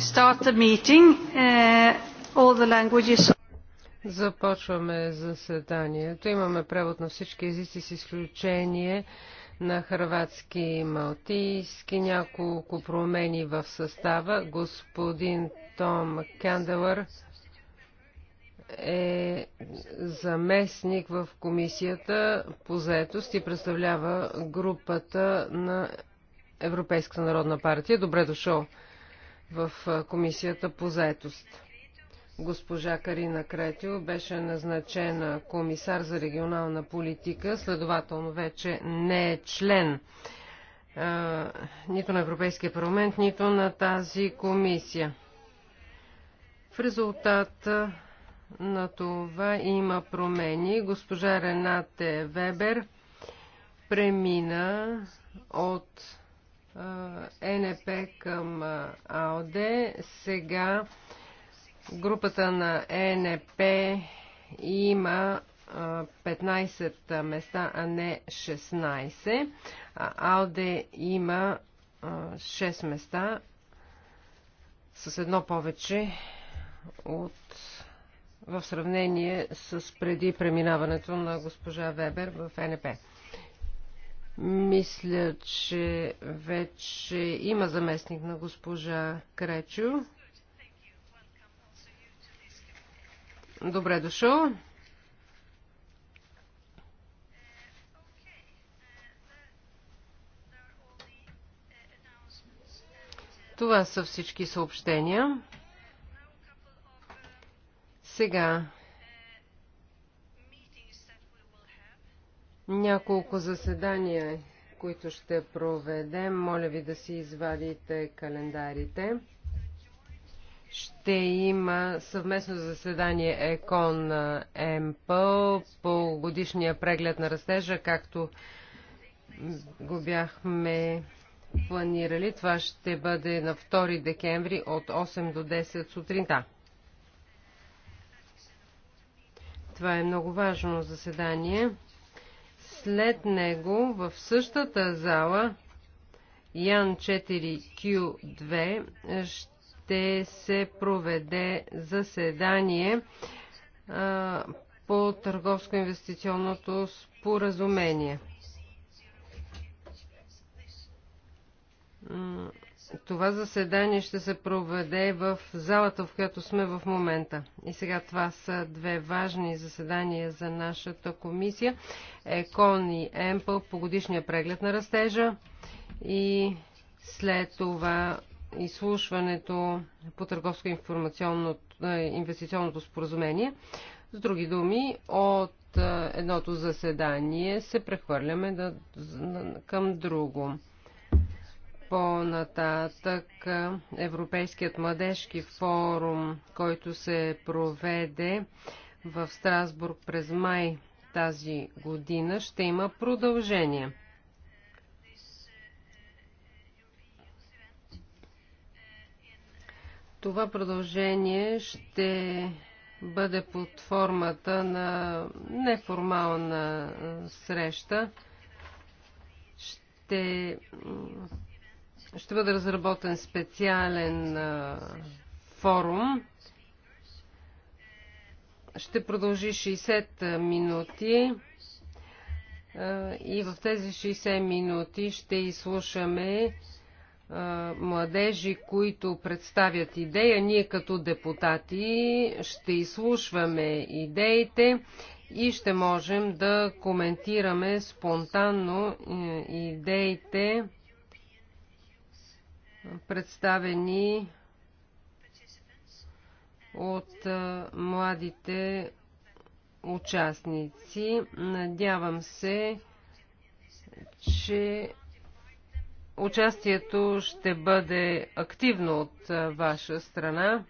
Uh, Започваме заседанието. Имаме превод на всички езици с изключение на хрватски и малтийски. Няколко промени в състава. Господин Том Кендалър е заместник в комисията по заетост и представлява групата на Европейската народна партия. Добре дошъл! в Комисията по заетост. Госпожа Карина Кретио беше назначена комисар за регионална политика, следователно вече не е член а, нито на Европейския парламент, нито на тази комисия. В резултат на това има промени. Госпожа Ренате Вебер премина от е, НП към АОД. Сега групата на е, НП има 15 места, а не 16. А АОД има 6 места с едно повече от в сравнение с преди преминаването на госпожа Вебер в НП. Мисля, че вече има заместник на госпожа Кречо. Добре дошъл. Това са всички съобщения. Сега няколко заседания, които ще проведем. Моля ви да си извадите календарите. Ще има съвместно заседание ЕКОН МП по годишния преглед на растежа, както го бяхме планирали. Това ще бъде на 2 декември от 8 до 10 сутринта. Това е много важно заседание. След него в същата зала Ян 4Q2 ще се проведе заседание а, по търговско-инвестиционното споразумение. Това заседание ще се проведе в залата, в която сме в момента. И сега това са две важни заседания за нашата комисия. ЕКОН и ЕМПЛ по годишния преглед на растежа и след това изслушването по търговско е, инвестиционното споразумение. С други думи, от е, едното заседание се прехвърляме да, към друго. По-нататък Европейският младежки форум, който се проведе в Страсбург през май тази година, ще има продължение. Това продължение ще бъде под формата на неформална среща. Ще ще бъде разработен специален форум. Ще продължи 60 минути и в тези 60 минути ще изслушаме младежи, които представят идея. Ние като депутати ще изслушваме идеите и ще можем да коментираме спонтанно идеите представени от младите участници. Надявам се, че участието ще бъде активно от ваша страна.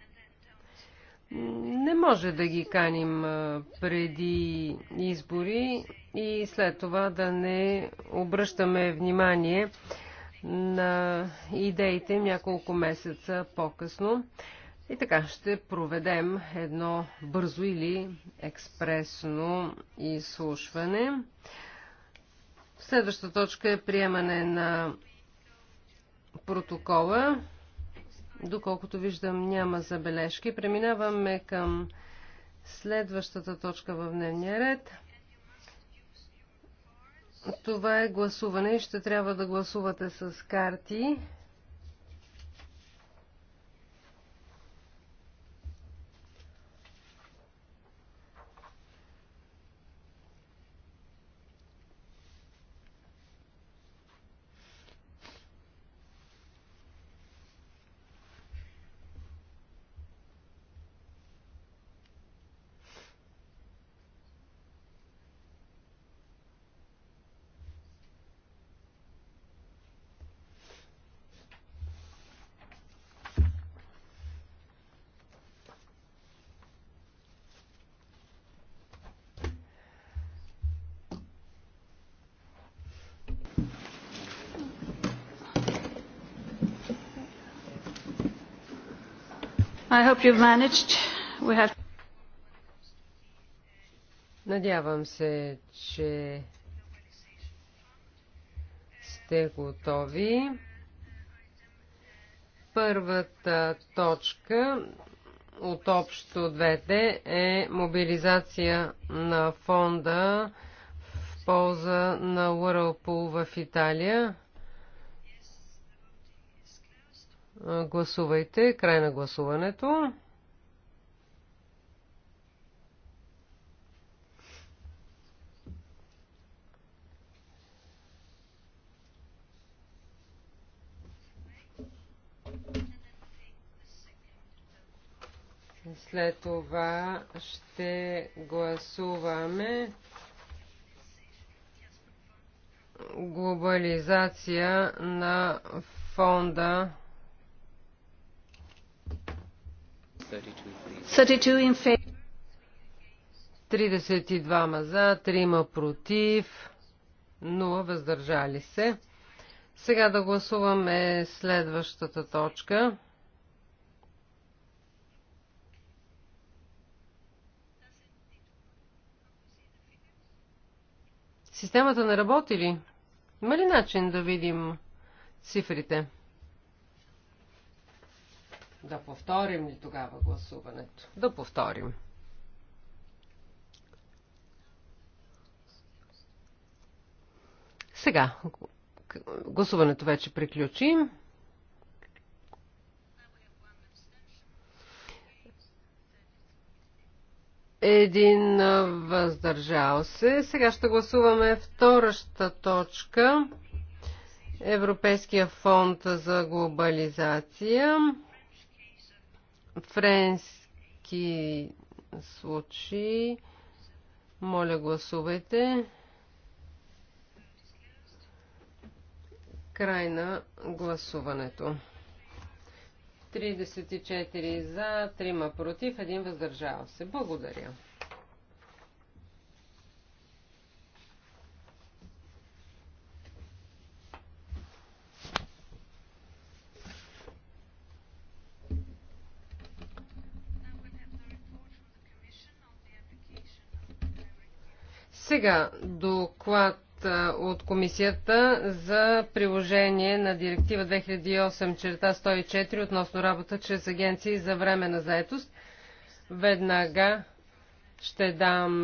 Не може да ги каним преди избори и след това да не обръщаме внимание на идеите няколко месеца по-късно. И така ще проведем едно бързо или експресно изслушване. Следващата точка е приемане на протокола. Доколкото виждам, няма забележки. Преминаваме към следващата точка в дневния ред. Това е гласуване. Ще трябва да гласувате с карти. Надявам се, че сте готови. Първата точка от общо двете е мобилизация на фонда в полза на Уърлпул в Италия. Гласувайте. Край на гласуването. След това ще гласуваме глобализация на фонда 32 за, 3 против, 0 въздържали се. Сега да гласуваме следващата точка. Системата не работи ли? Има ли начин да видим цифрите? Да повторим ли тогава гласуването? Да повторим. Сега, гласуването вече приключи. Един въздържал се. Сега ще гласуваме втората точка. Европейския фонд за глобализация френски случаи. Моля, гласувайте. Край на гласуването. 34 за, 3 против, 1 въздържава се. Благодаря. Сега доклад от комисията за приложение на директива 2008 черта 104 относно работа чрез агенции за време на заетост. Веднага ще дам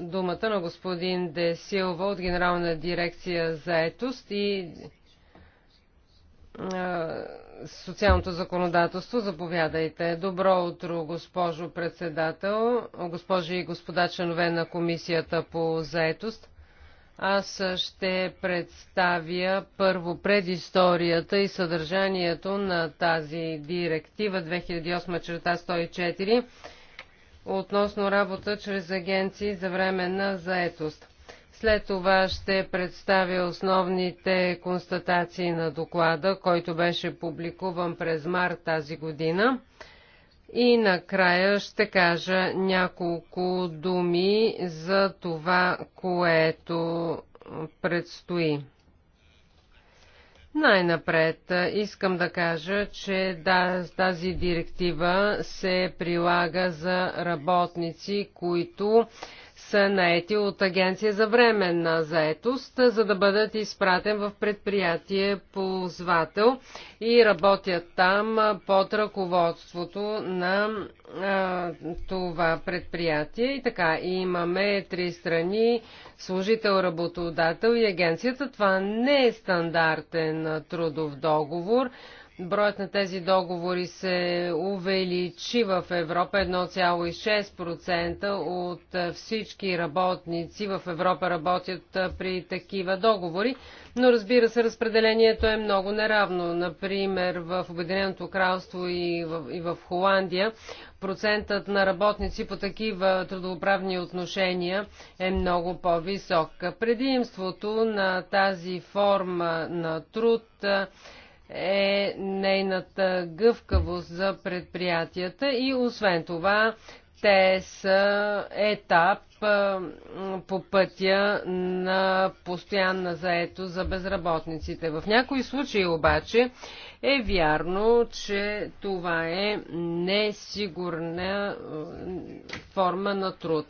думата на господин Де Силва от Генерална дирекция заетост и социалното законодателство. Заповядайте. Добро утро, госпожо председател, госпожи и господа членове на Комисията по заетост. Аз ще представя първо предисторията и съдържанието на тази директива 2008-104 относно работа чрез агенции за време на заетост. След това ще представя основните констатации на доклада, който беше публикуван през март тази година. И накрая ще кажа няколко думи за това, което предстои. Най-напред искам да кажа, че да, тази директива се прилага за работници, които са наети от Агенция за временна заетост, за да бъдат изпратен в предприятие ползвател и работят там под ръководството на а, това предприятие. И така, имаме три страни, служител, работодател и агенцията. Това не е стандартен трудов договор Броят на тези договори се увеличи в Европа 1,6% от всички работници в Европа работят при такива договори, но разбира се, разпределението е много неравно. Например, в Обединеното кралство и в, и в Холандия процентът на работници по такива трудовоправни отношения е много по-висок. Предимството на тази форма на труд е нейната гъвкавост за предприятията и освен това те са етап по пътя на постоянна заето за безработниците. В някои случаи обаче е вярно, че това е несигурна форма на труд.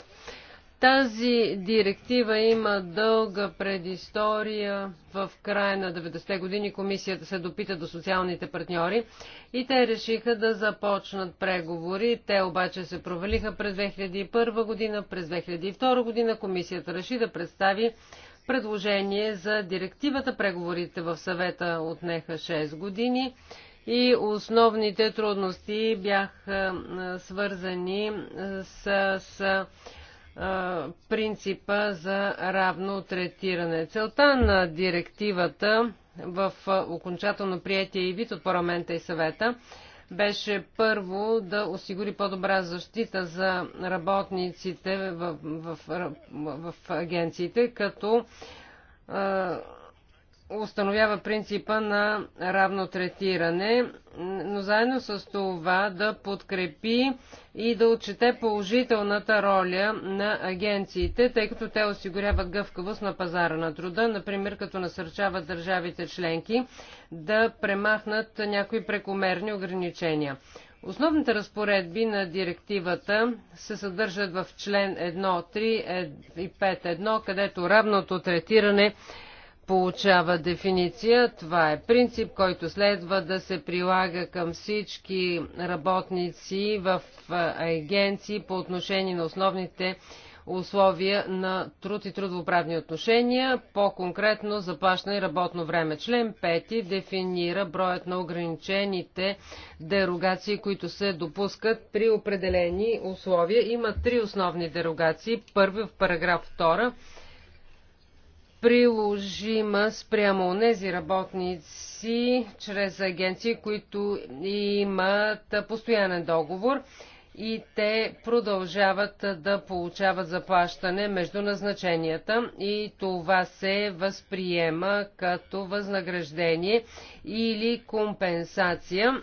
Тази директива има дълга предистория. В края на 90-те години комисията се допита до социалните партньори и те решиха да започнат преговори. Те обаче се провалиха през 2001 година. През 2002 година комисията реши да представи предложение за директивата. Преговорите в съвета отнеха 6 години и основните трудности бяха свързани с, с принципа за равно третиране. Целта на директивата в окончателно приятие и вид от парламента и съвета беше първо да осигури по-добра защита за работниците в, в, в, в агенциите, като установява принципа на равно третиране, но заедно с това да подкрепи и да отчете положителната роля на агенциите, тъй като те осигуряват гъвкавост на пазара на труда, например като насърчават държавите членки да премахнат някои прекомерни ограничения. Основните разпоредби на директивата се съдържат в член 3 е, и 5.1, където равното третиране е получава дефиниция. Това е принцип, който следва да се прилага към всички работници в агенции по отношение на основните условия на труд и трудовоправни отношения, по-конкретно заплащане и работно време. Член 5 дефинира броят на ограничените дерогации, които се допускат при определени условия. Има три основни дерогации. Първи в параграф 2 приложима спрямо тези работници чрез агенции, които имат постоянен договор и те продължават да получават заплащане между назначенията и това се възприема като възнаграждение или компенсация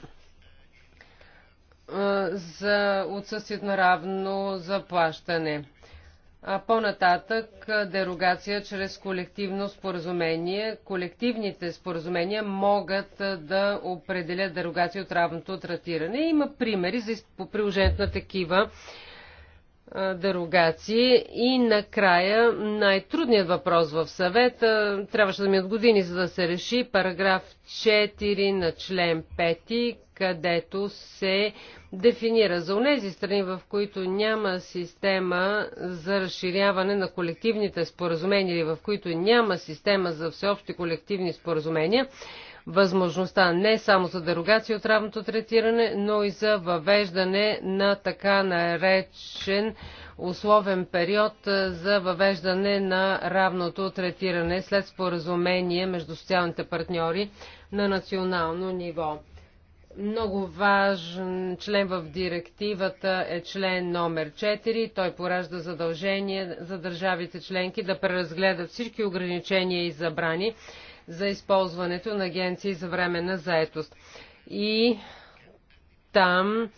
за отсъствието на равно заплащане а по-нататък дерогация чрез колективно споразумение. Колективните споразумения могат да определят дерогация от равното третиране. Има примери за приложението на такива дерогации. И накрая най-трудният въпрос в съвета трябваше да ми е от години, за да се реши параграф 4 на член 5, където се дефинира за унези страни, в които няма система за разширяване на колективните споразумения или в които няма система за всеобщи колективни споразумения, възможността не само за дерогация от равното третиране, но и за въвеждане на така наречен условен период за въвеждане на равното третиране след споразумение между социалните партньори на национално ниво. Много важен член в директивата е член номер 4. Той поражда задължение за държавите членки да преразгледат всички ограничения и забрани, за използването на агенции за време на заетост. И там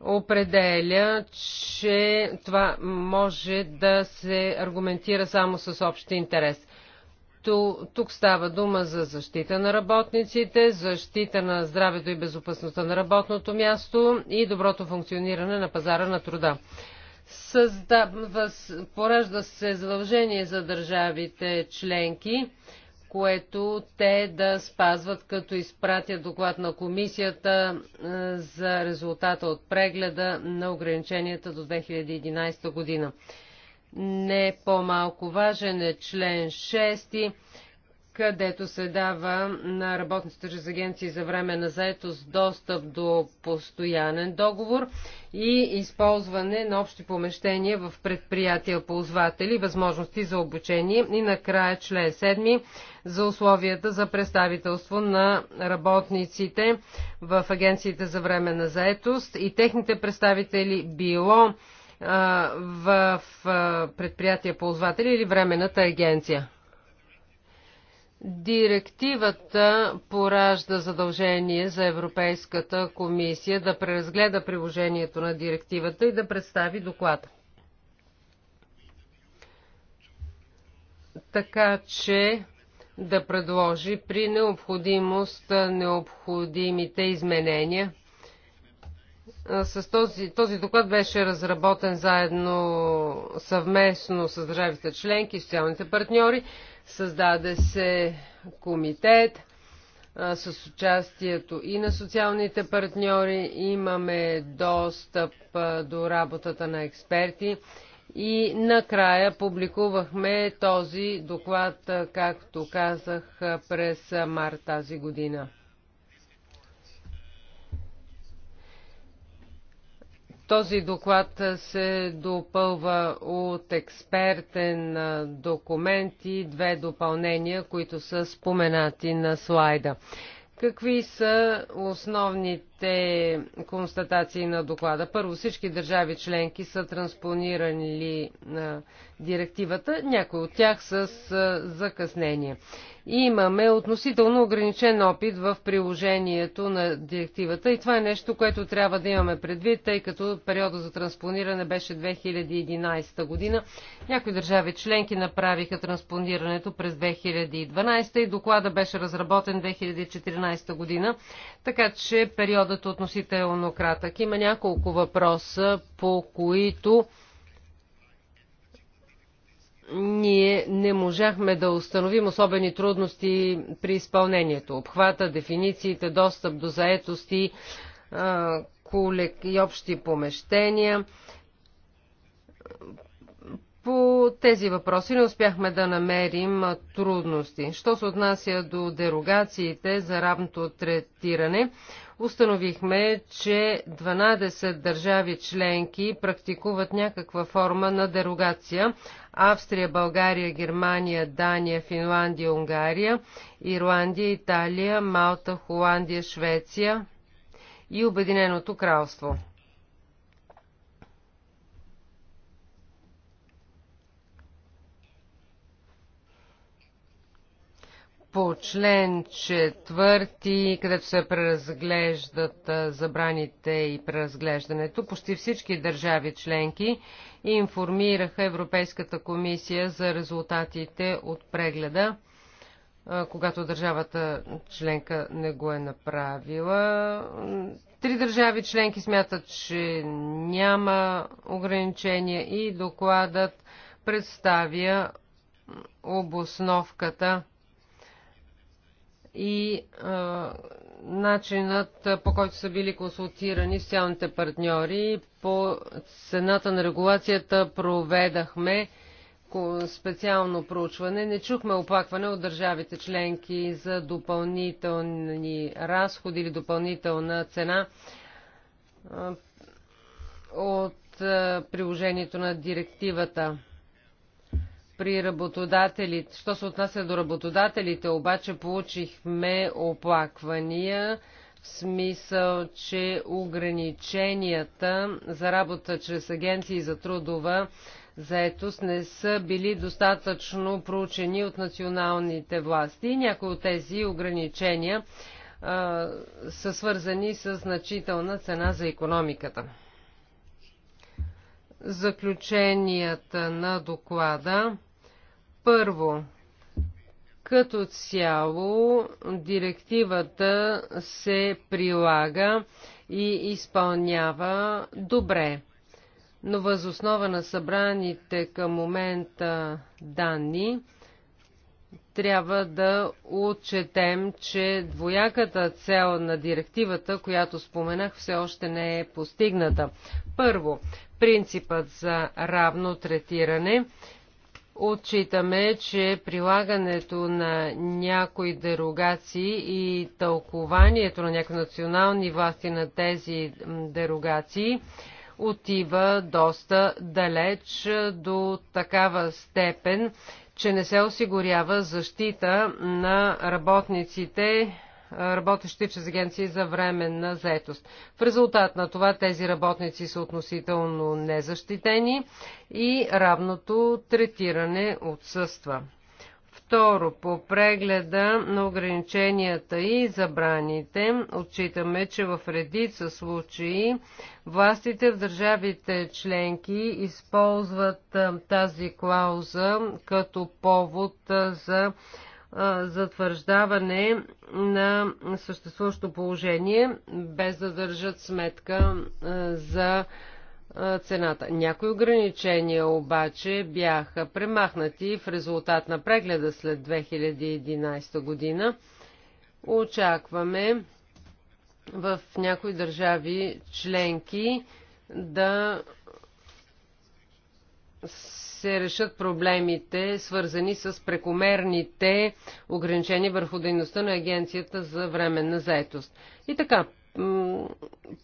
определя, че това може да се аргументира само с общ интерес. Тук става дума за защита на работниците, защита на здравето и безопасността на работното място и доброто функциониране на пазара на труда. Създава, поражда се задължение за държавите членки което те да спазват, като изпратят доклад на комисията за резултата от прегледа на ограниченията до 2011 година. Не по-малко важен е член 6 където се дава на работниците чрез агенции за време на заетост достъп до постоянен договор и използване на общи помещения в предприятия ползватели, възможности за обучение и накрая член 7 за условията за представителство на работниците в агенциите за време на заетост и техните представители било в предприятия ползватели или временната агенция. Директивата поражда задължение за Европейската комисия да преразгледа приложението на директивата и да представи доклад. Така че да предложи при необходимост необходимите изменения. С този, този доклад беше разработен заедно съвместно с държавите членки и социалните партньори. Създаде се комитет а, с участието и на социалните партньори. Имаме достъп а, до работата на експерти. И накрая публикувахме този доклад, както казах, през март тази година. Този доклад се допълва от експертен документ и две допълнения, които са споменати на слайда. Какви са основните основните констатации на доклада. Първо, всички държави членки са транспонирали директивата, някои от тях с закъснение. Имаме относително ограничен опит в приложението на директивата и това е нещо, което трябва да имаме предвид, тъй като периода за транспониране беше 2011 година. Някои държави членки направиха транспонирането през 2012 и доклада беше разработен 2014 година, така че период периодът относително кратък. Има няколко въпроса, по които ние не можахме да установим особени трудности при изпълнението. Обхвата, дефинициите, достъп до заетости, колек и общи помещения. По тези въпроси не успяхме да намерим трудности. Що се отнася до дерогациите за равното третиране, установихме, че 12 държави членки практикуват някаква форма на дерогация. Австрия, България, Германия, Дания, Финландия, Унгария, Ирландия, Италия, Малта, Холандия, Швеция и Обединеното кралство. по член четвърти, където се преразглеждат забраните и преразглеждането, почти всички държави членки информираха Европейската комисия за резултатите от прегледа, когато държавата членка не го е направила. Три държави членки смятат, че няма ограничения и докладът представя обосновката и а, начинът по който са били консултирани социалните партньори. По цената на регулацията проведахме специално проучване. Не чухме оплакване от държавите членки за допълнителни разходи или допълнителна цена от приложението на директивата при работодателите. Що се отнася до работодателите, обаче получихме оплаквания в смисъл, че ограниченията за работа чрез агенции за трудова заетост не са били достатъчно проучени от националните власти. някои от тези ограничения а, са свързани с значителна цена за економиката заключенията на доклада. Първо, като цяло директивата се прилага и изпълнява добре. Но възоснова на събраните към момента данни, трябва да отчетем, че двояката цел на директивата, която споменах, все още не е постигната. Първо, принципът за равно третиране. Отчитаме, че прилагането на някои дерогации и тълкованието на някои национални власти на тези дерогации отива доста далеч до такава степен, че не се осигурява защита на работниците, работещи чрез агенции за временна заетост. В резултат на това тези работници са относително незащитени и равното третиране отсъства. Второ, по прегледа на ограниченията и забраните, отчитаме, че в редица случаи властите в държавите членки използват тази клауза като повод за затвърждаване на съществуващо положение, без да държат сметка за цената. Някои ограничения обаче бяха премахнати в резултат на прегледа след 2011 година. Очакваме в някои държави членки да се решат проблемите, свързани с прекомерните ограничения върху дейността на Агенцията за временна заетост. И така,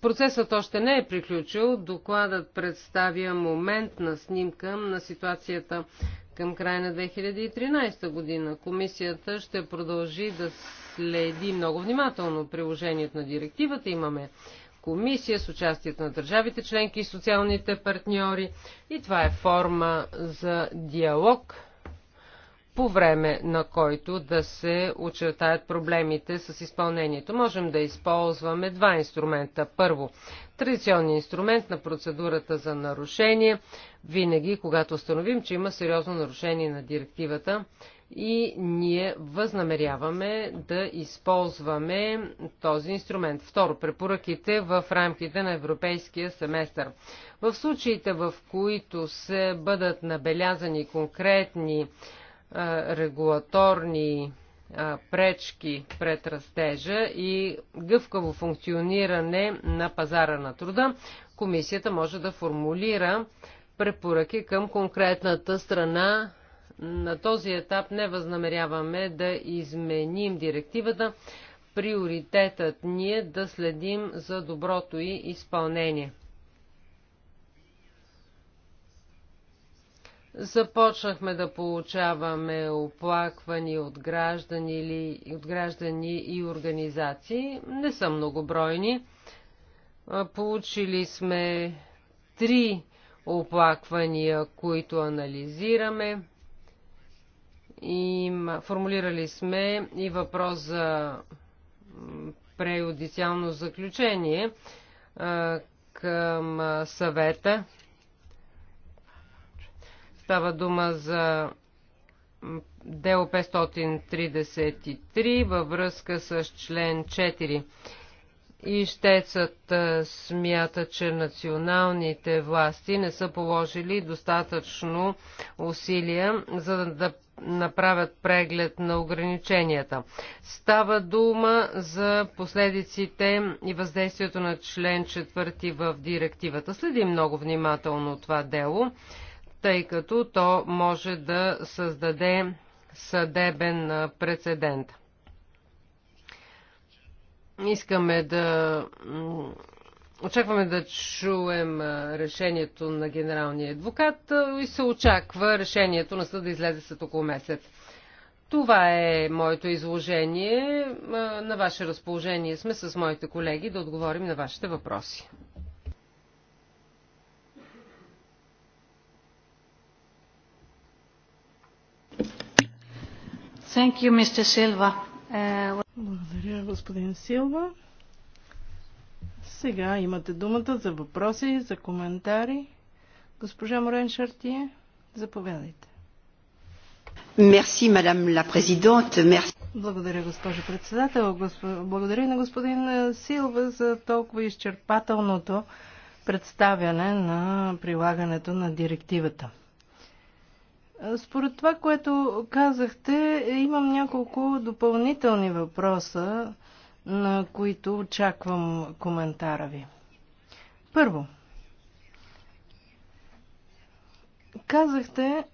Процесът още не е приключил. Докладът представя момент на снимка на ситуацията към края на 2013 година. Комисията ще продължи да следи много внимателно приложението на директивата. Имаме комисия с участието на държавите членки и социалните партньори. И това е форма за диалог по време на който да се очертаят проблемите с изпълнението. Можем да използваме два инструмента. Първо, традиционния инструмент на процедурата за нарушение, винаги когато установим, че има сериозно нарушение на директивата и ние възнамеряваме да използваме този инструмент. Второ, препоръките в рамките на европейския семестър. В случаите, в които се бъдат набелязани конкретни регулаторни пречки пред растежа и гъвкаво функциониране на пазара на труда, комисията може да формулира препоръки към конкретната страна. На този етап не възнамеряваме да изменим директивата. Приоритетът ни е да следим за доброто и изпълнение. Започнахме да получаваме оплаквания от граждани, или, от граждани и организации. Не са многобройни. Получили сме три оплаквания, които анализираме. И формулирали сме и въпрос за преюдициално заключение към съвета Става дума за дело 533 във връзка с член 4. Ищецът смята, че националните власти не са положили достатъчно усилия, за да направят преглед на ограниченията. Става дума за последиците и въздействието на член 4 в директивата. Следи много внимателно това дело тъй като то може да създаде съдебен прецедент. Искаме да. Очакваме да чуем решението на генералния адвокат и се очаква решението на съда да излезе след около месец. Това е моето изложение. На ваше разположение сме с моите колеги да отговорим на вашите въпроси. Thank you, Mr. Silva. Благодаря, господин Силва. Сега имате думата за въпроси, за коментари. Госпожа Морен Шартие, заповядайте. Мерси, мадам ла президент. Благодаря, госпожо председател. Благодаря на господин Силва за толкова изчерпателното представяне на прилагането на директивата. Според това, което казахте, имам няколко допълнителни въпроса, на които очаквам коментара ви. Първо, казахте,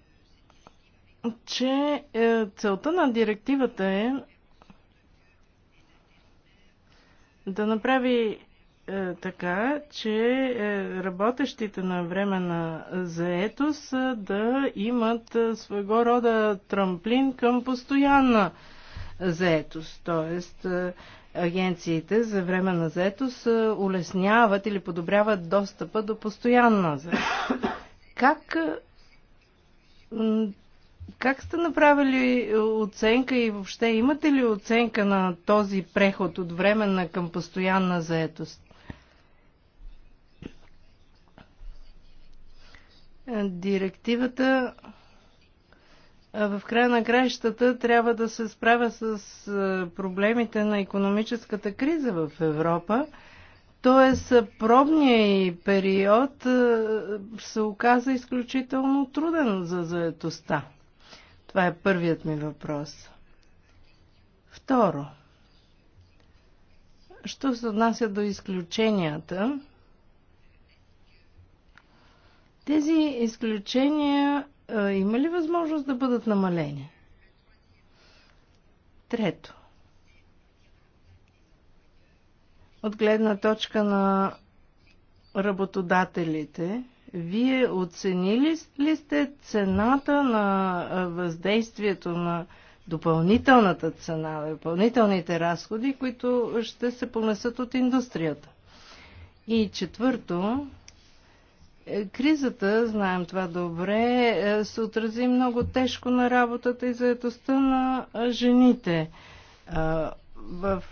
че е, целта на директивата е да направи е, така, че е, работещите на време на заетост да имат е, своего рода трамплин към постоянна заетост. Тоест, агенциите за време на заетост улесняват или подобряват достъпа до постоянна заетост. Как как сте направили оценка и въобще имате ли оценка на този преход от временна към постоянна заетост? Директивата в края на краищата трябва да се справя с проблемите на економическата криза в Европа. Тоест, пробния период се оказа изключително труден за заетостта. Това е първият ми въпрос. Второ. Що се отнася до изключенията, тези изключения а, има ли възможност да бъдат намалени? Трето. От гледна точка на работодателите, вие оценили ли сте цената на въздействието на допълнителната цена, допълнителните разходи, които ще се понесат от индустрията? И четвърто, Кризата, знаем това добре, е, се отрази много тежко на работата и заедостта на жените. В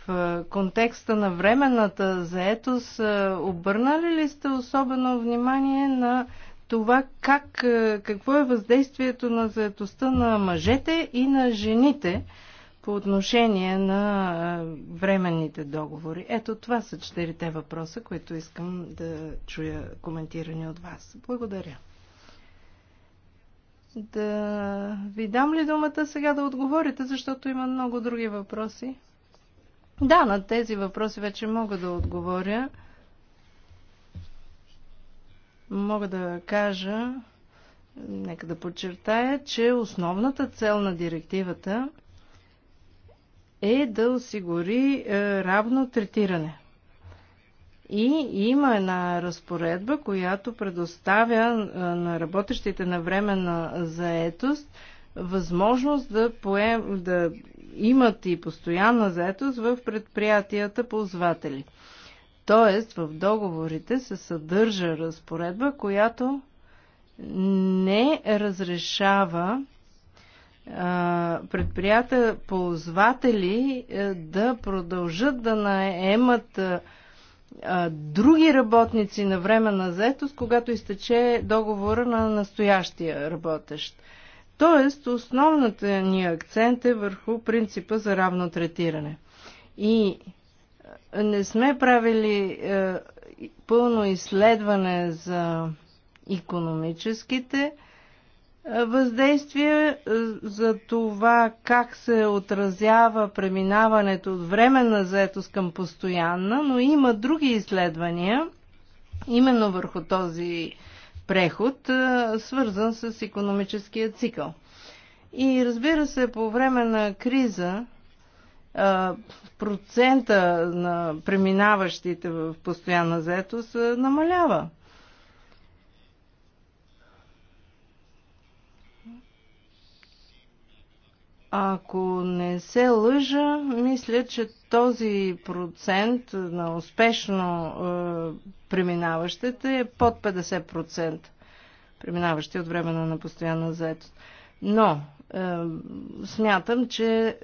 контекста на временната заетост, обърнали ли сте особено внимание на това как, какво е въздействието на заедостта на мъжете и на жените? по отношение на временните договори. Ето това са четирите въпроса, които искам да чуя коментирани от вас. Благодаря. Да ви дам ли думата сега да отговорите, защото има много други въпроси? Да, на тези въпроси вече мога да отговоря. Мога да кажа, нека да подчертая, че основната цел на директивата е да осигури е, равно третиране. И има една разпоредба, която предоставя е, на работещите на време на заетост възможност да, поем, да имат и постоянна заетост в предприятията ползватели. Тоест в договорите се съдържа разпоредба, която не разрешава предприятия, ползватели е, да продължат да наемат други работници на време на заетост, когато изтече договора на настоящия работещ. Тоест, основната ни акцент е върху принципа за равно третиране. И не сме правили е, пълно изследване за економическите въздействие е, за това как се отразява преминаването от временна заетост към постоянна, но има други изследвания именно върху този преход, е, свързан с економическия цикъл. И разбира се, по време на криза е, процента на преминаващите в постоянна заетост намалява. Ако не се лъжа, мисля, че този процент на успешно е, преминаващите е под 50% преминаващи от времена на постоянна заетост. Но е, смятам, че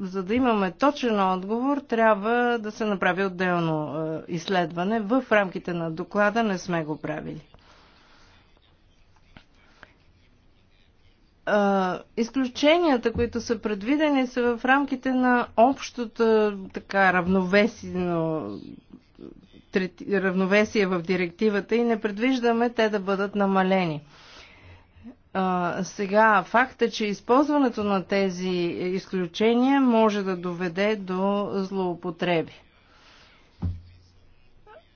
за да имаме точен отговор, трябва да се направи отделно е, изследване. В рамките на доклада не сме го правили. изключенията, които са предвидени, са в рамките на общото така равновесино равновесие в директивата и не предвиждаме те да бъдат намалени. А, сега, факта, че използването на тези изключения може да доведе до злоупотреби.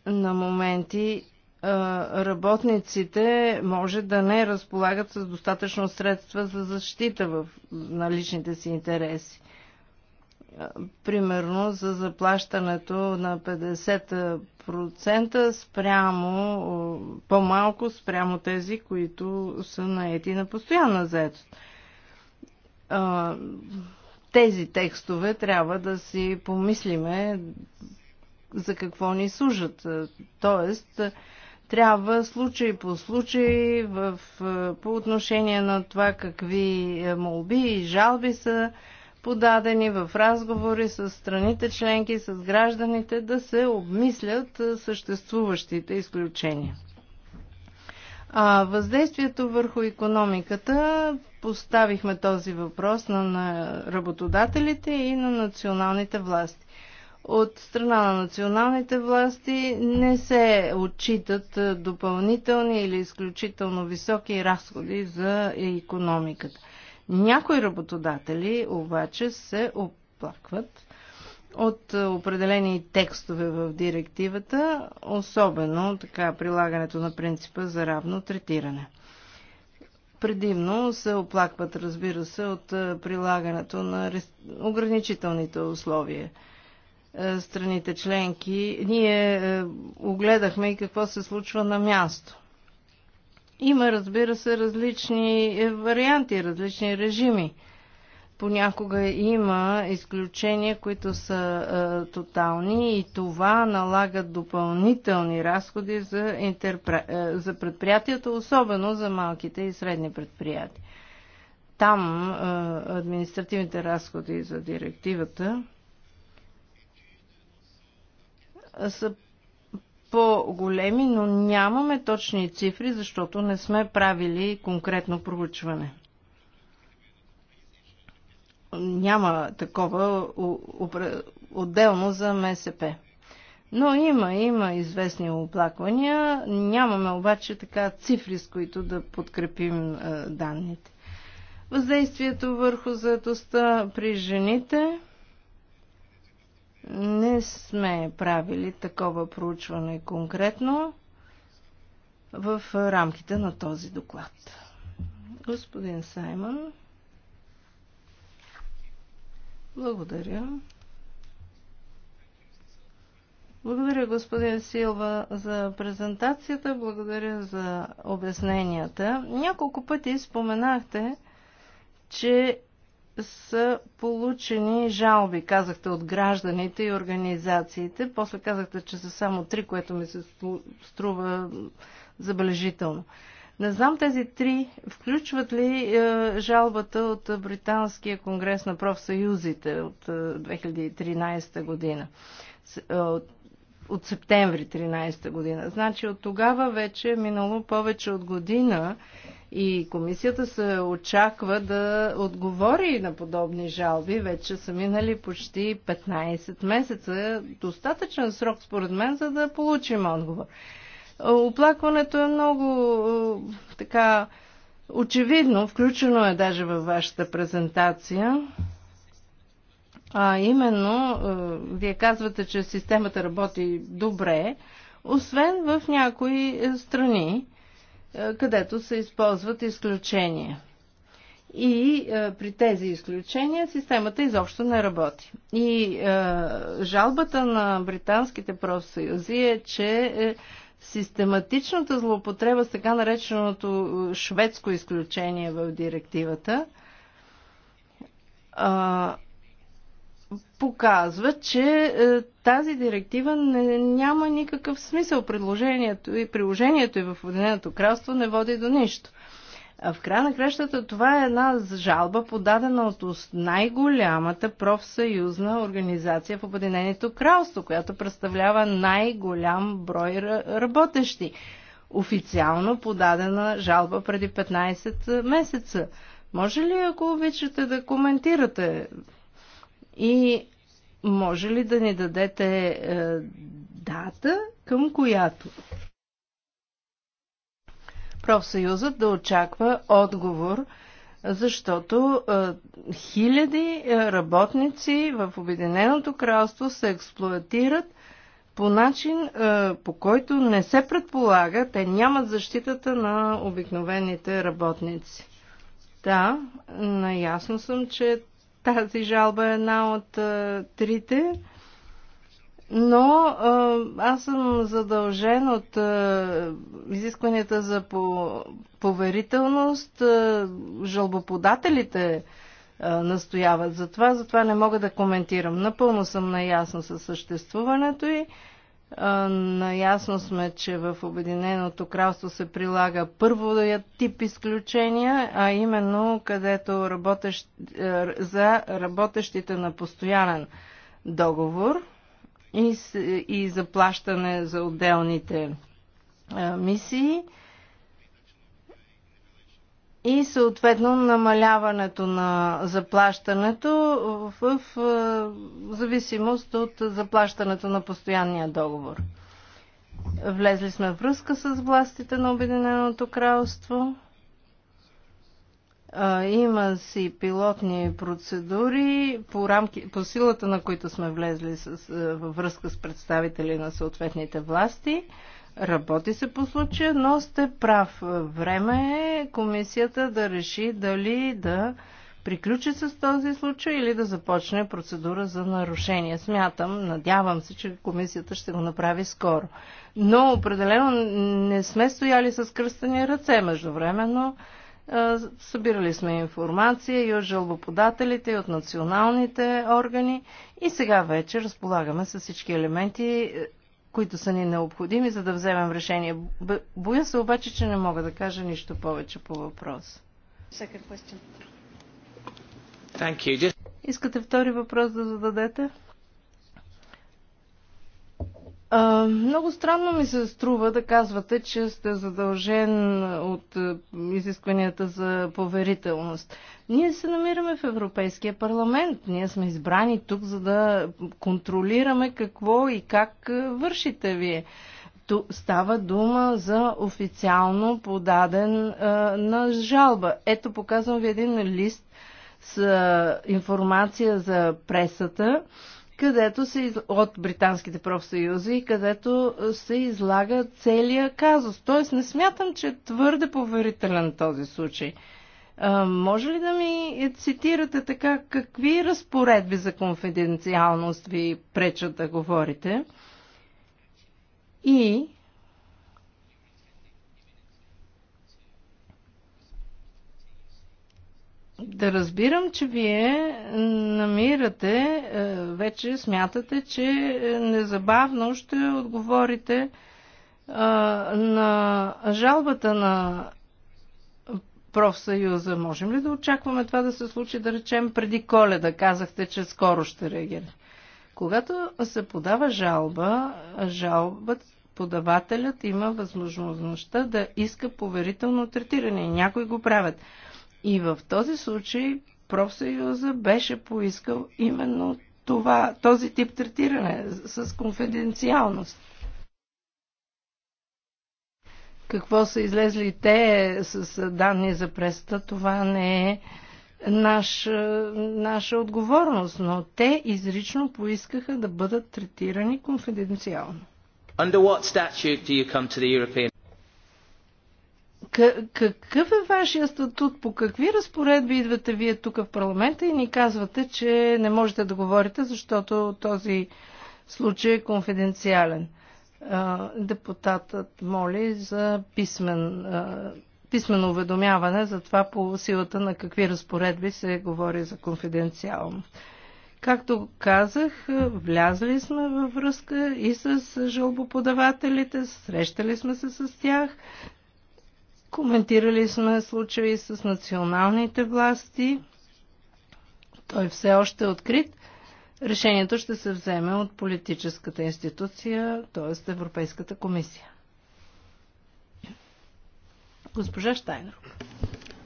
На моменти работниците може да не разполагат с достатъчно средства за защита в, на личните си интереси. Примерно за заплащането на 50% спрямо, по-малко спрямо тези, които са наети на постоянна заедост. Тези текстове трябва да си помислиме за какво ни служат. Тоест, трябва случай по случай в, е, по отношение на това какви е, молби и жалби са подадени в разговори с страните членки, с гражданите, да се обмислят е, съществуващите изключения. А въздействието върху економиката поставихме този въпрос на, на работодателите и на националните власти от страна на националните власти не се отчитат е, допълнителни или изключително високи разходи за економиката. Някои работодатели обаче се оплакват от е, определени текстове в директивата, особено така прилагането на принципа за равно третиране. Предимно се оплакват, разбира се, от е, прилагането на ограничителните условия – е, страните членки, ние е, огледахме и какво се случва на място. Има, разбира се, различни е, варианти, различни режими. Понякога има изключения, които са е, тотални и това налага допълнителни разходи за, интерпре... е, за предприятията, особено за малките и средни предприятия. Там е, административните разходи за директивата са по-големи, но нямаме точни цифри, защото не сме правили конкретно проучване. Няма такова отделно за МСП. Но има, има известни оплаквания. Нямаме обаче така цифри, с които да подкрепим е, данните. Въздействието върху заедостта при жените – не сме правили такова проучване конкретно в рамките на този доклад. Господин Саймън, благодаря. Благодаря, господин Силва, за презентацията. Благодаря за обясненията. Няколко пъти споменахте, че са получени жалби, казахте, от гражданите и организациите. После казахте, че са само три, което ми се струва забележително. Не знам тези три включват ли е, жалбата от Британския конгрес на профсъюзите от е, 2013 година. С, е, от, от септември 13 година. Значи от тогава вече е минало повече от година и комисията се очаква да отговори на подобни жалби. Вече са минали почти 15 месеца. Достатъчен срок, според мен, за да получим отговор. Оплакването е много е, така очевидно, включено е даже във вашата презентация. А именно, е, вие казвате, че системата работи добре, освен в някои е, страни е, където се използват изключения. И е, при тези изключения системата изобщо не работи. И е, жалбата на британските профсъюзи е, че е, систематичната злоупотреба с така нареченото е, шведско изключение в директивата показва, че е, тази директива не, няма никакъв смисъл. Предложението и приложението и в Обединеното кралство не води до нищо. А в края на кращата това е една жалба, подадена от най-голямата профсъюзна организация в Обединеното кралство, която представлява най-голям брой работещи. Официално подадена жалба преди 15 е, месеца. Може ли, ако обичате, да коментирате и може ли да ни дадете е, дата, към която профсъюзът да очаква отговор, защото е, хиляди е, работници в Обединеното кралство се експлуатират по начин, е, по който не се предполага, те нямат защитата на обикновените работници. Да, наясно съм, че тази жалба е една от а, е, трите. Но а, е, аз съм задължен от а, е, изискванията за по, поверителност. А, жалбоподателите а, настояват за това, затова не мога да коментирам. Напълно съм наясна със съществуването и Наясно сме, че в Обединеното кралство се прилага първият тип изключения, а именно където работещ, е, за работещите на постоянен договор и, и заплащане за отделните е, мисии – и съответно намаляването на заплащането в, е, зависимост от заплащането на постоянния договор. Влезли сме в връзка с властите на Обединеното кралство. Е, има си пилотни процедури, по, рамки, по силата на които сме влезли с, е, във връзка с представители на съответните власти. Работи се по случая, но сте прав. Време е комисията да реши дали да приключи с този случай или да започне процедура за нарушение. Смятам, надявам се, че комисията ще го направи скоро. Но определено не сме стояли с кръстени ръце междувременно. Събирали сме информация и от жалбоподателите, и от националните органи и сега вече разполагаме с всички елементи които са ни необходими, за да вземем решение. Боя се обаче, че не мога да кажа нищо повече по въпрос. Искате втори въпрос да зададете? А, много странно ми се струва да казвате, че сте задължен от е, изискванията за поверителност. Ние се намираме в Европейския парламент. Ние сме избрани тук, за да контролираме какво и как е, вършите вие. То става дума за официално подаден а, е, на жалба. Ето показвам ви един лист с а, информация за пресата. А, където се, от британските профсъюзи, където се излага целия казус. Тоест не смятам, че е твърде поверителен този случай. А, може ли да ми цитирате така какви разпоредби за конфиденциалност ви пречат да говорите? И да разбирам, че вие намирате, е, вече смятате, че е, незабавно ще отговорите е, на жалбата на профсъюза. Можем ли да очакваме това да се случи, да речем, преди коледа? Казахте, че скоро ще реагира. Когато се подава жалба, жалбата подавателят има възможността да иска поверително третиране. Някои го правят. И в този случай профсъюза беше поискал именно това, този тип третиране с конфиденциалност. Какво са излезли те с данни за пресата, това не е наш, е, наша отговорност, но те изрично поискаха да бъдат третирани конфиденциално. Under what statute do you come to the European какъв е вашия статут? По какви разпоредби идвате вие тук в парламента и ни казвате, че не можете да говорите, защото този случай е конфиденциален? Депутатът моли за писмен, писмено уведомяване за това по силата на какви разпоредби се говори за конфиденциално. Както казах, влязли сме във връзка и с жалбоподавателите, срещали сме се с тях, Коментирали сме случаи с националните власти. Той все още е открит. Решението ще се вземе от политическата институция, т.е. Европейската комисия. Госпожа Штайнер.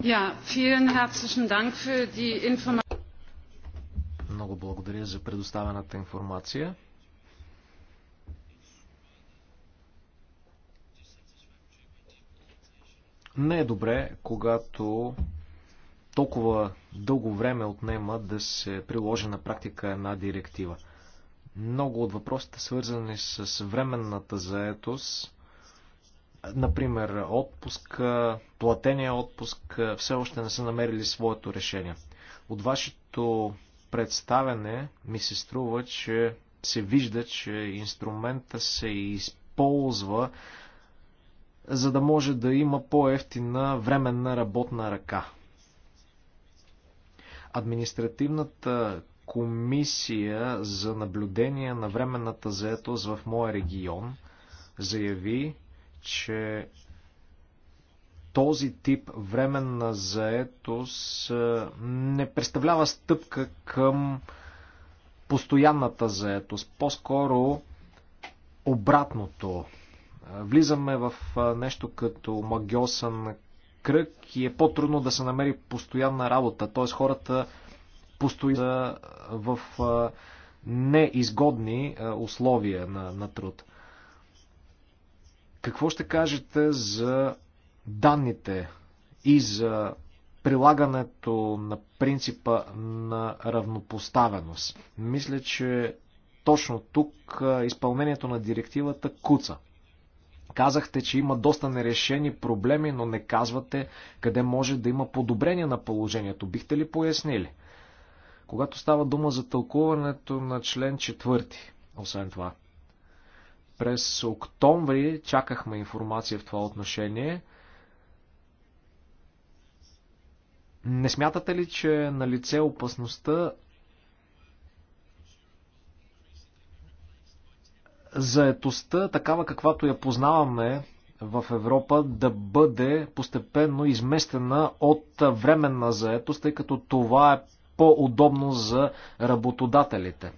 Ja, vielen herzlichen Dank für die Inform... Много благодаря за предоставената информация. Не е добре, когато толкова дълго време отнема да се приложи на практика една директива. Много от въпросите, свързани с временната заетост, например отпуск, платения отпуск, все още не са намерили своето решение. От вашето представене ми се струва, че се вижда, че инструмента се използва за да може да има по-ефтина временна работна ръка. Административната комисия за наблюдение на временната заетост в моя регион заяви, че този тип временна заетост не представлява стъпка към постоянната заетост, по-скоро обратното Влизаме в нещо като магиосен кръг и е по-трудно да се намери постоянна работа, т.е. хората постоянно в неизгодни условия на, на труд. Какво ще кажете за данните и за прилагането на принципа на равнопоставеност? Мисля, че точно тук изпълнението на директивата куца. Казахте, че има доста нерешени проблеми, но не казвате къде може да има подобрение на положението. Бихте ли пояснили? Когато става дума за тълкуването на член 4, освен това. През октомври чакахме информация в това отношение. Не смятате ли, че е на лице опасността заетостта, такава каквато я познаваме в Европа, да бъде постепенно изместена от временна заетост, тъй като това е по-удобно за работодателите.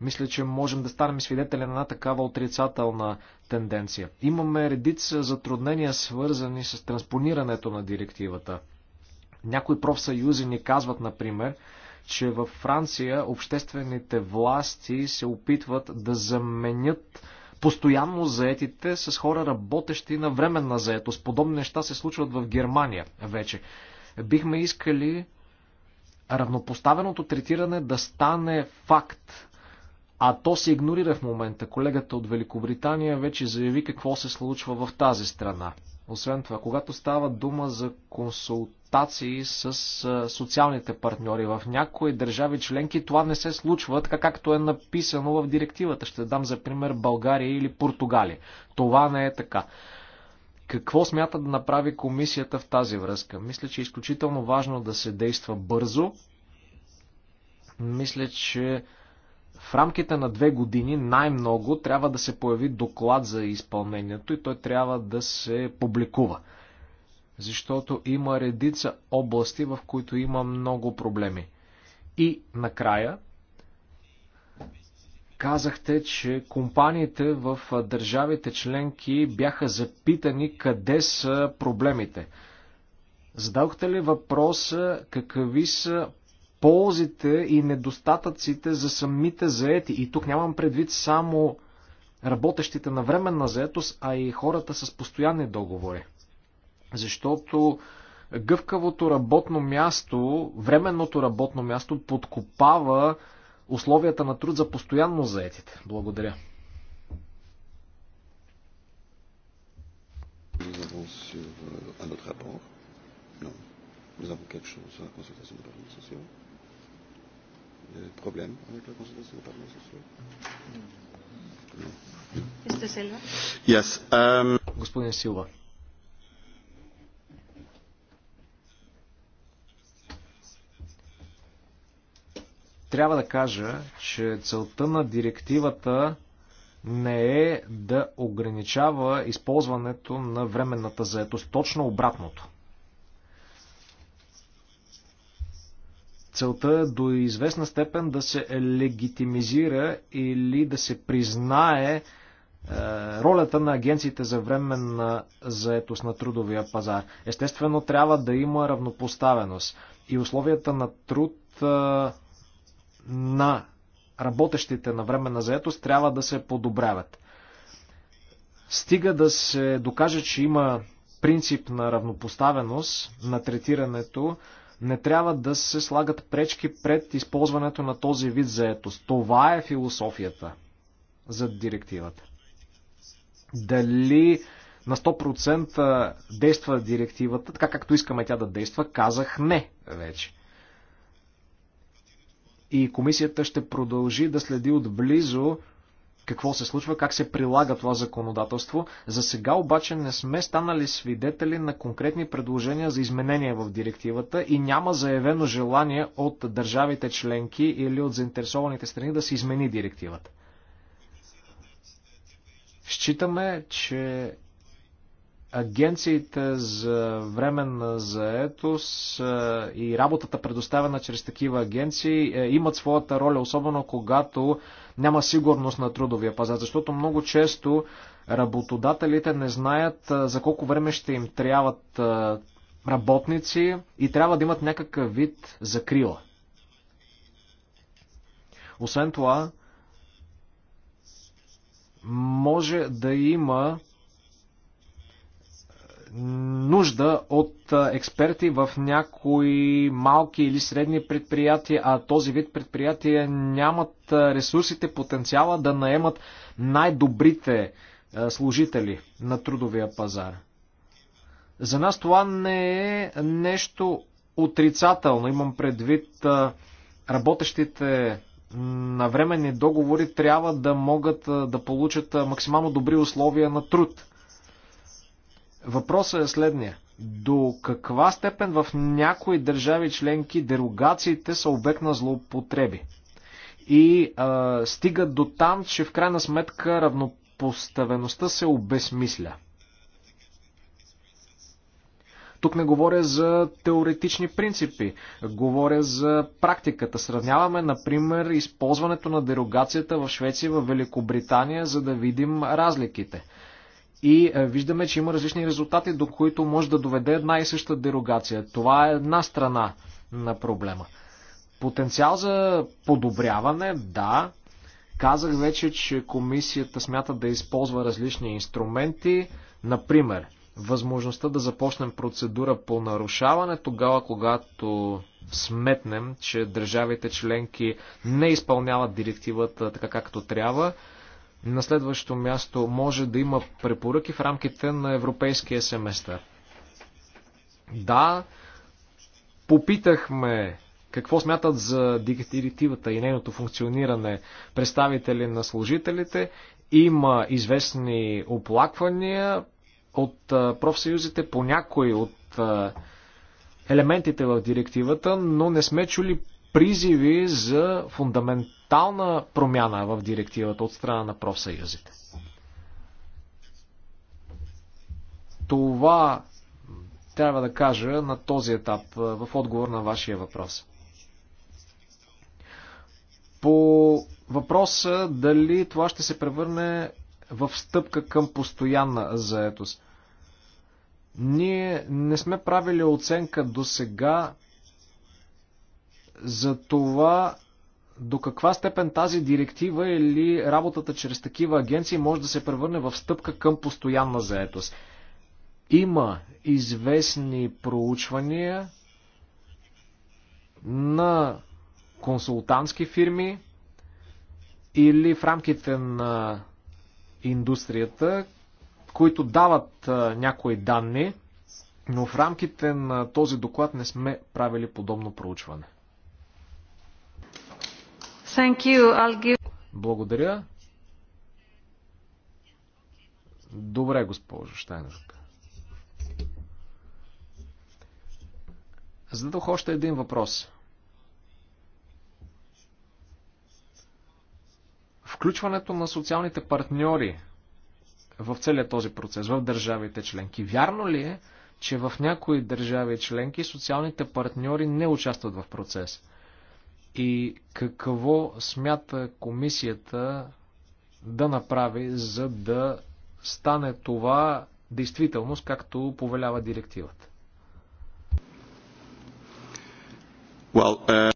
Мисля, че можем да станем свидетели на такава отрицателна тенденция. Имаме редица затруднения, свързани с транспонирането на директивата. Някои профсъюзи ни казват, например, че във Франция обществените власти се опитват да заменят постоянно заетите с хора работещи на временна заетост. Подобни неща се случват в Германия вече. Бихме искали равнопоставеното третиране да стане факт. А то се игнорира в момента. Колегата от Великобритания вече заяви какво се случва в тази страна. Освен това, когато става дума за консултации с социалните партньори в някои държави членки, това не се случва така както е написано в директивата. Ще дам за пример България или Португалия. Това не е така. Какво смята да направи комисията в тази връзка? Мисля, че е изключително важно да се действа бързо. Мисля, че в рамките на две години най-много трябва да се появи доклад за изпълнението и той трябва да се публикува. Защото има редица области, в които има много проблеми. И накрая, казахте, че компаниите в държавите членки бяха запитани къде са проблемите. Зададохте ли въпроса какви са ползите и недостатъците за самите заети. И тук нямам предвид само работещите на временна заетост, а и хората с постоянни договори. Защото гъвкавото работно място, временното работно място подкопава условията на труд за постоянно заетите. Благодаря. Nous avons euh, quelque chose sur la consultation de la problème avec la consultation des partenaires sociaux Mr. Silva. Yes. Um... Господин Силва. Трябва да кажа, че целта на директивата не е да ограничава използването на временната заетост. Точно обратното. Целта е до известна степен да се легитимизира или да се признае е, ролята на агенциите за временна заетост на трудовия пазар. Естествено, трябва да има равнопоставеност и условията на труд е, на работещите на временна заетост трябва да се подобряват. Стига да се докаже, че има принцип на равнопоставеност на третирането, не трябва да се слагат пречки пред използването на този вид заетост. Това е философията за директивата. Дали на 100% действа директивата, така както искаме тя да действа, казах не вече. И комисията ще продължи да следи отблизо какво се случва, как се прилага това законодателство. За сега обаче не сме станали свидетели на конкретни предложения за изменения в директивата и няма заявено желание от държавите членки или от заинтересованите страни да се измени директивата. Считаме, че агенциите за временна заетост и работата предоставена чрез такива агенции е, имат своята роля, особено когато няма сигурност на трудовия пазар, защото много често работодателите не знаят за колко време ще им трябват работници и трябва да имат някакъв вид закрила. Освен това, може да има нужда от експерти в някои малки или средни предприятия, а този вид предприятия нямат ресурсите, потенциала да наемат най-добрите служители на трудовия пазар. За нас това не е нещо отрицателно. Имам предвид работещите на времени договори трябва да могат да получат максимално добри условия на труд. Въпросът е следния. До каква степен в някои държави членки дерогациите са обект на злоупотреби? И а, стигат до там, че в крайна сметка равнопоставеността се обесмисля. Тук не говоря за теоретични принципи, говоря за практиката. Сравняваме, например, използването на дерогацията в Швеция и в Великобритания, за да видим разликите. И е, виждаме, че има различни резултати, до които може да доведе една и съща дерогация. Това е една страна на проблема. Потенциал за подобряване, да. Казах вече, че комисията смята да използва различни инструменти, например, възможността да започнем процедура по нарушаване, тогава когато сметнем, че държавите членки не изпълняват директивата така както трябва, на следващо място може да има препоръки в рамките на европейския семестър. Да, попитахме какво смятат за директивата и нейното функциониране представители на служителите. Има известни оплаквания от профсъюзите по някои от елементите в директивата, но не сме чули призиви за фундаментална промяна в директивата от страна на профсъюзите. Това трябва да кажа на този етап в отговор на вашия въпрос. По въпроса дали това ще се превърне в стъпка към постоянна заетост. Ние не сме правили оценка до сега за това до каква степен тази директива или работата чрез такива агенции може да се превърне в стъпка към постоянна заетост. Има известни проучвания на консултантски фирми или в рамките на индустрията, които дават някои данни, но в рамките на този доклад не сме правили подобно проучване. Give... Благодаря. Добре, госпожо Штайнерска. Зададох още един въпрос. Включването на социалните партньори в целият този процес, в държавите членки. Вярно ли е, че в някои държави членки социалните партньори не участват в процеса? и какво смята комисията да направи, за да стане това действителност, както повелява директивата? Well, uh...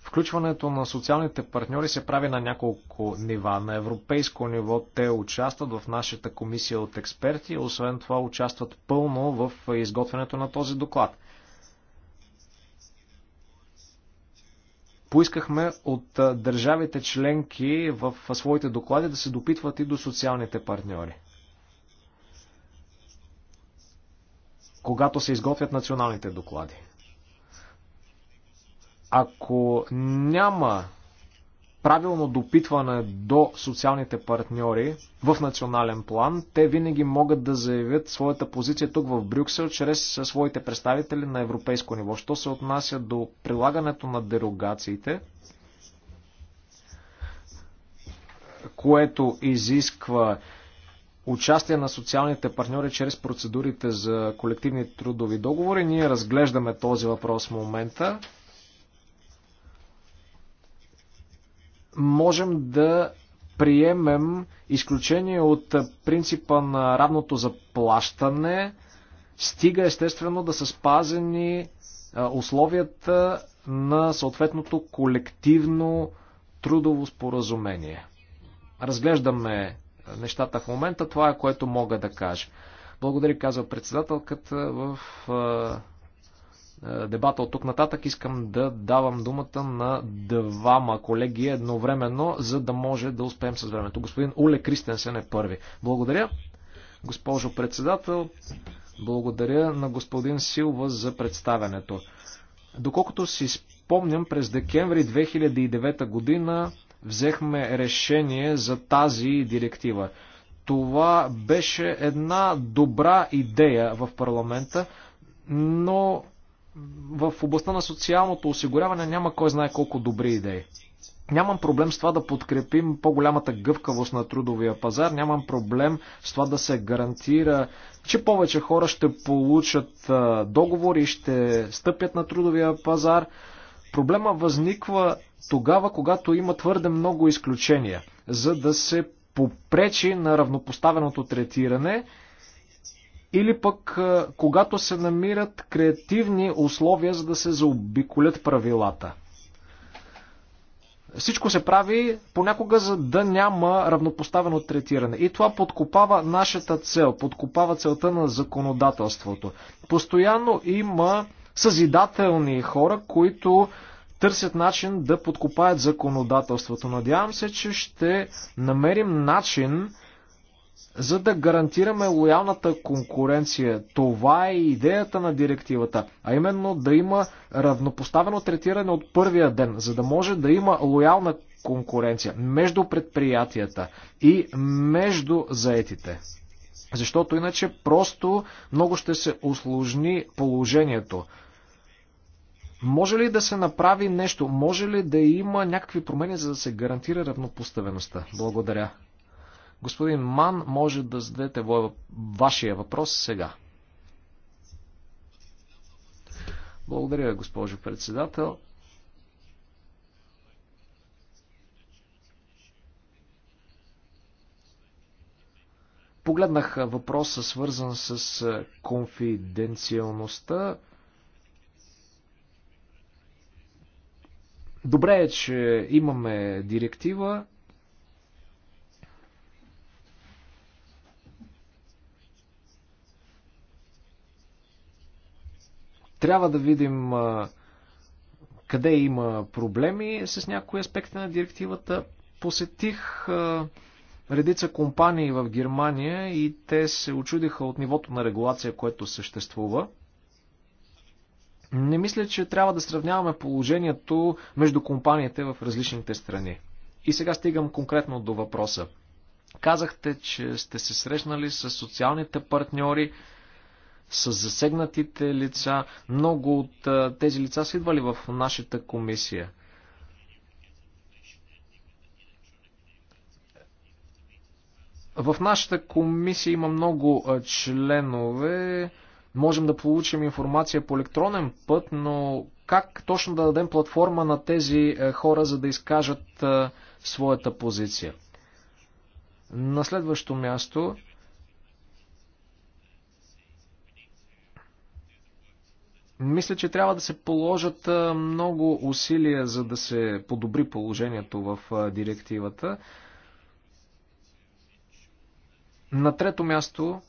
Включването на социалните партньори се прави на няколко нива. На европейско ниво те участват в нашата комисия от експерти, освен това участват пълно в изготвянето на този доклад. Поискахме от държавите членки в своите доклади да се допитват и до социалните партньори. Когато се изготвят националните доклади. Ако няма правилно допитване до социалните партньори в национален план, те винаги могат да заявят своята позиция тук в Брюксел чрез своите представители на европейско ниво. Що се отнася до прилагането на дерогациите, което изисква участие на социалните партньори чрез процедурите за колективни трудови договори. Ние разглеждаме този въпрос в момента. можем да приемем изключение от принципа на равното заплащане, стига естествено да са спазени условията на съответното колективно трудово споразумение. Разглеждаме нещата в момента, това е което мога да кажа. Благодаря, казва председателката в е, дебата от тук нататък, искам да давам думата на двама колеги едновременно, за да може да успеем с времето. Господин Уле Кристенсен е първи. Благодаря, госпожо председател. Благодаря на господин Силва за представянето. Доколкото си спомням, през декември 2009 година взехме решение за тази директива. Това беше една добра идея в парламента, но в областта на социалното осигуряване няма кой знае колко добри идеи. Нямам проблем с това да подкрепим по-голямата гъвкавост на трудовия пазар, нямам проблем с това да се гарантира, че повече хора ще получат договори и ще стъпят на трудовия пазар. Проблема възниква тогава, когато има твърде много изключения, за да се попречи на равнопоставеното третиране или пък когато се намират креативни условия, за да се заобиколят правилата. Всичко се прави понякога, за да няма равнопоставено третиране. И това подкопава нашата цел, подкопава целта на законодателството. Постоянно има съзидателни хора, които търсят начин да подкопаят законодателството. Надявам се, че ще намерим начин за да гарантираме лоялната конкуренция. Това е идеята на директивата, а именно да има равнопоставено третиране от първия ден, за да може да има лоялна конкуренция между предприятията и между заетите. Защото иначе просто много ще се осложни положението. Може ли да се направи нещо? Може ли да има някакви промени, за да се гарантира равнопоставеността? Благодаря. Господин Ман, може да зададете вашия въпрос сега. Благодаря, госпожо председател. Погледнах въпроса, свързан с конфиденциалността. Добре е, че имаме директива. Трябва да видим къде има проблеми с някои аспекти на директивата. Посетих редица компании в Германия и те се очудиха от нивото на регулация, което съществува. Не мисля, че трябва да сравняваме положението между компаниите в различните страни. И сега стигам конкретно до въпроса. Казахте, че сте се срещнали с социалните партньори с засегнатите лица. Много от тези лица са идвали в нашата комисия. В нашата комисия има много членове. Можем да получим информация по електронен път, но как точно да дадем платформа на тези хора, за да изкажат своята позиция? На следващо място, Мисля, че трябва да се положат много усилия, за да се подобри положението в директивата. На трето място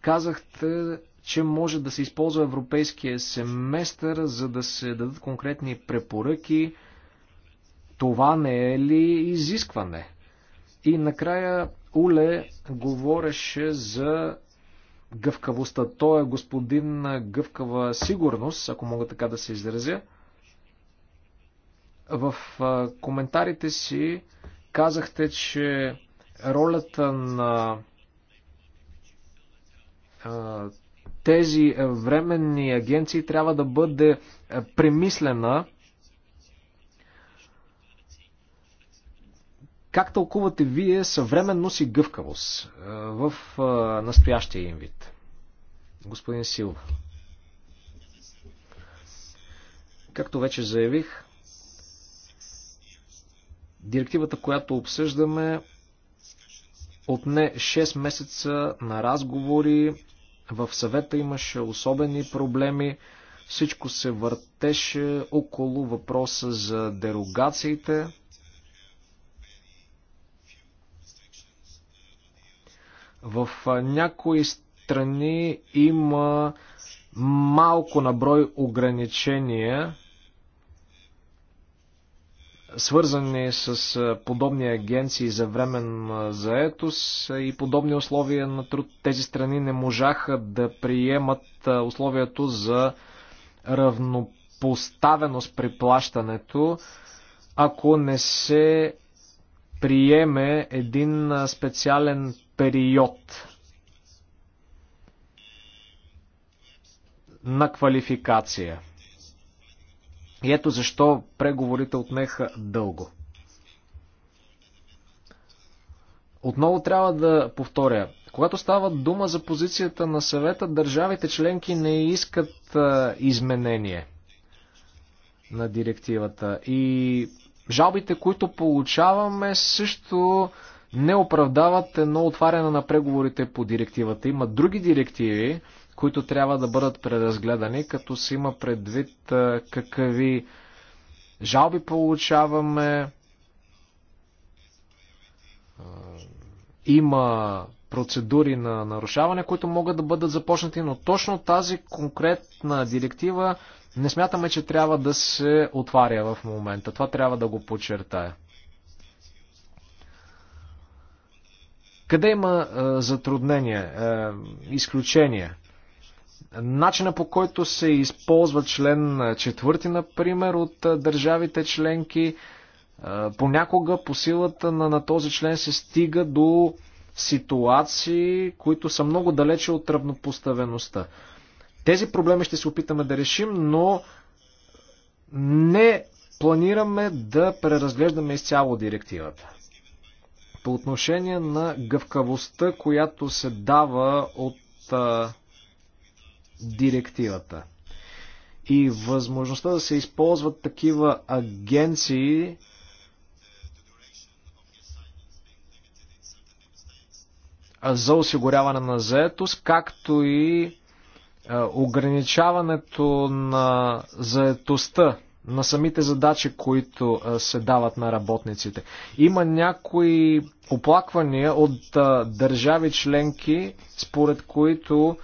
казахте, че може да се използва европейския семестър, за да се дадат конкретни препоръки. Това не е ли изискване? И накрая Уле говореше за гъвкавостта. Той е господин гъвкава сигурност, ако мога така да се изразя. В коментарите си казахте, че ролята на тези временни агенции трябва да бъде премислена Как тълкувате вие съвременност и гъвкавост е, в е, настоящия им вид? Господин Силва. Както вече заявих, директивата, която обсъждаме, отне 6 месеца на разговори, в съвета имаше особени проблеми, всичко се въртеше около въпроса за дерогациите. В някои страни има малко наброй ограничения, свързани с подобни агенции за временна заетост и подобни условия на труд. Тези страни не можаха да приемат условието за равнопоставеност при плащането, ако не се приеме един специален период на квалификация. И ето защо преговорите отнеха дълго. Отново трябва да повторя. Когато става дума за позицията на съвета, държавите членки не искат а, изменение на директивата. И жалбите, които получаваме, също не оправдават едно отваряне на преговорите по директивата. Има други директиви, които трябва да бъдат преразгледани, като се има предвид какви жалби получаваме. Има процедури на нарушаване, които могат да бъдат започнати, но точно тази конкретна директива не смятаме, че трябва да се отваря в момента. Това трябва да го подчертая. Къде има е, затруднения, е, изключения? Начина по който се използва член четвърти, например, от е, държавите членки, понякога по силата на, на този член се стига до ситуации, които са много далече от равнопоставеността. Тези проблеми ще се опитаме да решим, но не планираме да преразглеждаме изцяло директивата. По отношение на гъвкавостта, която се дава от а, директивата и възможността да се използват такива агенции, за осигуряване на заетост, както и ограничаването на заетостта на самите задачи, които се дават на работниците. Има някои оплаквания от държави членки, според които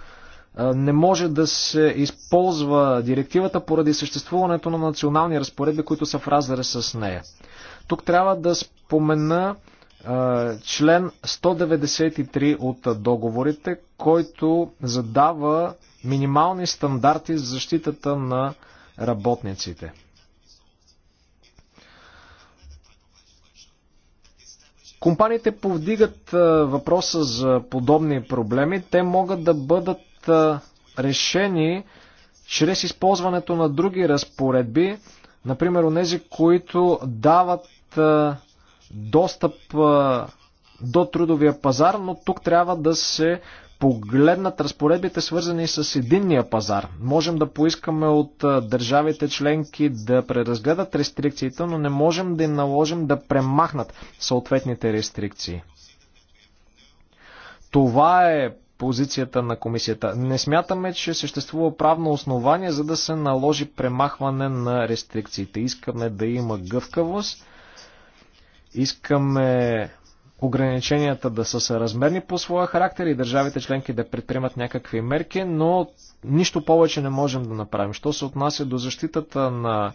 не може да се използва директивата поради съществуването на национални разпоредби, които са в разрез с нея. Тук трябва да спомена член 193 от договорите, който задава минимални стандарти за защитата на работниците. Компаниите повдигат въпроса за подобни проблеми. Те могат да бъдат решени чрез използването на други разпоредби, например, онези, които дават достъп до трудовия пазар, но тук трябва да се погледнат разпоредбите, свързани с единния пазар. Можем да поискаме от държавите членки да преразгледат рестрикциите, но не можем да им наложим да премахнат съответните рестрикции. Това е позицията на комисията. Не смятаме, че съществува правно основание, за да се наложи премахване на рестрикциите. Искаме да има гъвкавост, искаме ограниченията да са съразмерни по своя характер и държавите членки да предприемат някакви мерки, но нищо повече не можем да направим. Що се отнася до защитата на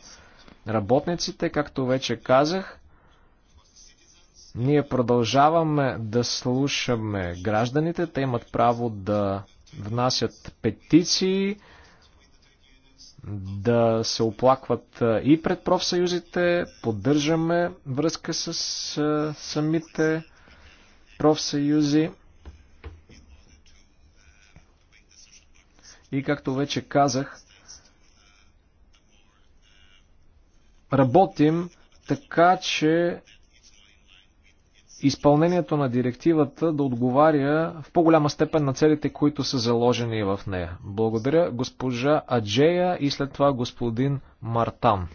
работниците, както вече казах, ние продължаваме да слушаме гражданите. Те имат право да внасят петиции, да се оплакват и пред профсъюзите, поддържаме връзка с самите профсъюзи и както вече казах, работим така, че изпълнението на директивата да отговаря в по-голяма степен на целите, които са заложени в нея. Благодаря госпожа Аджея и след това господин Мартан.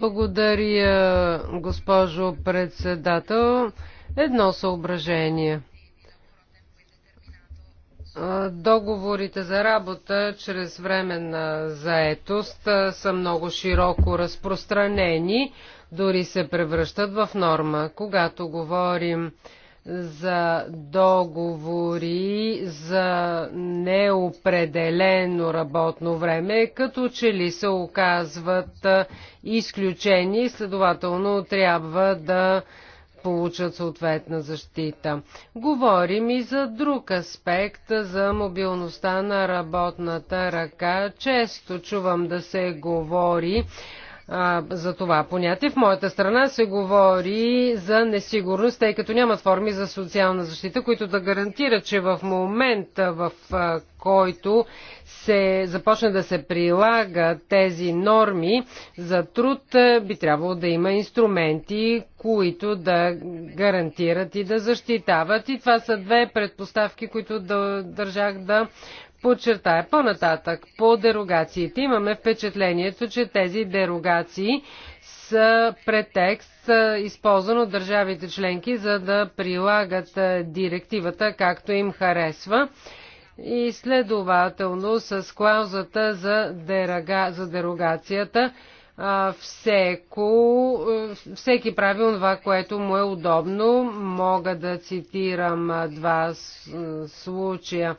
Благодаря, госпожо председател. Едно съображение. Договорите за работа чрез временна заетост са много широко разпространени, дори се превръщат в норма. Когато говорим за договори за неопределено работно време, като че ли се оказват изключени следователно трябва да получат съответна защита. Говорим и за друг аспект, за мобилността на работната ръка. Често чувам да се говори а, за това понятие. В моята страна се говори за несигурност, тъй като нямат форми за социална защита, които да гарантират, че в момента, в а, който се започне да се прилага тези норми за труд, би трябвало да има инструменти, които да гарантират и да защитават. И това са две предпоставки, които да, държах да подчертая по-нататък по дерогациите. Имаме впечатлението, че тези дерогации са претекст, използван от държавите членки, за да прилагат директивата както им харесва. И следователно с клаузата за, дерога, за дерогацията всеко, всеки прави това, което му е удобно. Мога да цитирам два случая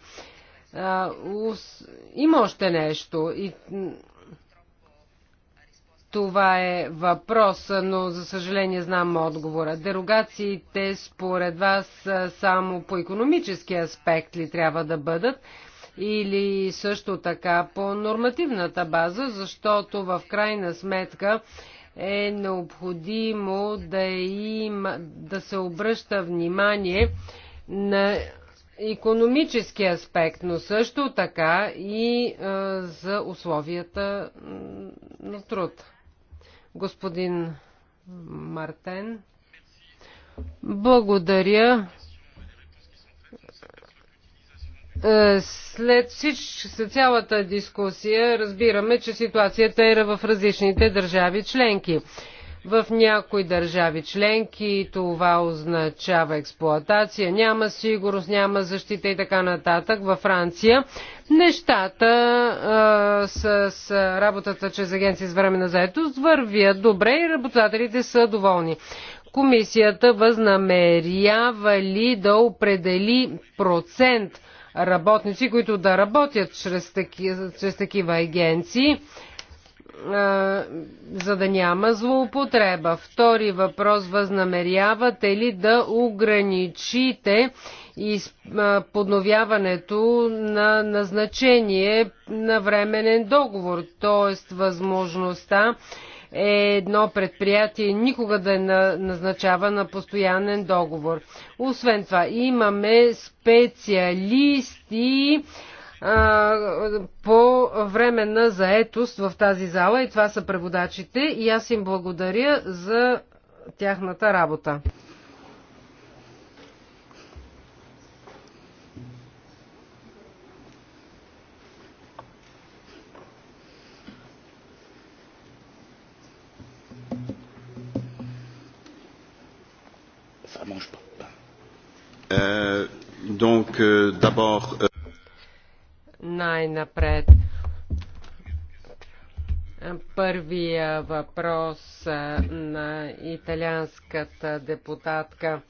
има още нещо и това е въпрос, но за съжаление знам отговора. Дерогациите според вас само по економически аспект ли трябва да бъдат или също така по нормативната база, защото в крайна сметка е необходимо да, има, да се обръща внимание на економически аспект, но също така и а, за условията на труд. Господин Мартен. Благодаря. Е, след, всич, след цялата дискусия разбираме, че ситуацията е в различните държави членки. В някои държави членки това означава експлоатация, няма сигурност, няма защита и така нататък. Във Франция нещата а, с, с работата чрез агенция с време на заето вървят добре и работодателите са доволни. Комисията възнамерява ли да определи процент работници, които да работят чрез, таки, чрез такива агенции? за да няма злоупотреба. Втори въпрос, възнамерявате ли да ограничите подновяването на назначение на временен договор, т.е. възможността е едно предприятие никога да е назначава на постоянен договор. Освен това, имаме специалисти, по време на заетост в тази зала и това са преводачите и аз им благодаря за тяхната работа. Euh, donc euh, d'abord. Euh най-напред. Първия въпрос на италианската депутатка.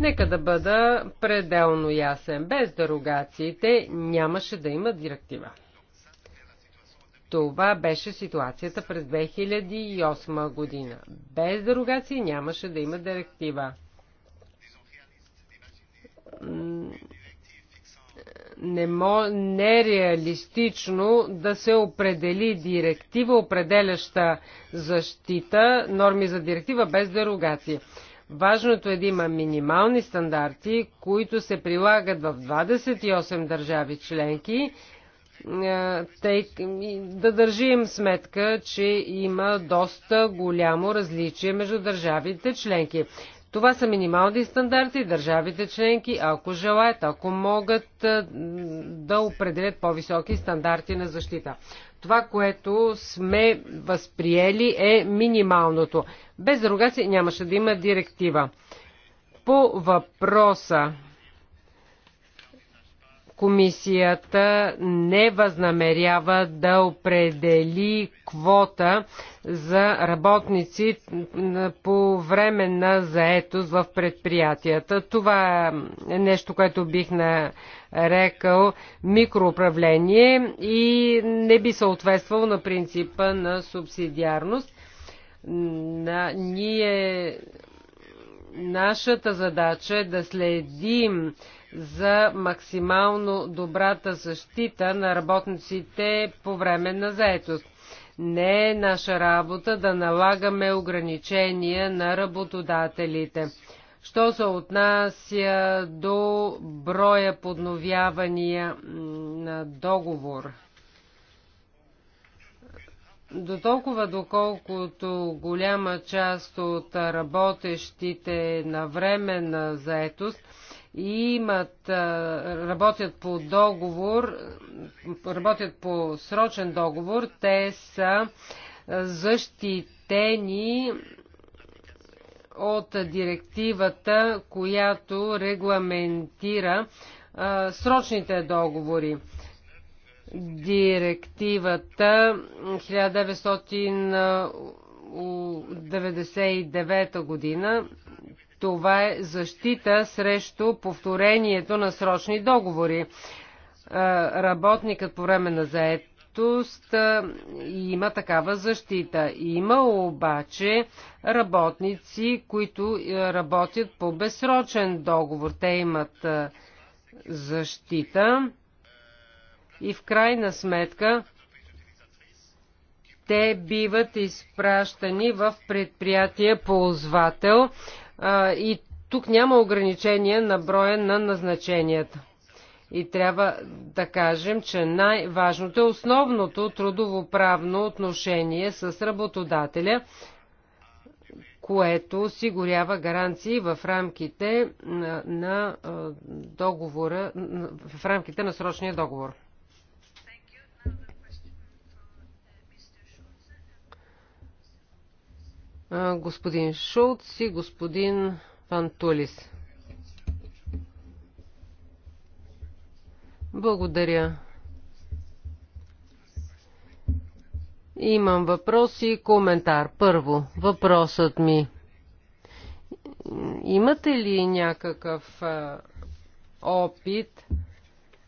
Нека да бъда пределно ясен. Без дерогациите нямаше да има директива. Това беше ситуацията през 2008 година. Без дерогации нямаше да има директива не, мо, не е реалистично да се определи директива, определяща защита, норми за директива без дерогации. Важното е да има минимални стандарти, които се прилагат в 28 държави членки, е, тъй, да държим сметка, че има доста голямо различие между държавите членки. Това са минимални стандарти. Държавите членки, ако желаят, ако могат е, да определят по-високи стандарти на защита. Това, което сме възприели е минималното. Без си нямаше да има директива. По въпроса комисията не възнамерява да определи квота за работници по време на заетост в предприятията. Това е нещо, което бих нарекал микроуправление и не би съответствало на принципа на субсидиарност. На, ние, нашата задача е да следим за максимално добрата защита на работниците по време на заетост. Не е наша работа да налагаме ограничения на работодателите. Що се отнася до броя подновявания на договор? До толкова доколкото голяма част от работещите на време на заетост – имат, работят по договор, работят по срочен договор, те са защитени от директивата, която регламентира срочните договори. Директивата 1999 година това е защита срещу повторението на срочни договори. Е, работникът по време на заетост е, има такава защита. Има обаче работници, които е, работят по безсрочен договор. Те имат защита и в крайна сметка те биват изпращани в предприятие ползвател, и тук няма ограничение на броя на назначенията. И трябва да кажем, че най-важното е основното трудовоправно отношение с работодателя, което осигурява гаранции в рамките на договора, в рамките на срочния договор. господин Шулц и господин Вантулис. Благодаря. Имам въпрос и коментар. Първо, въпросът ми. Имате ли някакъв а, опит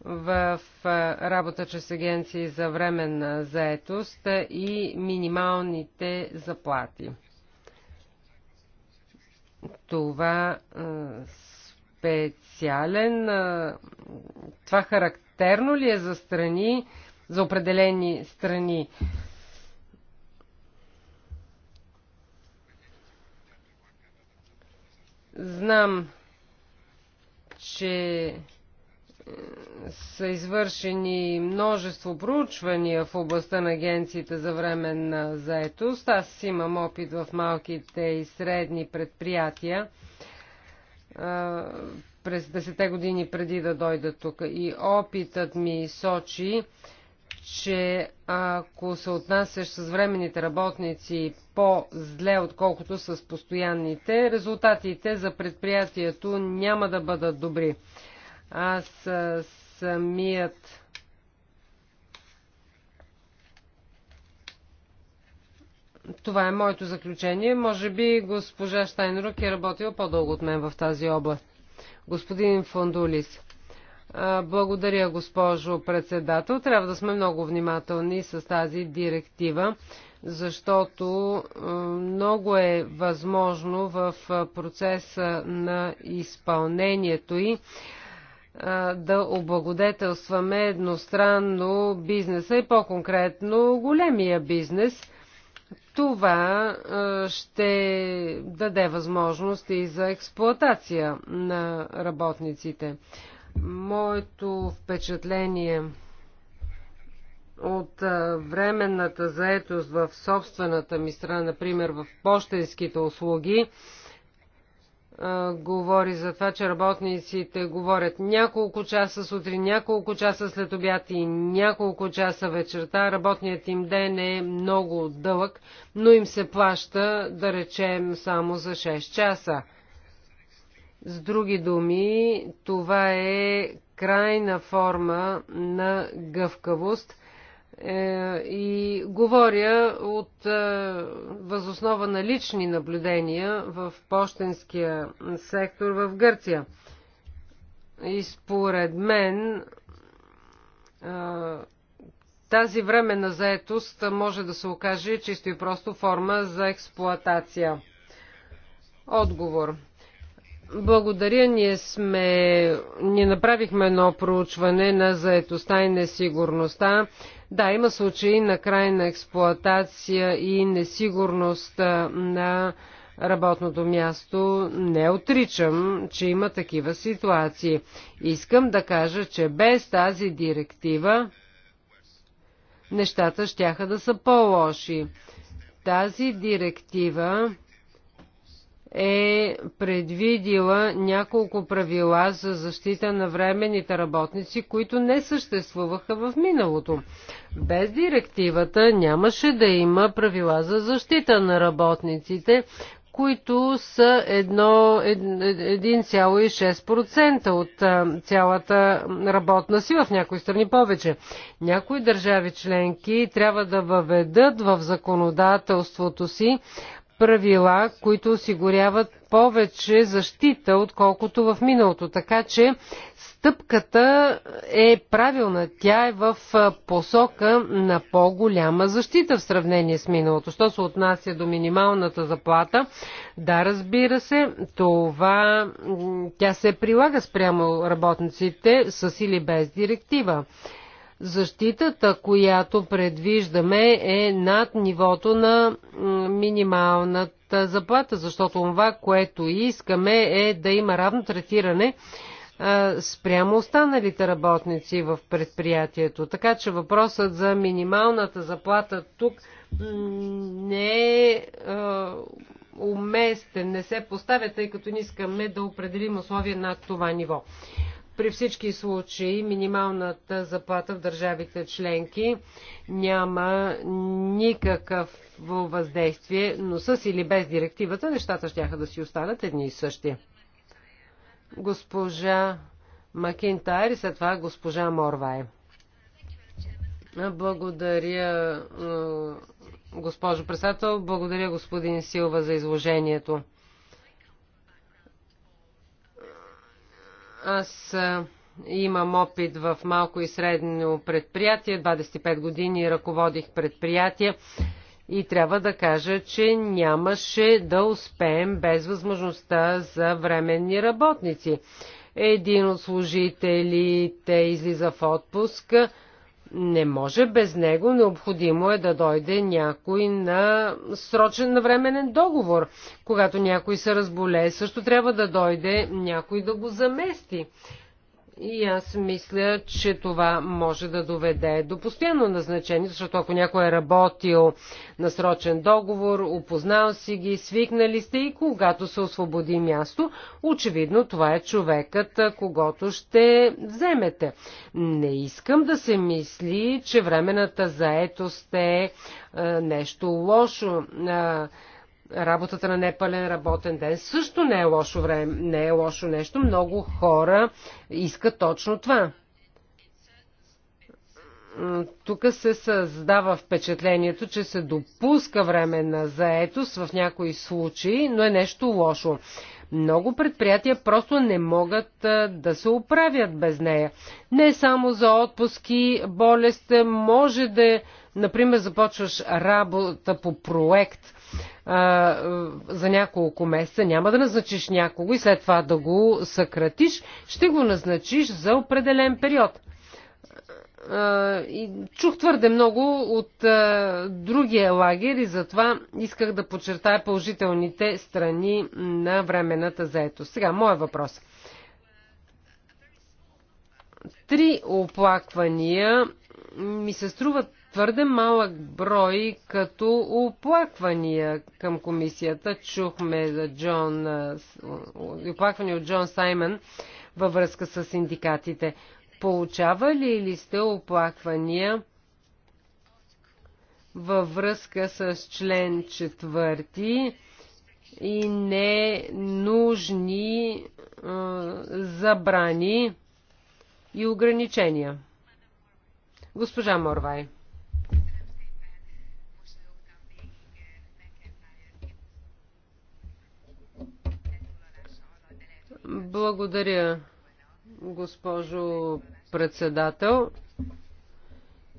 в а, работа чрез агенции за временна заетост и минималните заплати? това специален, това характерно ли е за страни, за определени страни? Знам, че са извършени множество проучвания в областта на агенциите за временна заетост. Аз имам опит в малките и средни предприятия през 10 години преди да дойда тук. И опитът ми сочи, че ако се отнасяш с временните работници по-зле, отколкото с постоянните, резултатите за предприятието няма да бъдат добри. Аз самият Това е моето заключение. Може би госпожа Штайнрук е работила по-дълго от мен в тази област. Господин Фондулис. Благодаря, госпожо председател. Трябва да сме много внимателни с тази директива, защото много е възможно в процеса на изпълнението й да облагодетелстваме едностранно бизнеса и по-конкретно големия бизнес. Това ще даде възможност и за експлоатация на работниците. Моето впечатление от временната заетост в собствената ми страна, например в почтенските услуги, говори за това, че работниците говорят няколко часа сутрин, няколко часа след обяд и няколко часа вечерта. Работният им ден е много дълъг, но им се плаща, да речем, само за 6 часа. С други думи, това е крайна форма на гъвкавост – е, и говоря от е, възоснова на лични наблюдения в почтенския сектор в Гърция. И според мен е, тази време на заетост може да се окаже чисто и просто форма за експлоатация. Отговор. Благодаря. Ние сме, ние направихме едно проучване на заетостта и несигурността да, има случаи на крайна експлоатация и несигурност на работното място. Не отричам, че има такива ситуации. Искам да кажа, че без тази директива нещата щяха да са по-лоши. Тази директива е предвидила няколко правила за защита на временните работници, които не съществуваха в миналото. Без директивата нямаше да има правила за защита на работниците, които са 1,6% от цялата работна сила, в някои страни повече. Някои държави членки трябва да въведат в законодателството си правила, които осигуряват повече защита, отколкото в миналото. Така че стъпката е правилна. Тя е в посока на по-голяма защита в сравнение с миналото. Що се отнася до минималната заплата, да, разбира се, това тя се прилага спрямо работниците с или без директива. Защитата, която предвиждаме е над нивото на минималната заплата, защото това, което искаме е да има равно третиране спрямо останалите работници в предприятието. Така че въпросът за минималната заплата тук не е уместен, не се поставя, тъй като не искаме да определим условия над това ниво. При всички случаи минималната заплата в държавите членки няма никакъв въздействие, но с или без директивата нещата ще да си останат едни и същи. Госпожа Макинтайр и след това госпожа Морвай. Благодаря, е, госпожо председател. Благодаря господин Силва за изложението. Аз имам опит в малко и средно предприятие. 25 години ръководих предприятия и трябва да кажа, че нямаше да успеем без възможността за временни работници. Един от служителите излиза в отпуск, не може без него. Необходимо е да дойде някой на срочен на временен договор. Когато някой се разболее, също трябва да дойде някой да го замести. И аз мисля, че това може да доведе до постоянно назначение, защото ако някой е работил на срочен договор, опознал си ги, свикнали сте и когато се освободи място, очевидно това е човекът, когато ще вземете. Не искам да се мисли, че времената заетост е нещо лошо работата на непълен работен ден също не е лошо време, не е лошо нещо. Много хора искат точно това. Тук се създава впечатлението, че се допуска време на заетост в някои случаи, но е нещо лошо. Много предприятия просто не могат да се оправят без нея. Не само за отпуски, болест, може да, е, например, започваш работа по проект – а, за няколко месеца, няма да назначиш някого и след това да го съкратиш, ще го назначиш за определен период. и чух твърде много от а, другия лагер и затова исках да подчертая положителните страни на времената заето. Сега, моят въпрос. Три оплаквания ми се струват твърде малък брой като оплаквания към комисията. Чухме за Джон, оплаквания от Джон Саймън във връзка с синдикатите. Получавали ли сте оплаквания във връзка с член четвърти и ненужни е, забрани и ограничения? Госпожа Морвай. Благодаря, госпожо председател.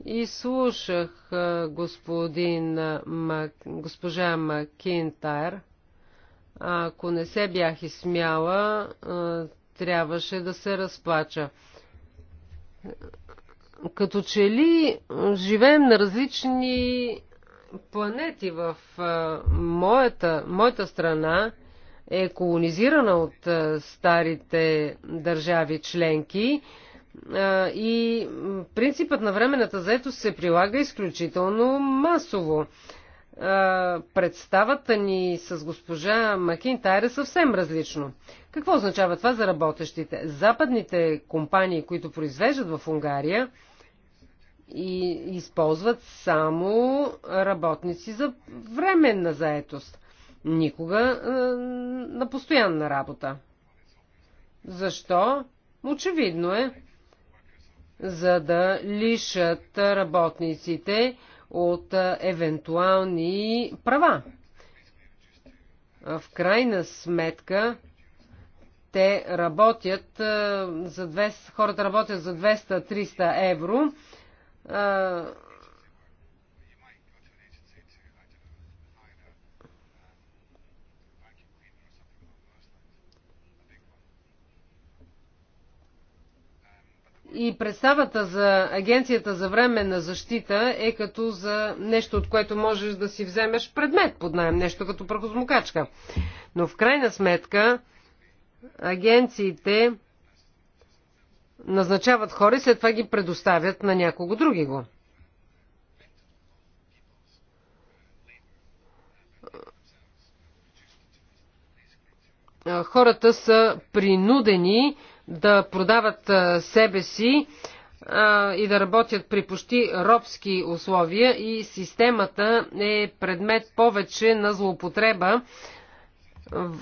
И слушах господин, госпожа Макинтайр. Ако не се бях изсмяла, трябваше да се разплача. Като че ли живеем на различни планети в моята, моята страна, е колонизирана от старите държави членки и принципът на временната заетост се прилага изключително масово. Представата ни с госпожа Макинтайр е съвсем различно. Какво означава това за работещите? Западните компании, които произвеждат в Унгария, и използват само работници за временна заетост. Никога е, на постоянна работа. Защо? Очевидно е. За да лишат работниците от е, евентуални права. В крайна сметка, те работят е, за 200, хората работят за 200-300 евро. Е, И представата за Агенцията за временна защита е като за нещо, от което можеш да си вземеш предмет под найем, нещо като прахосмокачка. Но в крайна сметка агенциите назначават хора и след това ги предоставят на някого други го. Хората са принудени да продават себе си и да работят при почти робски условия и системата е предмет повече на злоупотреба,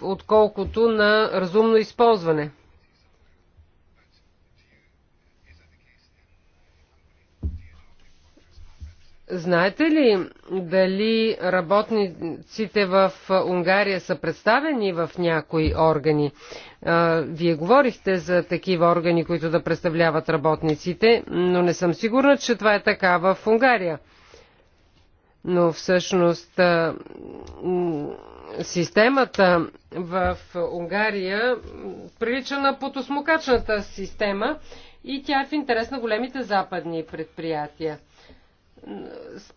отколкото на разумно използване. Знаете ли дали работниците в Унгария са представени в някои органи? Вие говорихте за такива органи, които да представляват работниците, но не съм сигурна, че това е така в Унгария. Но всъщност системата в Унгария прилича на потосмокачната система и тя е в интерес на големите западни предприятия.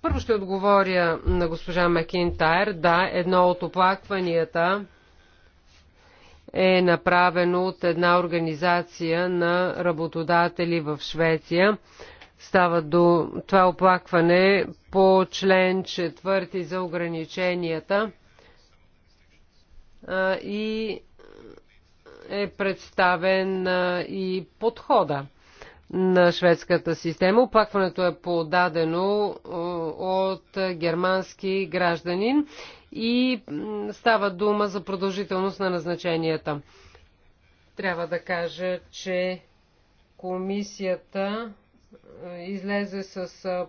Първо ще отговоря на госпожа Макинтайр. Да, едно от оплакванията е направено от една организация на работодатели в Швеция. Става до това оплакване по член 4 за ограниченията и е представен и подхода на шведската система. Оплакването е подадено е, от германски гражданин и става дума за продължителност на назначенията. Трябва да кажа, че комисията е, излезе с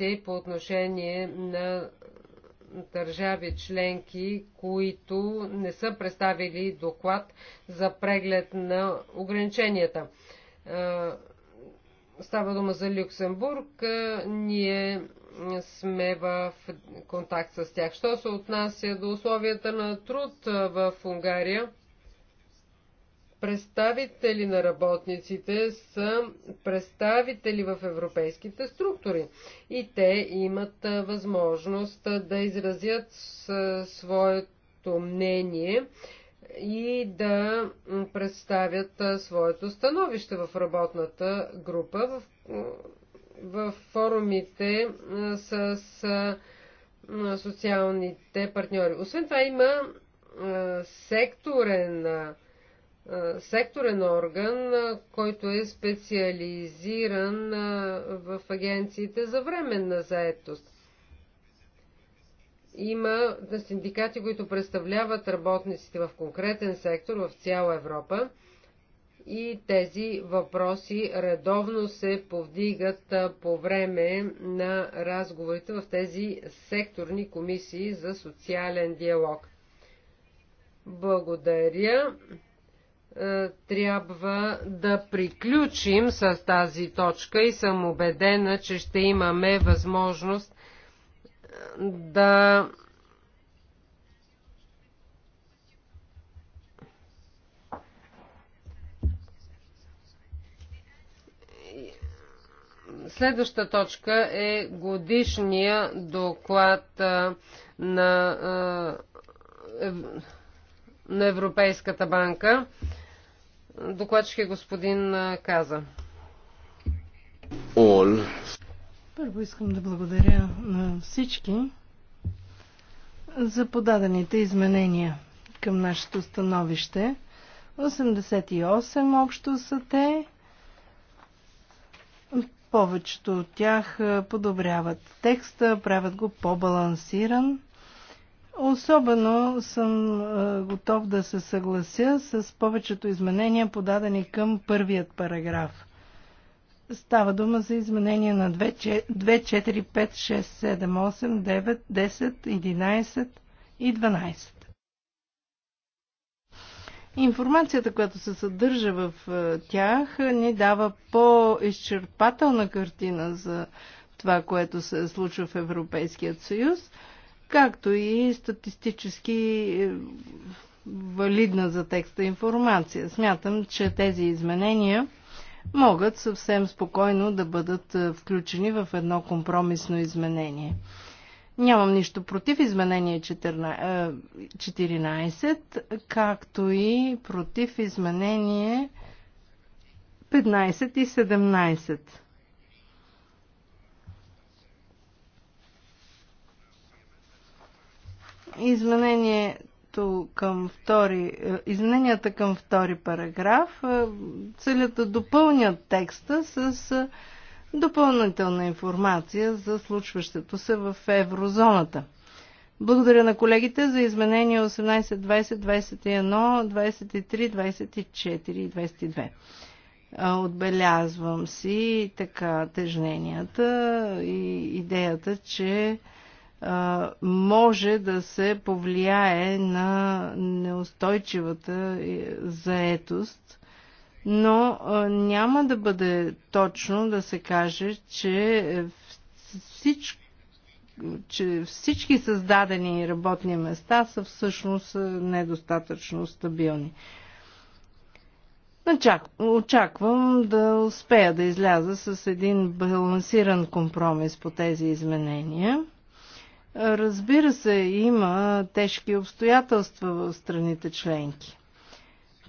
е, и по отношение на държави членки, които не са представили доклад за преглед на ограниченията става дума за Люксембург, е, ние сме в контакт с тях. Що се отнася до условията на труд е, в Унгария, представители на работниците са представители в европейските структури и те имат е, възможност да изразят своето мнение и да представят своето становище в работната група, в, в форумите с социалните партньори. Освен това има секторен, секторен орган, който е специализиран в агенциите за временна заетост. Има синдикати, които представляват работниците в конкретен сектор в цяла Европа и тези въпроси редовно се повдигат по време на разговорите в тези секторни комисии за социален диалог. Благодаря. Трябва да приключим с тази точка и съм убедена, че ще имаме възможност да Следваща точка е годишния доклад на, на Европейската банка. Докладчик е господин Каза. All първо искам да благодаря на всички за подадените изменения към нашето становище. 88 общо са те. Повечето от тях подобряват текста, правят го по-балансиран. Особено съм готов да се съглася с повечето изменения, подадени към първият параграф – Става дума за изменение на 2, 4, 5, 6, 7, 8, 9, 10, 11 и 12. Информацията, която се съдържа в е, тях, е, ни дава по-изчерпателна картина за това, което се случва в Европейският съюз, както и статистически е, валидна за текста информация. Смятам, че тези изменения могат съвсем спокойно да бъдат е, включени в едно компромисно изменение. Нямам нищо против изменение 14, е, както и против изменение 15 и 17. Изменение изменението към втори, е, измененията към втори параграф е, целят да допълнят текста с е, допълнителна информация за случващото се в еврозоната. Благодаря на колегите за изменения 18, 20, 21, 23, 24 и 22. Отбелязвам си така тежненията и идеята, че може да се повлияе на неустойчивата е, заетост, но няма да бъде точно да се каже, че е, всичко че всички създадени работни места са всъщност е, недостатъчно стабилни. Очаквам да успея да изляза с един балансиран компромис по тези изменения. Разбира се, има тежки обстоятелства в страните членки.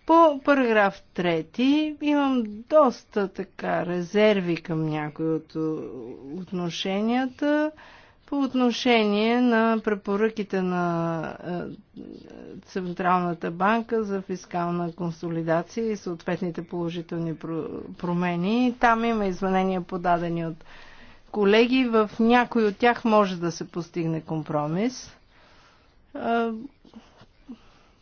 По параграф 3 имам доста така резерви към някои от отношенията. По отношение на препоръките на е, Централната банка за фискална консолидация и съответните положителни промени, там има изменения подадени от колеги. В някой от тях може да се постигне компромис.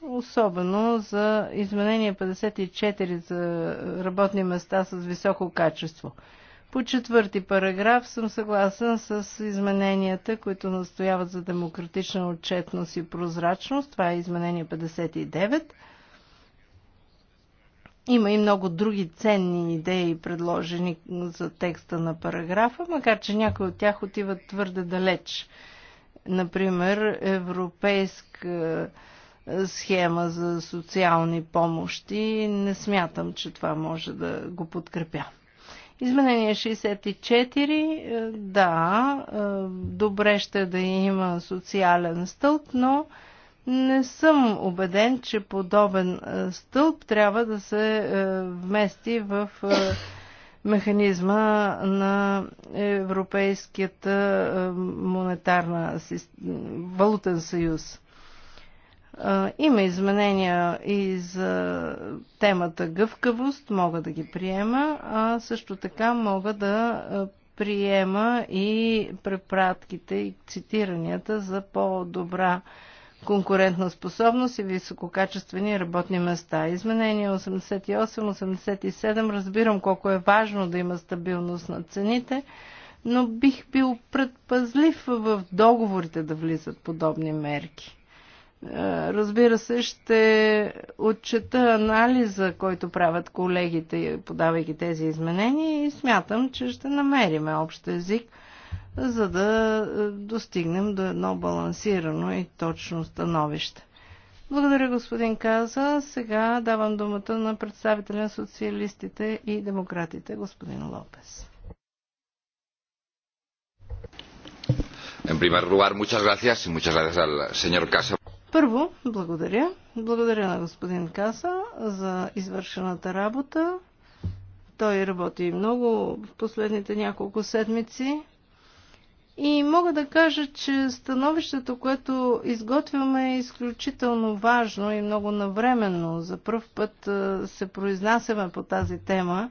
Особено за изменение 54 за работни места с високо качество. По четвърти параграф съм съгласен с измененията, които настояват за демократична отчетност и прозрачност. Това е изменение 59. Има и много други ценни идеи, предложени за текста на параграфа, макар че някои от тях отиват твърде далеч. Например, европейска е, схема за социални помощи. Не смятам, че това може да го подкрепя. Изменение 64, е, да, е, добре ще да има социален стълб, но не съм убеден, че подобен е, стълб трябва да се е, вмести в е, механизма на Европейската монетарна валутен съюз. Има изменения и за темата гъвкавост, мога да ги приема, а също така мога да приема и препратките и цитиранията за по-добра конкурентна способност и висококачествени работни места. Изменение 88-87 разбирам колко е важно да има стабилност на цените, но бих бил предпазлив в договорите да влизат подобни мерки. Е, разбира се, ще отчета анализа, който правят колегите, подавайки тези изменения и смятам, че ще намериме общ език – за да е, достигнем до едно балансирано и точно становище. Благодаря, господин Каза. Сега давам думата на представителя на социалистите и демократите, господин Лопес. Първо, благодаря. Благодаря на господин Каса за извършената работа. Той работи много в последните няколко седмици. И мога да кажа, че становището, което изготвяме е изключително важно и много навременно. За първ път се произнасяме по тази тема.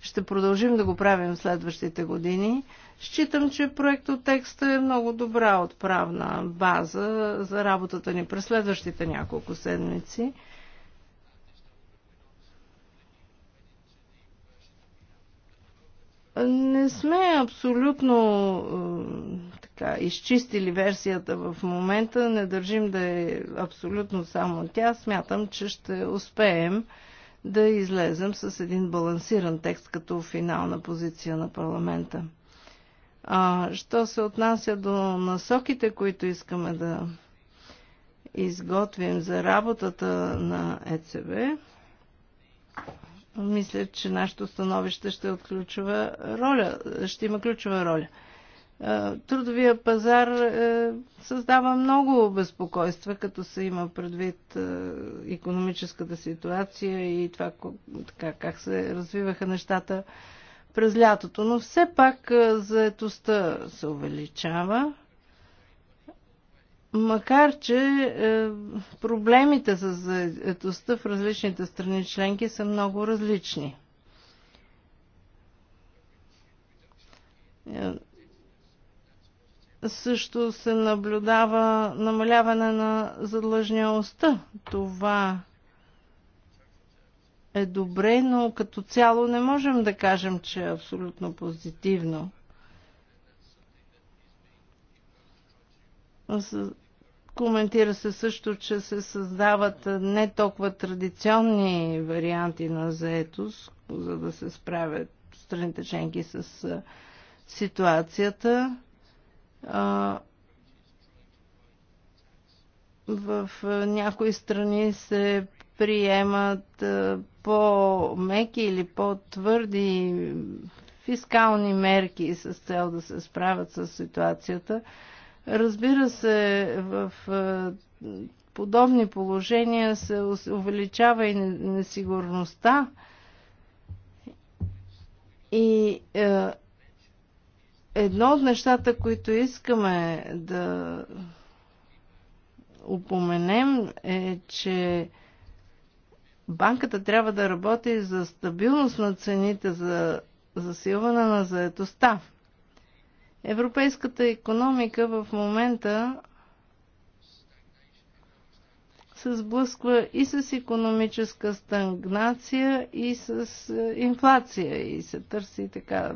Ще продължим да го правим в следващите години. Считам, че текста е много добра отправна база за работата ни през следващите няколко седмици. Не сме абсолютно е, така, изчистили версията в момента, не държим да е абсолютно само тя. Смятам, че ще успеем да излезем с един балансиран текст като финална позиция на парламента. А, що се отнася до насоките, които искаме да изготвим за работата на ЕЦБ, мисля, че нашето становище ще отключва роля, ще има ключова роля. Трудовия пазар е, създава много безпокойства, като се има предвид економическата ситуация и това така, как се развиваха нещата през лятото. Но все пак е, заетостта се увеличава. Макар, че е, проблемите с заедостта в различните страни членки са много различни. Е, също се наблюдава намаляване на задлъжнялостта. Това е добре, но като цяло не можем да кажем, че е абсолютно позитивно. Коментира се също, че се създават не толкова традиционни варианти на заетост, за да се справят страните членки с ситуацията. В някои страни се приемат по-меки или по-твърди фискални мерки с цел да се справят с ситуацията. Разбира се, в подобни положения се увеличава и несигурността и е, едно от нещата, които искаме да упоменем е, че банката трябва да работи за стабилност на цените, за засилване на заетостта. Европейската економика в момента се сблъсква и с економическа стагнация, и с е, инфлация, и се търси така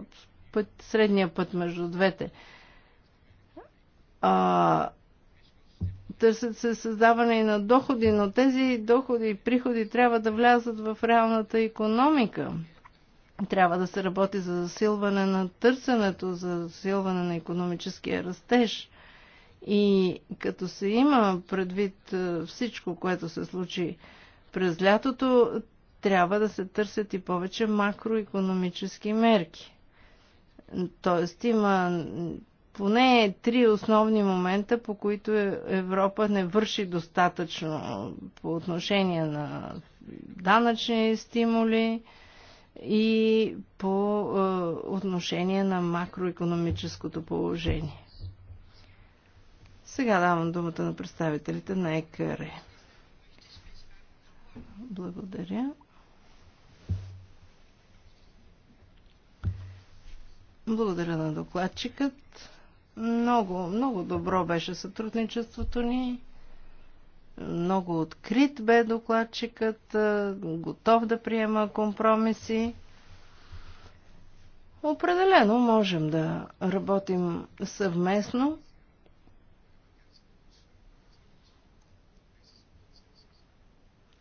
път, средния път между двете. А, търсят се създаване и на доходи, но тези доходи и приходи трябва да влязат в реалната економика. Трябва да се работи за засилване на търсенето, за засилване на економическия растеж. И като се има предвид е, всичко, което се случи през лятото, трябва да се търсят и повече макроекономически мерки. Тоест има поне три основни момента, по които е- Европа не върши достатъчно по отношение на данъчни стимули, и по е, отношение на макроекономическото положение. Сега давам думата на представителите на ЕКР. Благодаря. Благодаря на докладчикът. Много, много добро беше сътрудничеството ни. Много открит бе докладчикът, готов да приема компромиси. Определено можем да работим съвместно.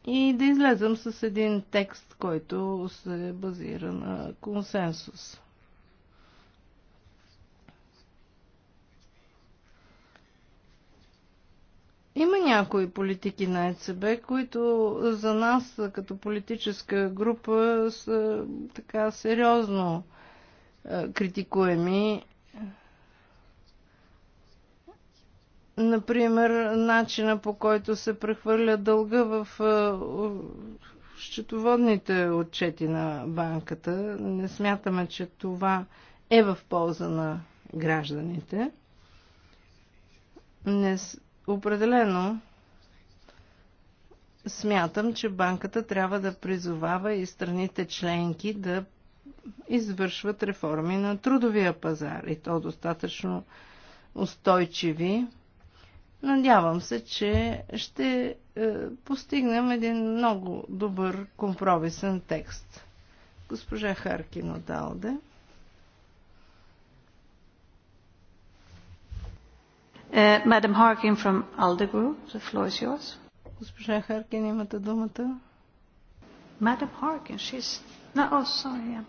И да излезам с един текст, който се базира на консенсус. Има някои политики на ЕЦБ, които за нас като политическа група са така сериозно е, критикуеми. Например, начина по който се прехвърля дълга в е, счетоводните отчети на банката. Не смятаме, че това е в полза на гражданите. Не, определено смятам, че банката трябва да призовава и страните членки да извършват реформи на трудовия пазар и то достатъчно устойчиви. Надявам се, че ще е, постигнем един много добър компромисен текст. Госпожа Харкино Далде. Madam Harkin from ALDE Group, the floor is yours. Госпожа Харкин, имате думата. Madam Harkin, she's... No, oh, sorry, yeah.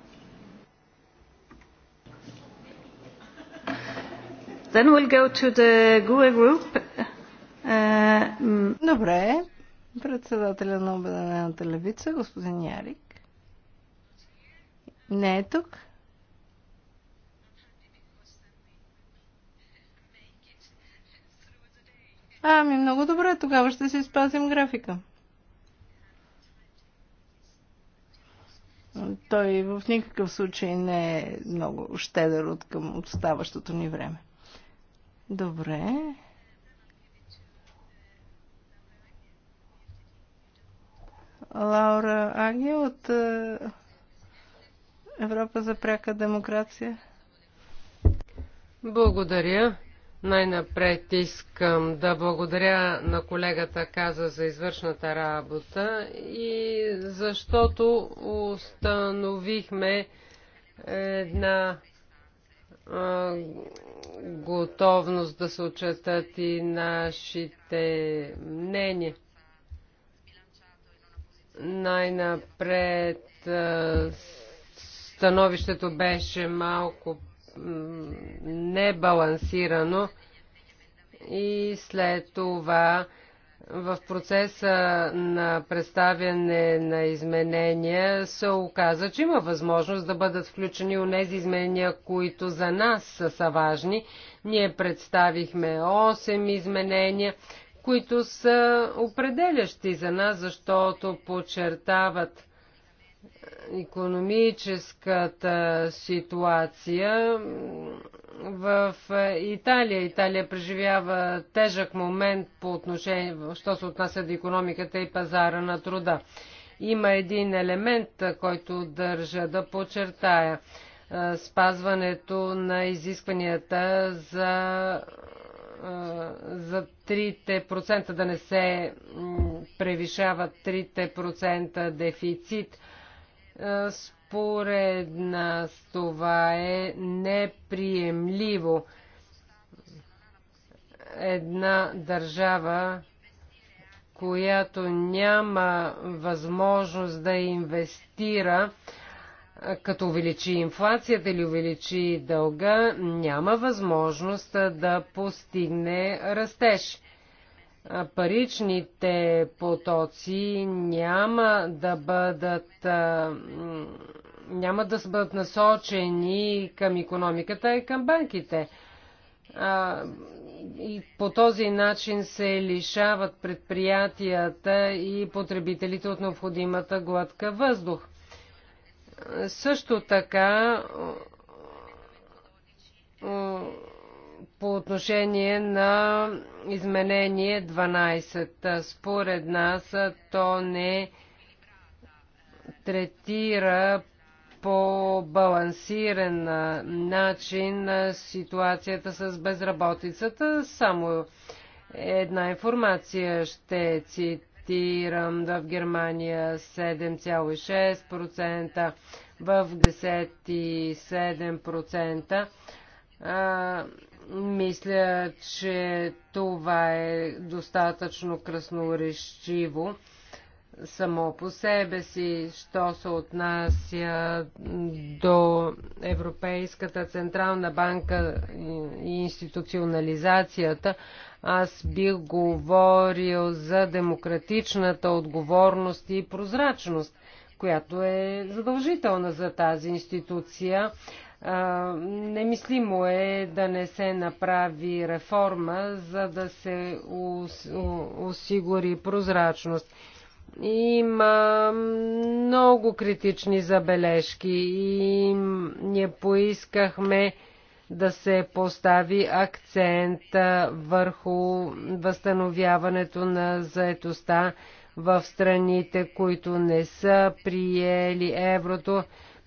Then we'll go to the GUE Group. Uh, Добре. Председателя на Обединената левица, господин Ярик. Не е тук. Ами, много добре, тогава ще си спазим графика. Той в никакъв случай не е много щедър от към отставащото ни време. Добре. Лаура Аги от е, Европа за пряка демокрация. Благодаря. Най-напред искам да благодаря на колегата Каза за извършната работа и защото установихме една готовност да се отчетат и нашите мнения. Най-напред становището беше малко небалансирано и след това в процеса на представяне на изменения се оказа, че има възможност да бъдат включени у тези изменения, които за нас са, са важни. Ние представихме 8 изменения, които са определящи за нас, защото подчертават економическата ситуация в Италия. Италия преживява тежък момент по отношение, що се отнася до економиката и пазара на труда. Има един елемент, който държа да подчертая. Спазването на изискванията за за 3%, да не се превишава 3% дефицит – е, според нас това е неприемливо. Една държава, която няма възможност да инвестира, е, като увеличи инфлацията или увеличи дълга, няма възможност да постигне растеж паричните потоци няма да бъдат няма да бъдат насочени към економиката и към банките. И по този начин се лишават предприятията и потребителите от необходимата глътка въздух. Също така по отношение на изменение 12. Според нас то не третира по балансиран начин ситуацията с безработицата. Само една информация ще цитирам. В Германия 7,6%, в 10,7% мисля, че това е достатъчно красноречиво само по себе си, що се отнася до Европейската Централна банка и институционализацията, аз бих говорил за демократичната отговорност и прозрачност, която е задължителна за тази институция, Немислимо е да не се направи реформа, за да се осигури прозрачност. Има много критични забележки и ние поискахме да се постави акцент върху възстановяването на заетостта в страните, които не са приели еврото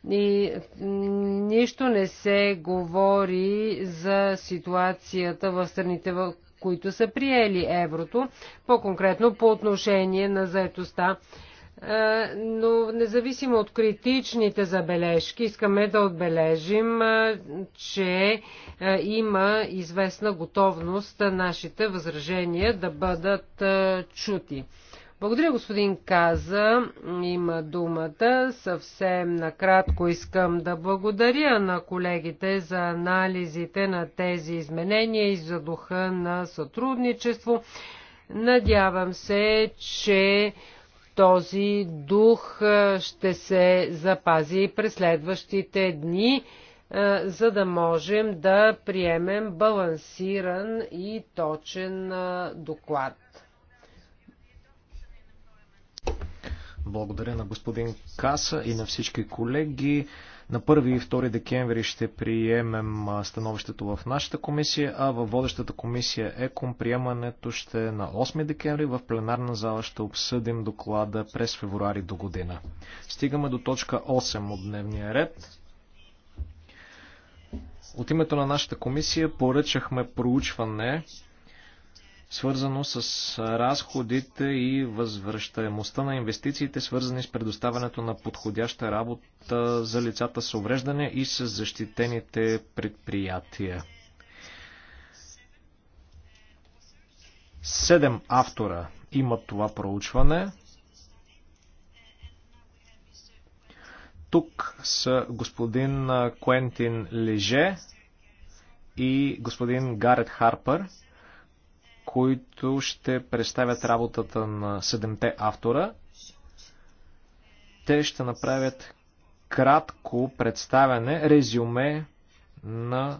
и нищо не се говори за ситуацията в страните, в които са приели еврото, по-конкретно по отношение на заетостта. Е, но независимо от критичните забележки, искаме да отбележим, е, че е, има известна готовност нашите възражения да бъдат чути. Благодаря, господин Каза. Има думата. Съвсем накратко искам да благодаря на колегите за анализите на тези изменения и за духа на сътрудничество. Надявам се, че този дух ще се запази през следващите дни, за да можем да приемем балансиран и точен доклад. Благодаря на господин Каса и на всички колеги. На 1 и 2 декември ще приемем становището в нашата комисия, а във водещата комисия ЕКОМ приемането ще е на 8 декември. В пленарна зала ще обсъдим доклада през февруари до година. Стигаме до точка 8 от дневния ред. От името на нашата комисия поръчахме проучване свързано с разходите и възвръщаемостта на инвестициите, свързани с предоставянето на подходяща работа за лицата с увреждане и с защитените предприятия. Седем автора имат това проучване. Тук са господин Куентин Леже и господин Гарет Харпер – които ще представят работата на седемте автора. Те ще направят кратко представяне, резюме на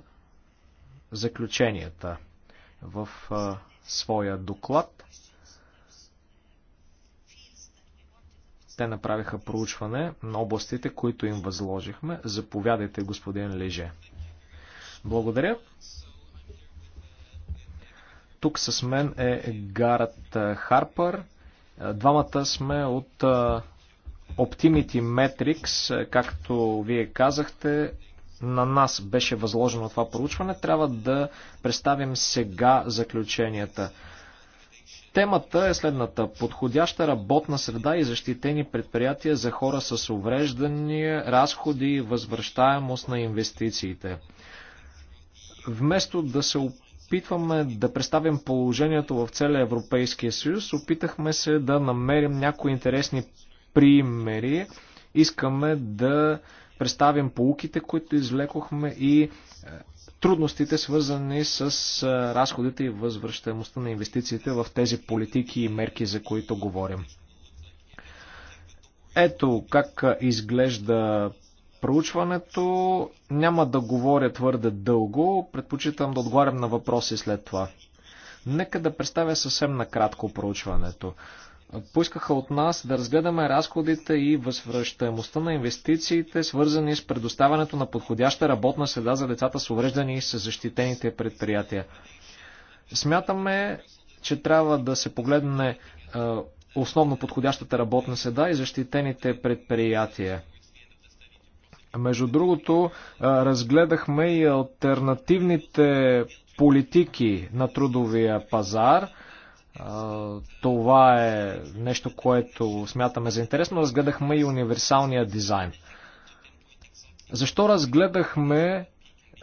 заключенията в а, своя доклад. Те направиха проучване на областите, които им възложихме. Заповядайте, господин Леже. Благодаря. Тук с мен е Гарът Харпър. Двамата сме от Optimity Metrics, както вие казахте, на нас беше възложено това проучване, трябва да представим сега заключенията. Темата е следната. Подходяща работна среда и защитени предприятия за хора с увреждания, разходи и възвръщаемост на инвестициите. Вместо да се опитваме да представим положението в целия Европейския съюз. Опитахме се да намерим някои интересни примери. Искаме да представим полуките, които извлекохме и е, трудностите, свързани с е, разходите и възвръщаемостта на инвестициите в тези политики и мерки, за които говорим. Ето как е, изглежда проучването. Няма да говоря твърде дълго, предпочитам да отговарям на въпроси след това. Нека да представя съвсем накратко проучването. Поискаха от нас да разгледаме разходите и възвръщаемостта на инвестициите, свързани с предоставянето на подходяща работна среда за децата с увреждани и с защитените предприятия. Смятаме, че трябва да се погледне основно подходящата работна седа и защитените предприятия. Между другото, разгледахме и альтернативните политики на трудовия пазар. Това е нещо, което смятаме за интересно. Разгледахме и универсалния дизайн. Защо разгледахме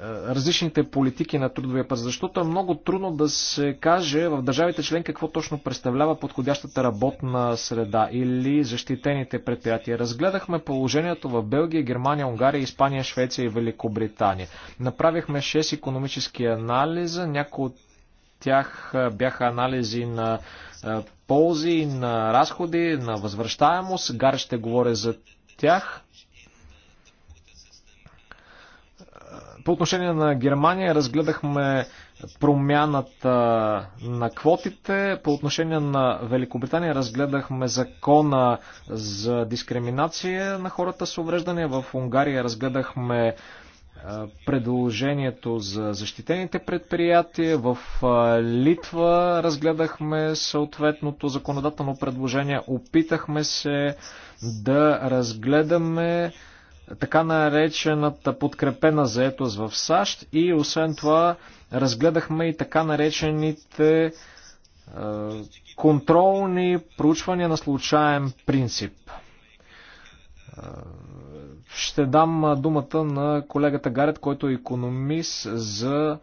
е, различните политики на трудовия пазар, защото е много трудно да се каже в държавите член какво точно представлява подходящата работна среда или защитените предприятия. Разгледахме положението в Белгия, Германия, Унгария, Испания, Швеция и Великобритания. Направихме 6 економически анализа, някои от тях е, бяха анализи на е, ползи, на разходи, на възвръщаемост. Гар ще говоря за тях. По отношение на Германия разгледахме промяната на квотите. По отношение на Великобритания разгледахме закона за дискриминация на хората с увреждания. В Унгария разгледахме предложението за защитените предприятия. В Литва разгледахме съответното законодателно предложение. Опитахме се да разгледаме така наречената подкрепена заетост в САЩ и освен това разгледахме и така наречените е, контролни проучвания на случайен принцип. Е, ще дам думата на колегата Гарет, който е економист за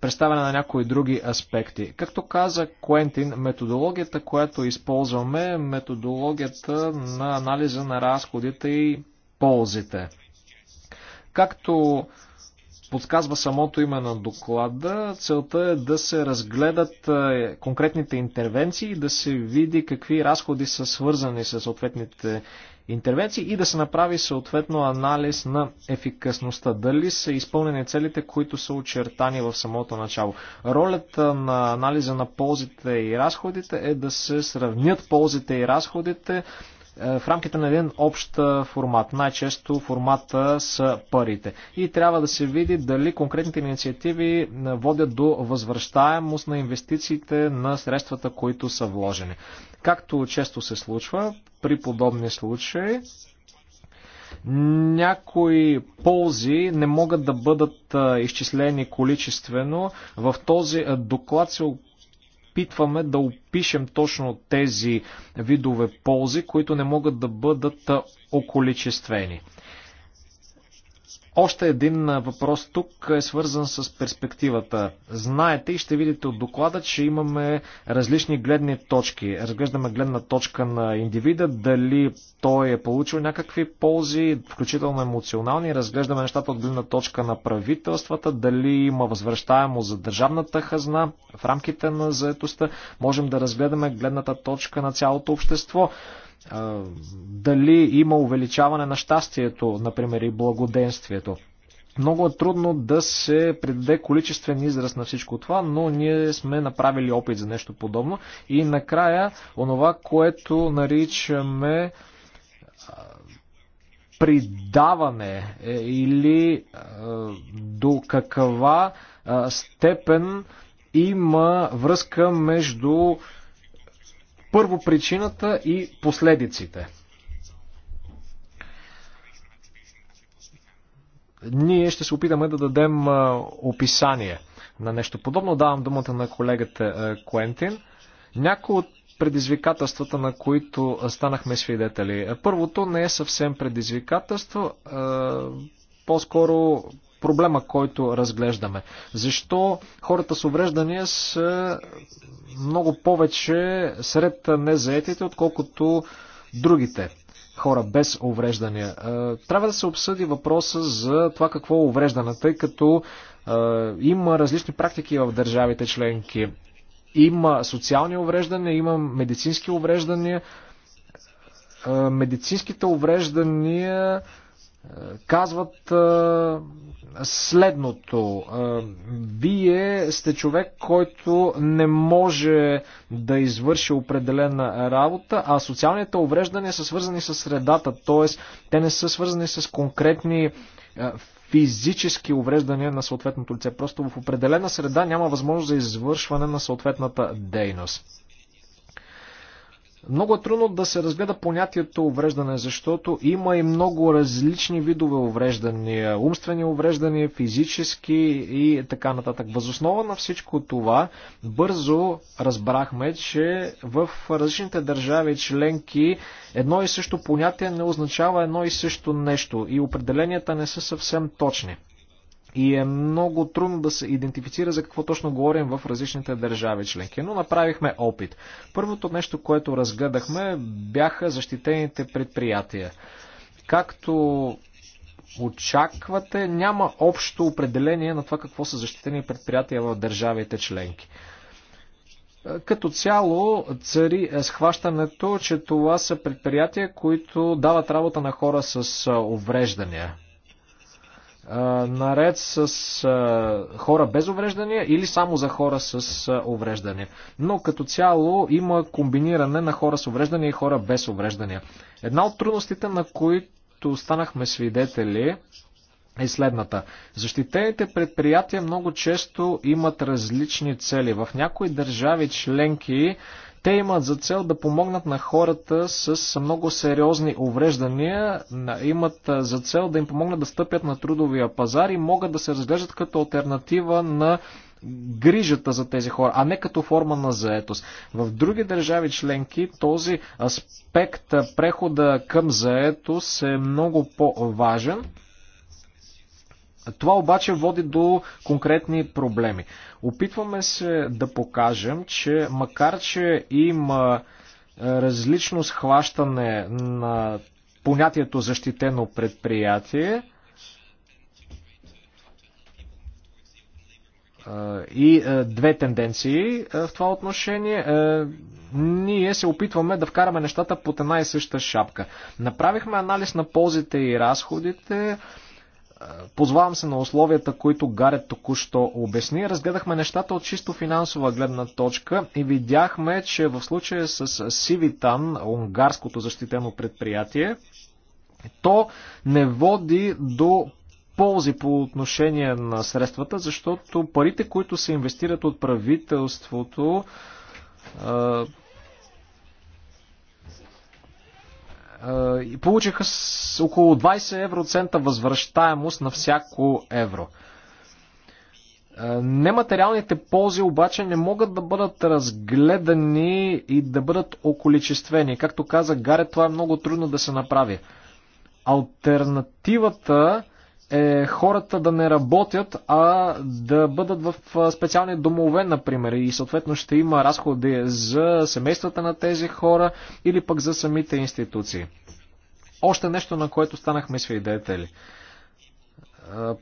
представяне на някои други аспекти. Както каза Куентин, методологията, която използваме, е методологията на анализа на разходите и ползите. Както подсказва самото име на доклада, целта е да се разгледат е, конкретните интервенции, да се види какви разходи са свързани с съответните интервенции и да се направи съответно анализ на ефикасността. Дали са изпълнени целите, които са очертани в самото начало. Ролята на анализа на ползите и разходите е да се сравнят ползите и разходите е, в рамките на един общ е, формат. Най-често формата са парите. И трябва да се види дали конкретните инициативи е, водят до възвръщаемост на инвестициите на средствата, които са вложени. Както често се случва при подобни случаи, някои ползи не могат да бъдат изчислени количествено. В този доклад се опитваме да опишем точно тези видове ползи, които не могат да бъдат околичествени. Още един въпрос тук е свързан с перспективата. Знаете и ще видите от доклада, че имаме различни гледни точки. Разглеждаме гледна точка на индивида, дали той е получил някакви ползи, включително емоционални. Разглеждаме нещата от гледна точка на правителствата, дали има възвръщаемост за държавната хазна в рамките на заетостта. Можем да разгледаме гледната точка на цялото общество дали има увеличаване на щастието, например, и благоденствието. Много е трудно да се придаде количествен израз на всичко това, но ние сме направили опит за нещо подобно. И накрая, онова, което наричаме придаване е, или до каква степен има връзка между първо причината и последиците. Ние ще се опитаме да дадем описание на нещо подобно. Давам думата на колегата Куентин. Някои от предизвикателствата, на които станахме свидетели. Първото не е съвсем предизвикателство, по-скоро проблема, който разглеждаме. Защо хората с увреждания са много повече сред незаетите, отколкото другите хора без увреждания. Е, трябва да се обсъди въпроса за това какво е увреждане, тъй като е, има различни практики в държавите членки. Има социални увреждания, има медицински увреждания. Е, медицинските увреждания казват следното. Вие сте човек, който не може да извърши определена работа, а социалните увреждания са свързани с средата, т.е. те не са свързани с конкретни физически увреждания на съответното лице. Просто в определена среда няма възможност за извършване на съответната дейност. Много е трудно да се разгледа понятието увреждане, защото има и много различни видове увреждания. Умствени увреждания, физически и така нататък. Възоснова на всичко това, бързо разбрахме, че в различните държави членки едно и също понятие не означава едно и също нещо и определенията не са съвсем точни и е много трудно да се идентифицира за какво точно говорим в различните държави членки. Но направихме опит. Първото нещо, което разгледахме, бяха защитените предприятия. Както очаквате, няма общо определение на това какво са защитени предприятия в държавите членки. Като цяло цари схващането, че това са предприятия, които дават работа на хора с увреждания наред с хора без увреждания или само за хора с увреждания. Но като цяло има комбиниране на хора с увреждания и хора без увреждания. Една от трудностите, на които станахме свидетели, е следната. Защитените предприятия много често имат различни цели. В някои държави членки те имат за цел да помогнат на хората с много сериозни увреждания, имат за цел да им помогнат да стъпят на трудовия пазар и могат да се разглеждат като альтернатива на грижата за тези хора, а не като форма на заетост. В други държави членки този аспект прехода към заетост е много по-важен. Това обаче води до конкретни проблеми. Опитваме се да покажем, че макар, че има е, различно схващане на понятието защитено предприятие, е, и е, две тенденции в това отношение. Ние се опитваме да вкараме нещата под една и съща шапка. Направихме анализ на ползите и разходите, Позвавам се на условията, които Гарет току-що обясни. Разгледахме нещата от чисто финансова гледна точка и видяхме, че в случая с Сивитан, унгарското защитено предприятие, то не води до ползи по отношение на средствата, защото парите, които се инвестират от правителството, Е, и получиха с около 20 евроцента възвръщаемост на всяко евро. Е, нематериалните ползи обаче не могат да бъдат разгледани и да бъдат околичествени. Както каза Гаре, това е много трудно да се направи. Альтернативата е хората да не работят, а да бъдат в специални домове, например. И съответно ще има разходи за семействата на тези хора или пък за самите институции. Още нещо, на което станахме свидетели.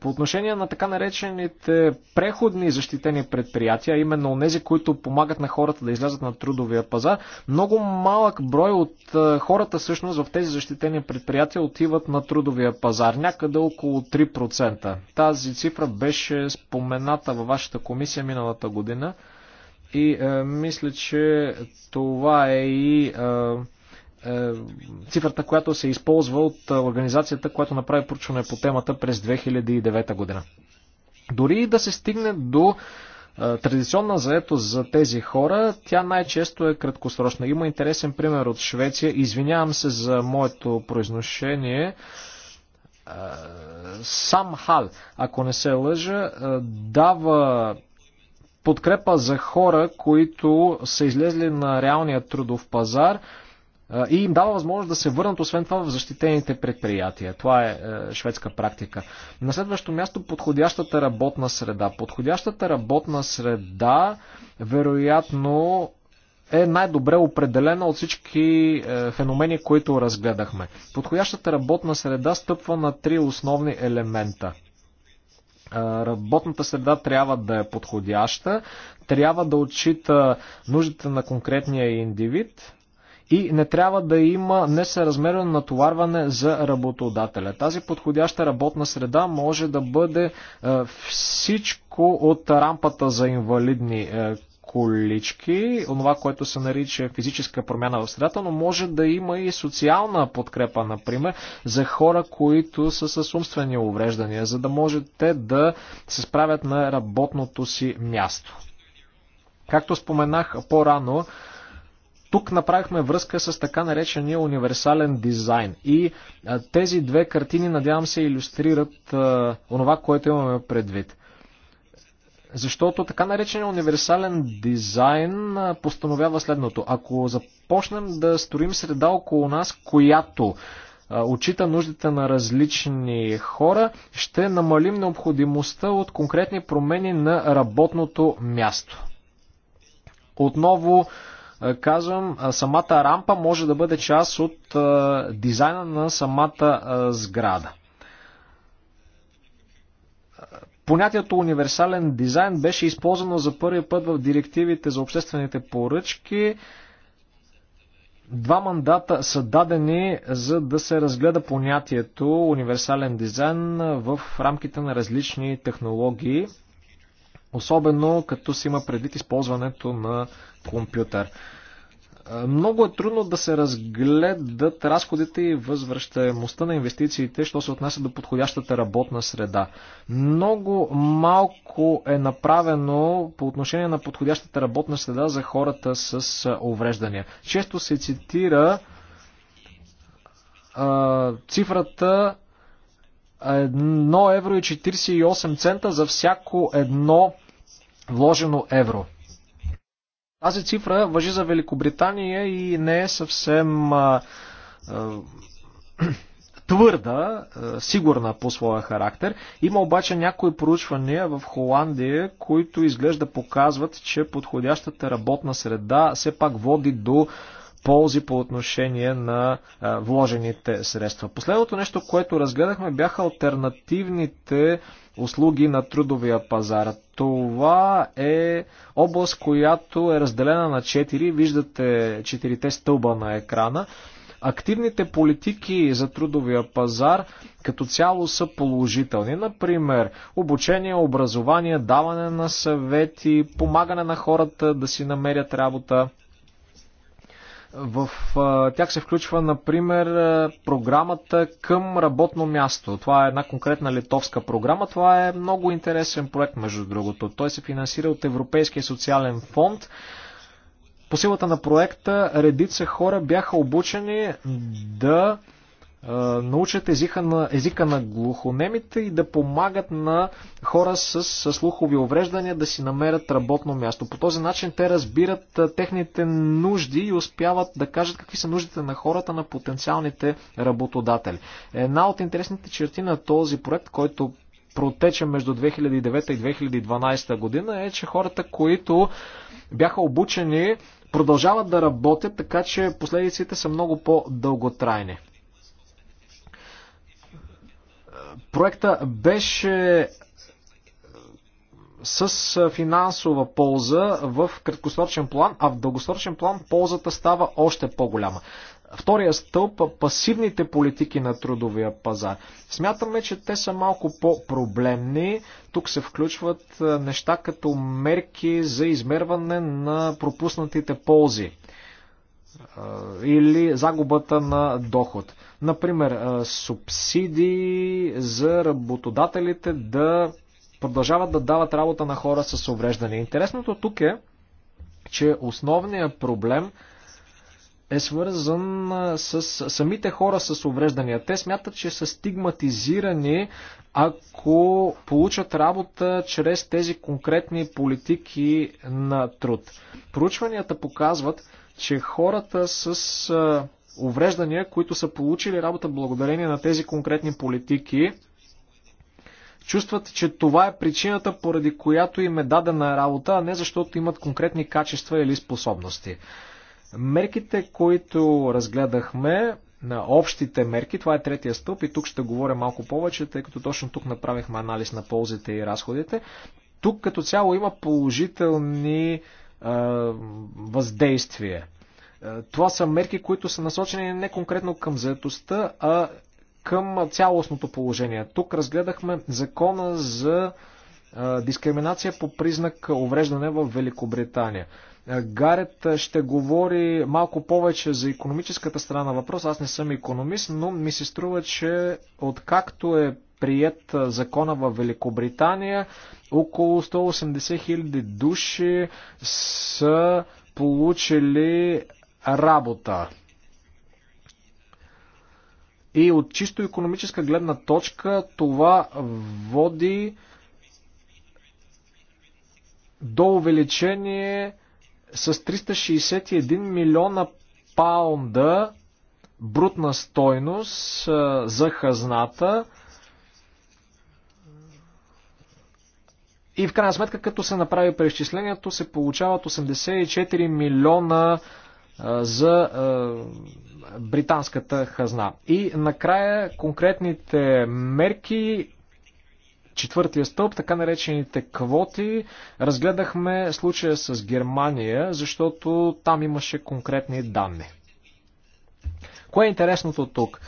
По отношение на така наречените преходни защитени предприятия, именно тези, които помагат на хората да излязат на трудовия пазар, много малък брой от хората всъщност в тези защитени предприятия отиват на трудовия пазар, някъде около 3%. Тази цифра беше спомената във вашата комисия миналата година и е, мисля, че това е и. Е, е, цифрата, която се използва от е, организацията, която направи проучване по темата през 2009 година. Дори да се стигне до е, традиционна заетост за тези хора, тя най-често е краткосрочна. Има интересен пример от Швеция. Извинявам се за моето произношение. Сам Хал, ако не се лъжа, дава подкрепа за хора, които са излезли на реалния трудов пазар и им дава възможност да се върнат освен това в защитените предприятия. Това е, е шведска практика. На следващо място подходящата работна среда. Подходящата работна среда вероятно е най-добре определена от всички е, феномени, които разгледахме. Подходящата работна среда стъпва на три основни елемента работната среда трябва да е подходяща, трябва да отчита нуждите на конкретния индивид и не трябва да има несъразмерно натоварване за работодателя. Тази подходяща работна среда може да бъде е, всичко от рампата за инвалидни е, колички, онова, което се нарича физическа промяна в средата, но може да има и социална подкрепа, например, за хора, които са с умствени увреждания, за да може те да се справят на работното си място. Както споменах по-рано, тук направихме връзка с така наречения универсален дизайн. И а, тези две картини, надявам се, иллюстрират а, онова, което имаме предвид. Защото така наречения универсален дизайн постановява следното. Ако започнем да строим среда около нас, която очита нуждите на различни хора, ще намалим необходимостта от конкретни промени на работното място. Отново е, казвам, е, самата рампа може да бъде част от е, дизайна на самата сграда. Понятието универсален дизайн беше използвано за първи път в директивите за обществените поръчки. Два мандата са дадени за да се разгледа понятието универсален дизайн в рамките на различни технологии, особено като се има предвид използването на компютър. Много е трудно да се разгледат разходите и възвръщаемостта на инвестициите, що се отнася до подходящата работна среда. Много малко е направено по отношение на подходящата работна среда за хората с увреждания. Често се цитира а, цифрата 1 евро и 48 цента за всяко едно вложено евро. Тази цифра въжи за Великобритания и не е съвсем а, а, твърда, а, сигурна по своя характер. Има обаче някои проучвания в Холандия, които изглежда показват, че подходящата работна среда все пак води до ползи по отношение на а, вложените средства. Последното нещо, което разгледахме, бяха альтернативните а, услуги на трудовия пазар. Това е област, която е разделена на 4. Виждате четирите стълба на екрана. Активните политики за трудовия пазар като цяло са положителни. Например, обучение, образование, даване на съвети, помагане на хората да си намерят работа. В тях се включва, например, програмата към работно място. Това е една конкретна литовска програма. Това е много интересен проект, между другото. Той се финансира от Европейския социален фонд. По силата на проекта редица хора бяха обучени да научат езика на, езика на глухонемите и да помагат на хора с, с слухови увреждания да си намерят работно място. По този начин те разбират техните нужди и успяват да кажат какви са нуждите на хората, на потенциалните работодатели. Една от интересните черти на този проект, който протече между 2009 и 2012 година е, че хората, които бяха обучени, продължават да работят, така че последиците са много по-дълготрайни. проекта беше с финансова полза в краткосрочен план, а в дългосрочен план ползата става още по-голяма. Втория стълб пасивните политики на трудовия пазар. Смятаме, че те са малко по-проблемни. Тук се включват неща като мерки за измерване на пропуснатите ползи или загубата на доход. Например, субсидии за работодателите да продължават да дават работа на хора с увреждания. Интересното тук е, че основният проблем е свързан с самите хора с увреждания. Те смятат, че са стигматизирани, ако получат работа чрез тези конкретни политики на труд. Проучванията показват, че хората с увреждания, които са получили работа благодарение на тези конкретни политики, чувстват, че това е причината, поради която им е дадена работа, а не защото имат конкретни качества или способности. Мерките, които разгледахме, на общите мерки, това е третия стълб и тук ще говоря малко повече, тъй като точно тук направихме анализ на ползите и разходите. Тук като цяло има положителни е, въздействия е, това са мерки, които са насочени не конкретно към заетостта, а към цялостното положение. Тук разгледахме закона за е, дискриминация по признак увреждане в Великобритания. Е, Гарет ще говори малко повече за економическата страна на въпрос. Аз не съм економист, но ми се струва, че откакто е прият закона в Великобритания, около 180 000 души са получили работа. И от чисто економическа гледна точка това води до увеличение с 361 милиона паунда брутна стойност за хазната. И в крайна сметка, като се направи преизчислението, се получават 84 милиона за британската хазна. И накрая конкретните мерки четвъртия стълб, така наречените квоти, разгледахме случая с Германия, защото там имаше конкретни данни. Кое е интересното тук?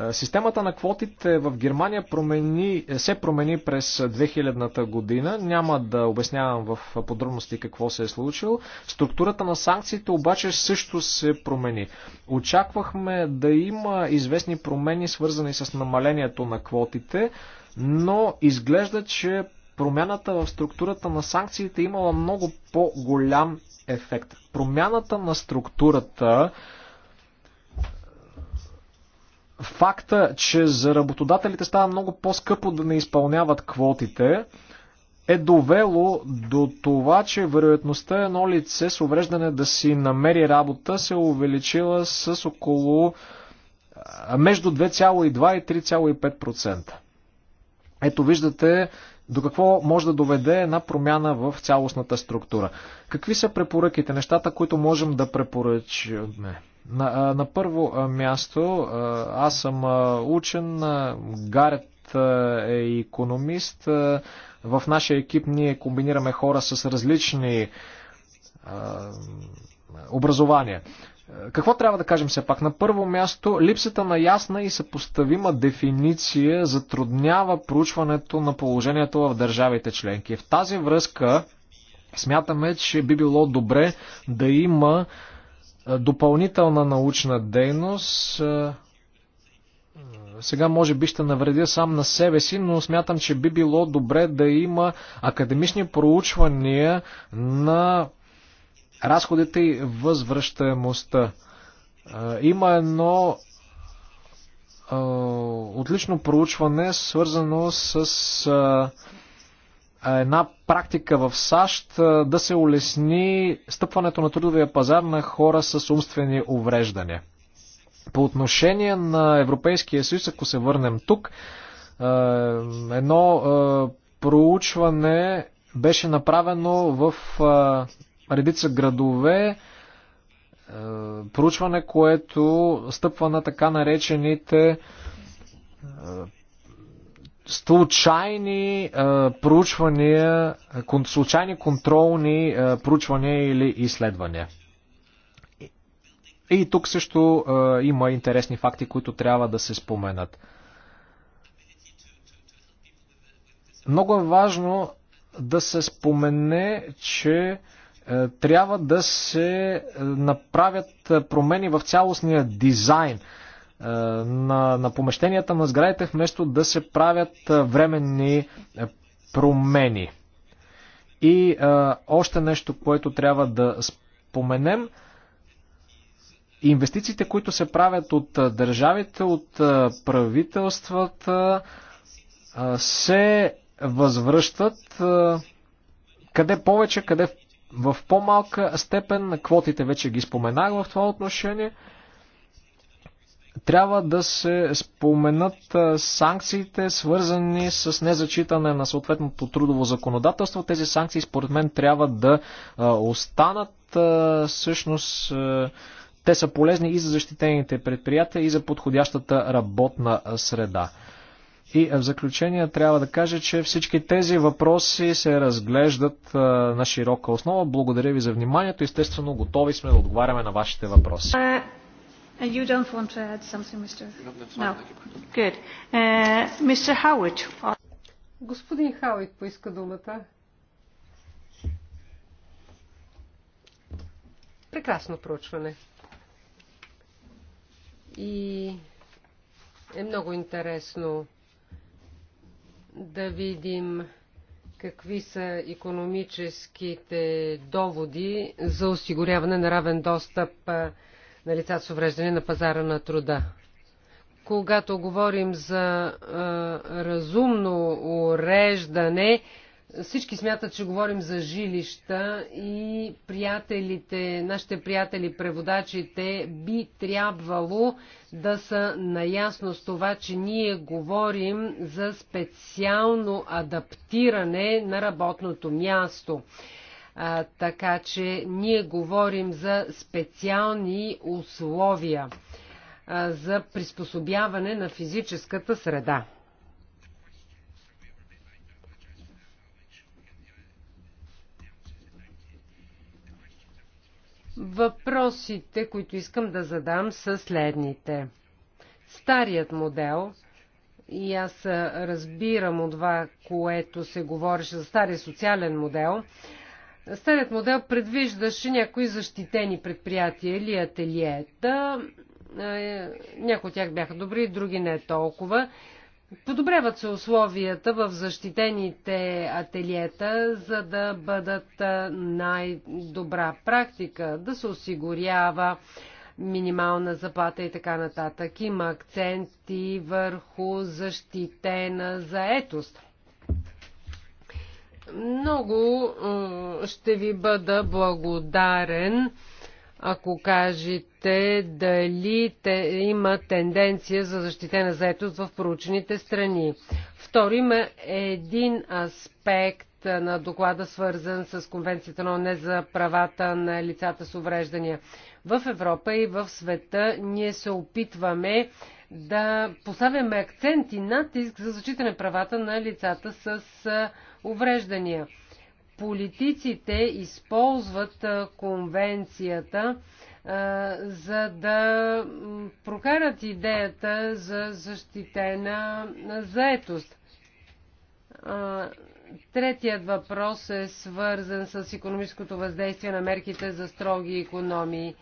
Е, системата на квотите в Германия промени, е, се промени през 2000-та е, година. Няма да обяснявам в подробности какво се е случило. Структурата на санкциите обаче също се промени. Очаквахме да има известни промени, свързани с намалението на квотите, но изглежда, че промяната в структурата на санкциите имала много по-голям ефект. Промяната на структурата факта, че за работодателите става много по-скъпо да не изпълняват квотите, е довело до това, че вероятността едно лице с увреждане да си намери работа се е увеличила с около между 2,2 и 3,5%. Ето виждате до какво може да доведе една промяна в цялостната структура. Какви са препоръките, нещата, които можем да препоръчаме? На, на първо място, аз съм учен, Гарет е економист. В нашия екип ние комбинираме хора с различни образования. Какво трябва да кажем все пак? На първо място, липсата на ясна и съпоставима дефиниция затруднява проучването на положението в държавите членки. В тази връзка смятаме, че би било добре да има допълнителна научна дейност. Сега може би ще навредя сам на себе си, но смятам, че би било добре да има академични проучвания на разходите и възвръщаемостта. Има едно отлично проучване, свързано с една практика в САЩ да се улесни стъпването на трудовия пазар на хора с умствени увреждания. По отношение на Европейския съюз, ако се върнем тук, едно проучване беше направено в редица градове, проучване, което стъпва на така наречените случайни а, проучвания, кон, случайни контролни а, проучвания или изследвания. И, и тук също а, има интересни факти, които трябва да се споменат. Много е важно да се спомене, че а, трябва да се направят промени в цялостния дизайн. А, е, на, на помещенията на сградите, вместо да се правят е, временни е, промени. И а, още нещо, което трябва да споменем. Инвестициите, които се правят от държавите, от правителствата, се възвръщат къде повече, къде в по-малка степен. Квотите вече ги споменах в това отношение трябва да се споменат санкциите, свързани с незачитане на съответното трудово законодателство. Тези санкции, според мен, трябва да останат. Всъщност, те са полезни и за защитените предприятия, и за подходящата работна среда. И в заключение трябва да кажа, че всички тези въпроси се разглеждат на широка основа. Благодаря ви за вниманието. Естествено, готови сме да отговаряме на вашите въпроси. And you don't want to add something, Mr. No, that's no. Good. Uh, Mr. Господин Хауит поиска думата. Прекрасно проучване. И е много интересно да видим какви са економическите доводи за осигуряване на равен достъп на лица с увреждане на пазара на труда. Когато говорим за а, разумно уреждане, всички смятат, че говорим за жилища и приятелите, нашите приятели, преводачите, би трябвало да са наясно с това, че ние говорим за специално адаптиране на работното място. А, така че ние говорим за специални условия а, за приспособяване на физическата среда. Въпросите, които искам да задам, са следните. Старият модел, и аз разбирам от това, което се говореше за стария социален модел, Старият модел предвиждаше някои защитени предприятия или ателиета. Е, някои от тях бяха добри, други не толкова. Подобряват се условията в защитените ателиета, за да бъдат е, най-добра практика, да се осигурява минимална заплата и така нататък. Има акценти върху защитена заетост. Много ще ви бъда благодарен, ако кажете дали те има тенденция за защитена заетост в проучените страни. Втори има един аспект на доклада, свързан с Конвенцията на ОНЕ за правата на лицата с увреждания. В Европа и в света ние се опитваме да поставяме акцент и натиск за зачитане правата на лицата с увреждания. Политиците използват конвенцията за да прокарат идеята за защитена заетост. Третият въпрос е свързан с економическото въздействие на мерките за строги економии.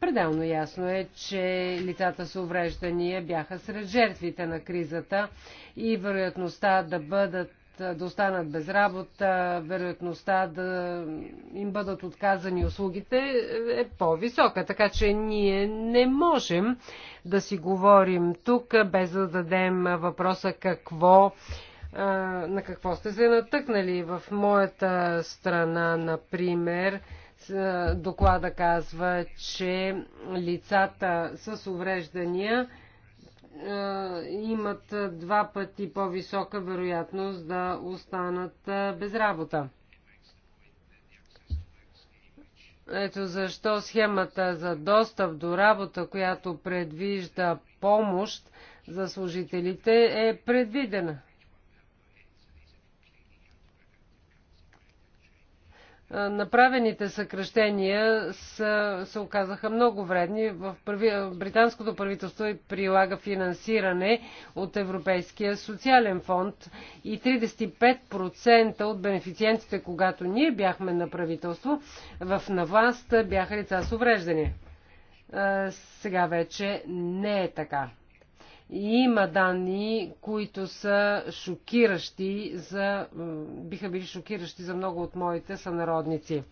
Пределно ясно е, че лицата с увреждания бяха сред жертвите на кризата и вероятността да бъдат да останат без работа, вероятността да им бъдат отказани услугите е по-висока. Така че ние не можем да си говорим тук, без да дадем въпроса какво на какво сте се натъкнали. В моята страна, например, доклада казва, че лицата с увреждания имат два пъти по-висока вероятност да останат без работа. Ето защо схемата за достъп до работа, която предвижда помощ за служителите, е предвидена. направените съкръщения са, се оказаха много вредни. В прави, британското правителство прилага финансиране от Европейския социален фонд и 35% от бенефициентите, когато ние бяхме на правителство, в власт, бяха лица с увреждане. Сега вече не е така. Има данни, които са шокиращи за, биха били шокиращи за много от моите сънародници.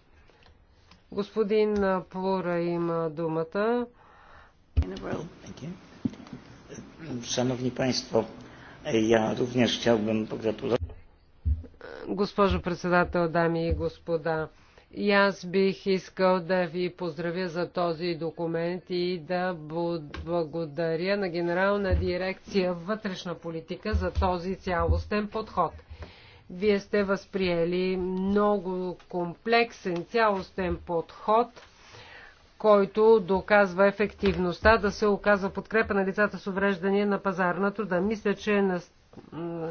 Господин Плура има думата. Szanowni Państwo, ja również chciałbym Госпожо председател, дами и господа, и аз бих искал да ви поздравя за този документ и да благодаря на Генерална дирекция вътрешна политика за този цялостен подход. Вие сте възприели много комплексен цялостен подход, който доказва ефективността да се оказва подкрепа на лицата с увреждания на пазар на труда. Мисля, че е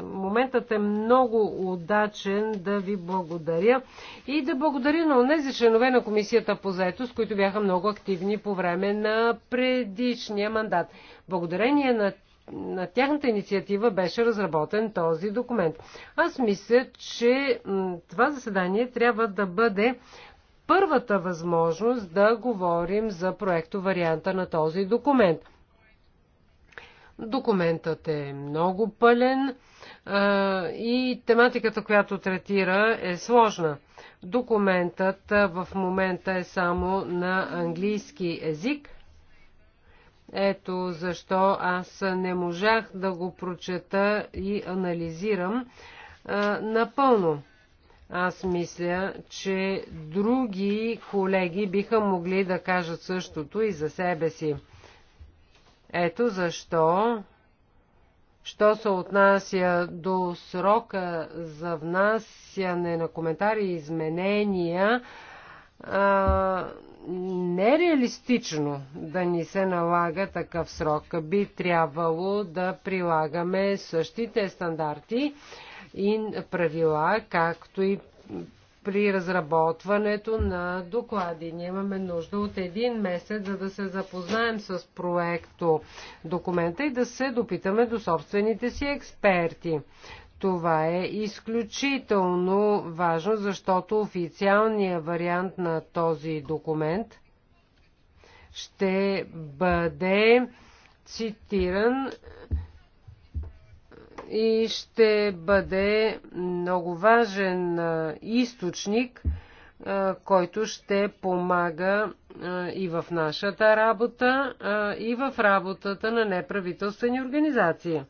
Моментът е много удачен да ви благодаря и да благодаря на тези членове на Комисията по заетост, които бяха много активни по време на предишния мандат. Благодарение на на тяхната инициатива беше разработен този документ. Аз мисля, че това заседание трябва да бъде първата възможност да говорим за проекто варианта на този документ – Документът е много пълен а, и тематиката, която третира, е сложна. Документът в момента е само на английски език. Ето защо аз не можах да го прочета и анализирам а, напълно. Аз мисля, че други колеги биха могли да кажат същото и за себе си. Ето защо, що се отнася до срока за внасяне на коментари и изменения, а, нереалистично да ни се налага такъв срок. Би трябвало да прилагаме същите стандарти и правила, както и при разработването на доклади. Ние имаме нужда от един месец, за да се запознаем с проекто документа и да се допитаме до собствените си експерти. Това е изключително важно, защото официалният вариант на този документ ще бъде цитиран и ще бъде много важен източник, който ще помага и в нашата работа, и в работата на неправителствени организации.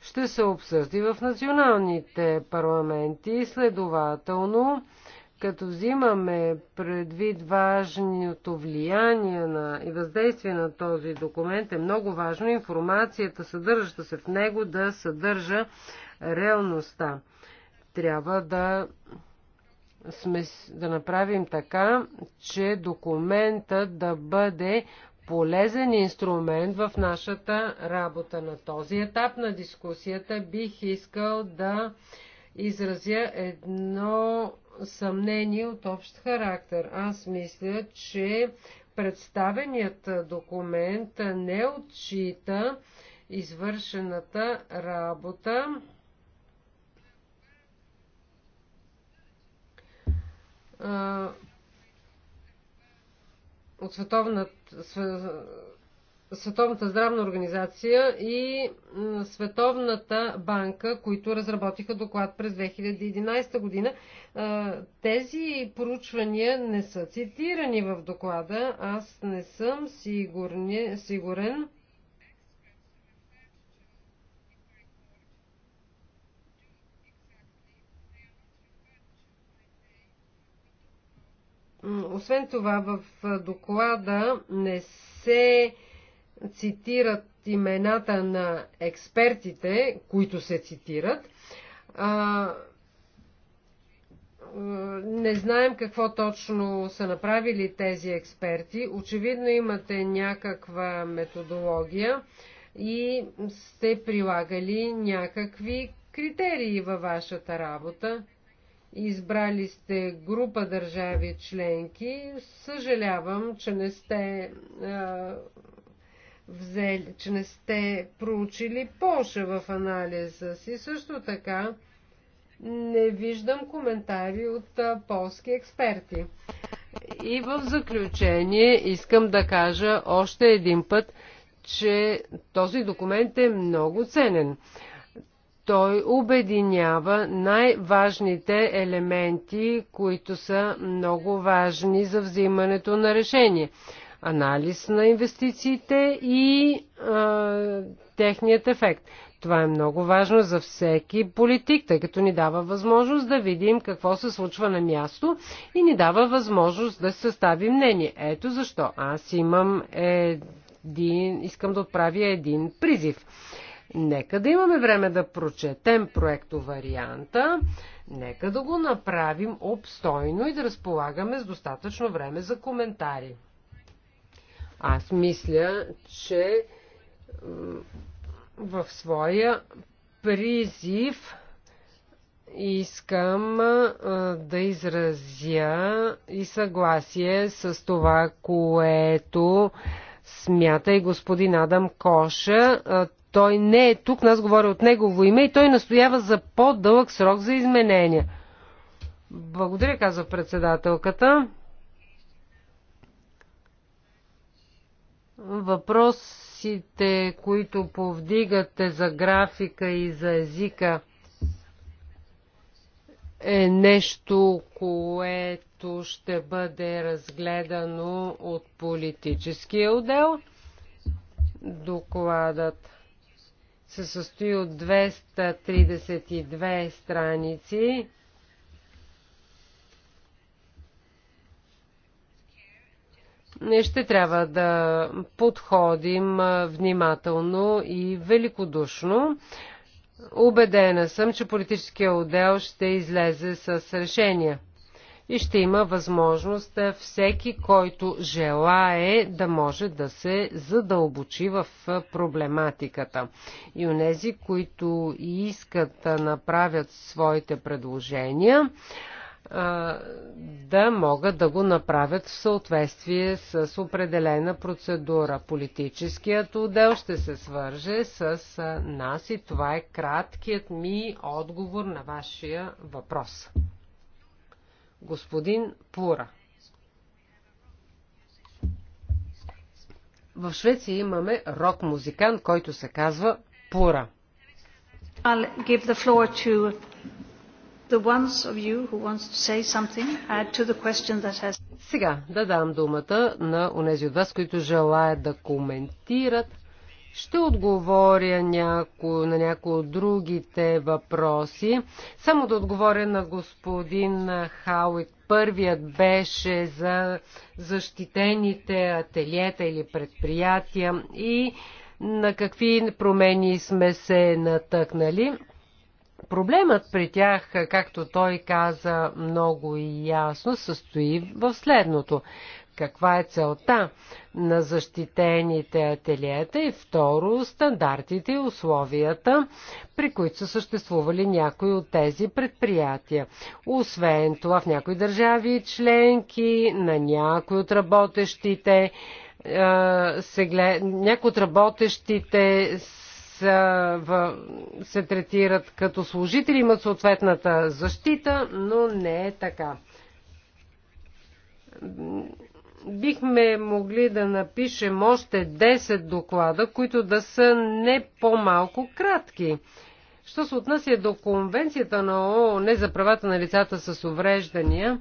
Ще се обсъди в националните парламенти, следователно като взимаме предвид важното влияние на и въздействие на този документ, е много важно информацията, съдържаща се в него, да съдържа реалността. Трябва да, сме, да направим така, че документът да бъде полезен инструмент в нашата работа. На този етап на дискусията бих искал да изразя едно съмнение от общ характер. Аз мисля, че представеният документ не отчита извършената работа от световната Световната здравна организация и Световната банка, които разработиха доклад през 2011 година. Тези проучвания не са цитирани в доклада. Аз не съм сигурни, сигурен. Освен това, в доклада не се цитират имената на експертите, които се цитират. А, не знаем какво точно са направили тези експерти. Очевидно имате някаква методология и сте прилагали някакви критерии във вашата работа. Избрали сте група държави членки. Съжалявам, че не сте а, взели, че не сте проучили Польша в анализа си. Също така не виждам коментари от а, полски експерти. И в заключение искам да кажа още един път, че този документ е много ценен. Той обединява най-важните елементи, които са много важни за взимането на решение анализ на инвестициите и а, техният ефект. Това е много важно за всеки политик, тъй като ни дава възможност да видим какво се случва на място и ни дава възможност да състави мнение. Ето защо аз имам един, искам да отправя един призив. Нека да имаме време да прочетем проекто варианта, нека да го направим обстойно и да разполагаме с достатъчно време за коментари. Аз мисля, че в своя призив искам да изразя и съгласие с това, което смята и господин Адам Коша. Той не е тук, нас говоря от негово име и той настоява за по-дълъг срок за изменения. Благодаря, казва председателката. Въпросите, които повдигате за графика и за езика, е нещо, което ще бъде разгледано от политическия отдел. Докладът се състои от 232 страници ще трябва да подходим внимателно и великодушно. Убедена съм, че политическия отдел ще излезе с решение и ще има възможност всеки, който желае да може да се задълбочи в проблематиката. И нези, които искат да направят своите предложения, да могат да го направят в съответствие с определена процедура. Политическият отдел ще се свърже с нас и това е краткият ми отговор на вашия въпрос. Господин Пура. В Швеция имаме рок-музикант, който се казва Пура. I'll give the floor to the ones of you who wants to say something, add to the question that has... Сега да дам думата на онези от вас, които желаят да коментират. Ще отговоря няко, на някои от другите въпроси. Само да отговоря на господин Хауит. Първият беше за защитените ателиета или предприятия и на какви промени сме се натъкнали. Проблемът при тях, както той каза много и ясно, състои в следното. Каква е целта на защитените ателиета и второ стандартите и условията, при които са съществували някои от тези предприятия. Освен това в някои държави членки, на някои от работещите, е, се глед... някои от работещите се третират като служители, имат съответната защита, но не е така. Бихме могли да напишем още 10 доклада, които да са не по-малко кратки. Що се отнася до Конвенцията на ООН за правата на лицата с увреждания,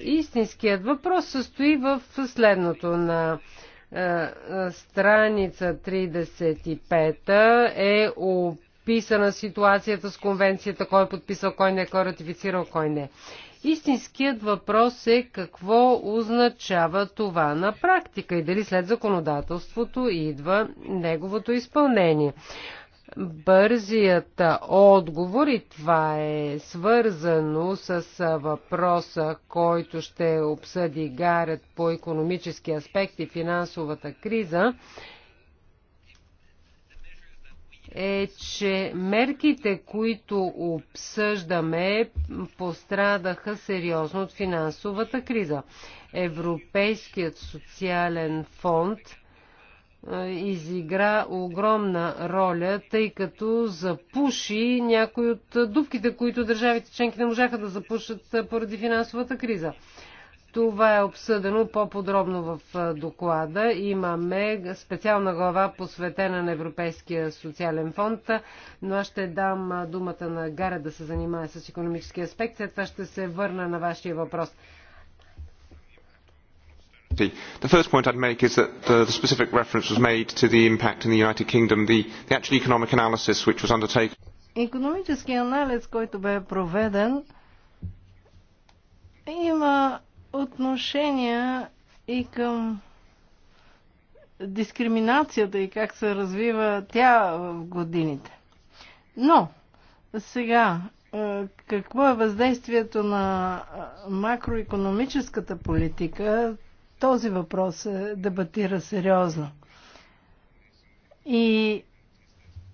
истинският въпрос състои в следното на е, е, страница 35 е описана ситуацията с конвенцията, кой е подписал, кой не, кой е ратифицирал, кой не. Истинският въпрос е какво означава това на практика и дали след законодателството идва неговото изпълнение. Бързият отговор и това е свързано с въпроса, който ще обсъди Гарет по економически аспект и финансовата криза, е, че мерките, които обсъждаме, пострадаха сериозно от финансовата криза. Европейският социален фонд – изигра огромна роля, тъй като запуши някои от дупките, които държавите членки не можаха да запушат поради финансовата криза. Това е обсъдено по-подробно в доклада. Имаме специална глава, посветена на Европейския социален фонд, но аз ще дам думата на Гара да се занимае с економически аспект. След това ще се върна на вашия въпрос. The first point I'd make is that the, the specific reference was made to the impact in the United Kingdom. The, the actual economic analysis which was undertaken. Економически анализ, който бе проведен, има отношение и към дискриминацията и как се развива тя в годините. Но, сега, е, какво е въздействието на е, макроекономическата политика? този въпрос се дебатира сериозно. И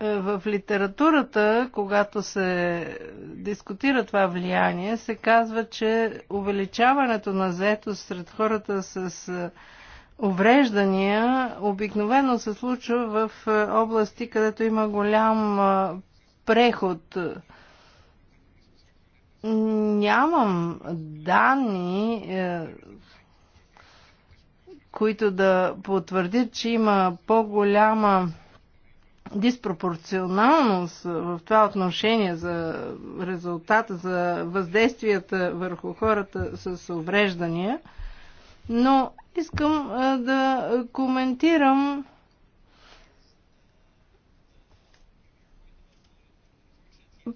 е, в литературата, когато се дискутира това влияние, се казва, че увеличаването на заетост сред хората с е, увреждания обикновено се случва в е, области, където има голям преход. Нямам данни които да потвърдят, че има по-голяма диспропорционалност в това отношение за резултата, за въздействията върху хората с увреждания, но искам да коментирам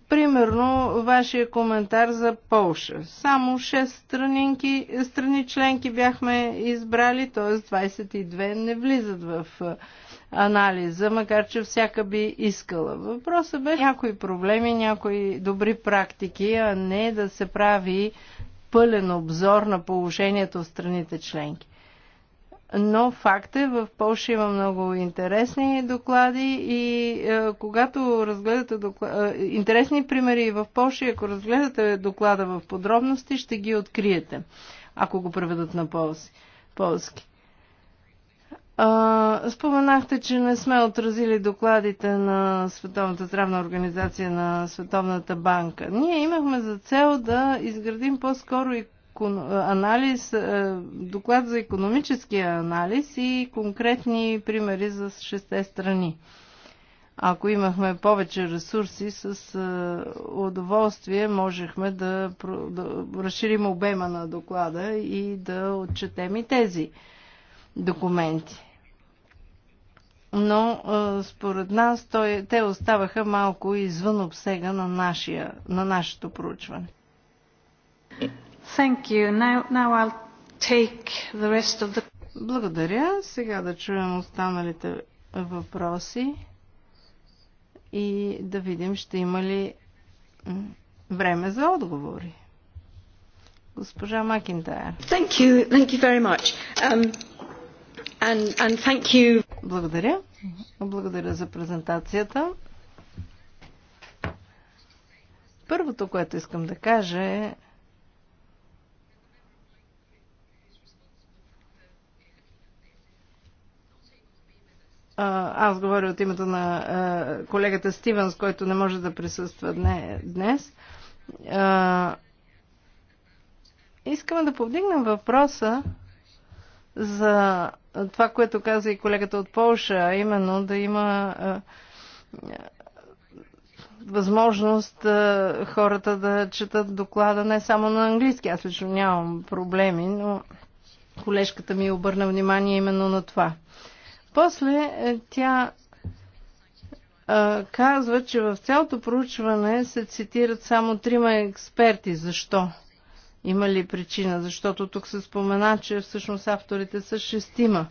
Примерно, вашия коментар за Полша. Само 6 странинки, страни членки бяхме избрали, т.е. 22 не влизат в анализа, макар че всяка би искала. Въпросът бе някои проблеми, някои добри практики, а не да се прави пълен обзор на положението в страните членки. Но факт е, в Польша има много интересни доклади и е, когато разгледате доклад... е, интересни примери в Польша, ако разгледате доклада в подробности, ще ги откриете, ако го преведат на полски. полски. А, споменахте, че не сме отразили докладите на Световната здравна организация на Световната банка. Ние имахме за цел да изградим по-скоро и анализ, е, доклад за економическия анализ и конкретни примери за шесте страни. Ако имахме повече ресурси, с е, удоволствие можехме да, разширим обема на доклада и да отчетем и тези документи. Но е, според нас той, те оставаха малко извън обсега на, нашия, на нашето проучване. Thank you. Now, now I'll take the rest of the... Благодаря. Сега да чуем останалите въпроси и да видим ще има ли време за отговори. Госпожа Макинтайр. Thank you. Thank you very much. Um, and, and thank you. Благодаря. Благодаря за презентацията. Първото, което искам да кажа е, аз говоря от името на колегата Стивенс, който не може да присъства днес. Искаме да повдигнем въпроса за това, което каза и колегата от Полша, именно да има възможност хората да четат доклада не само на английски. Аз лично нямам проблеми, но колежката ми обърна внимание именно на това. После е, тя а, е, казва, че в цялото проучване се цитират само трима експерти. Защо? Има ли причина? Защото тук се спомена, че всъщност авторите са шестима.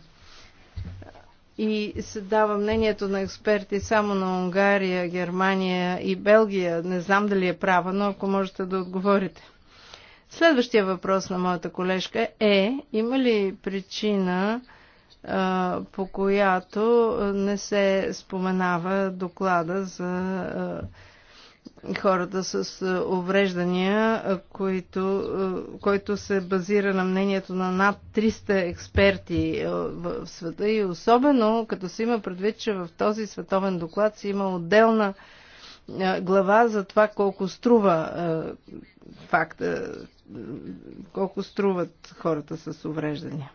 И се дава мнението на експерти само на Унгария, Германия и Белгия. Не знам дали е права, но ако можете да отговорите. Следващия въпрос на моята колежка е, има ли причина по която не се споменава доклада за хората с увреждания, който, който се базира на мнението на над 300 експерти в света и особено като се има предвид, че в този световен доклад си има отделна глава за това колко струва факта, колко струват хората с увреждания.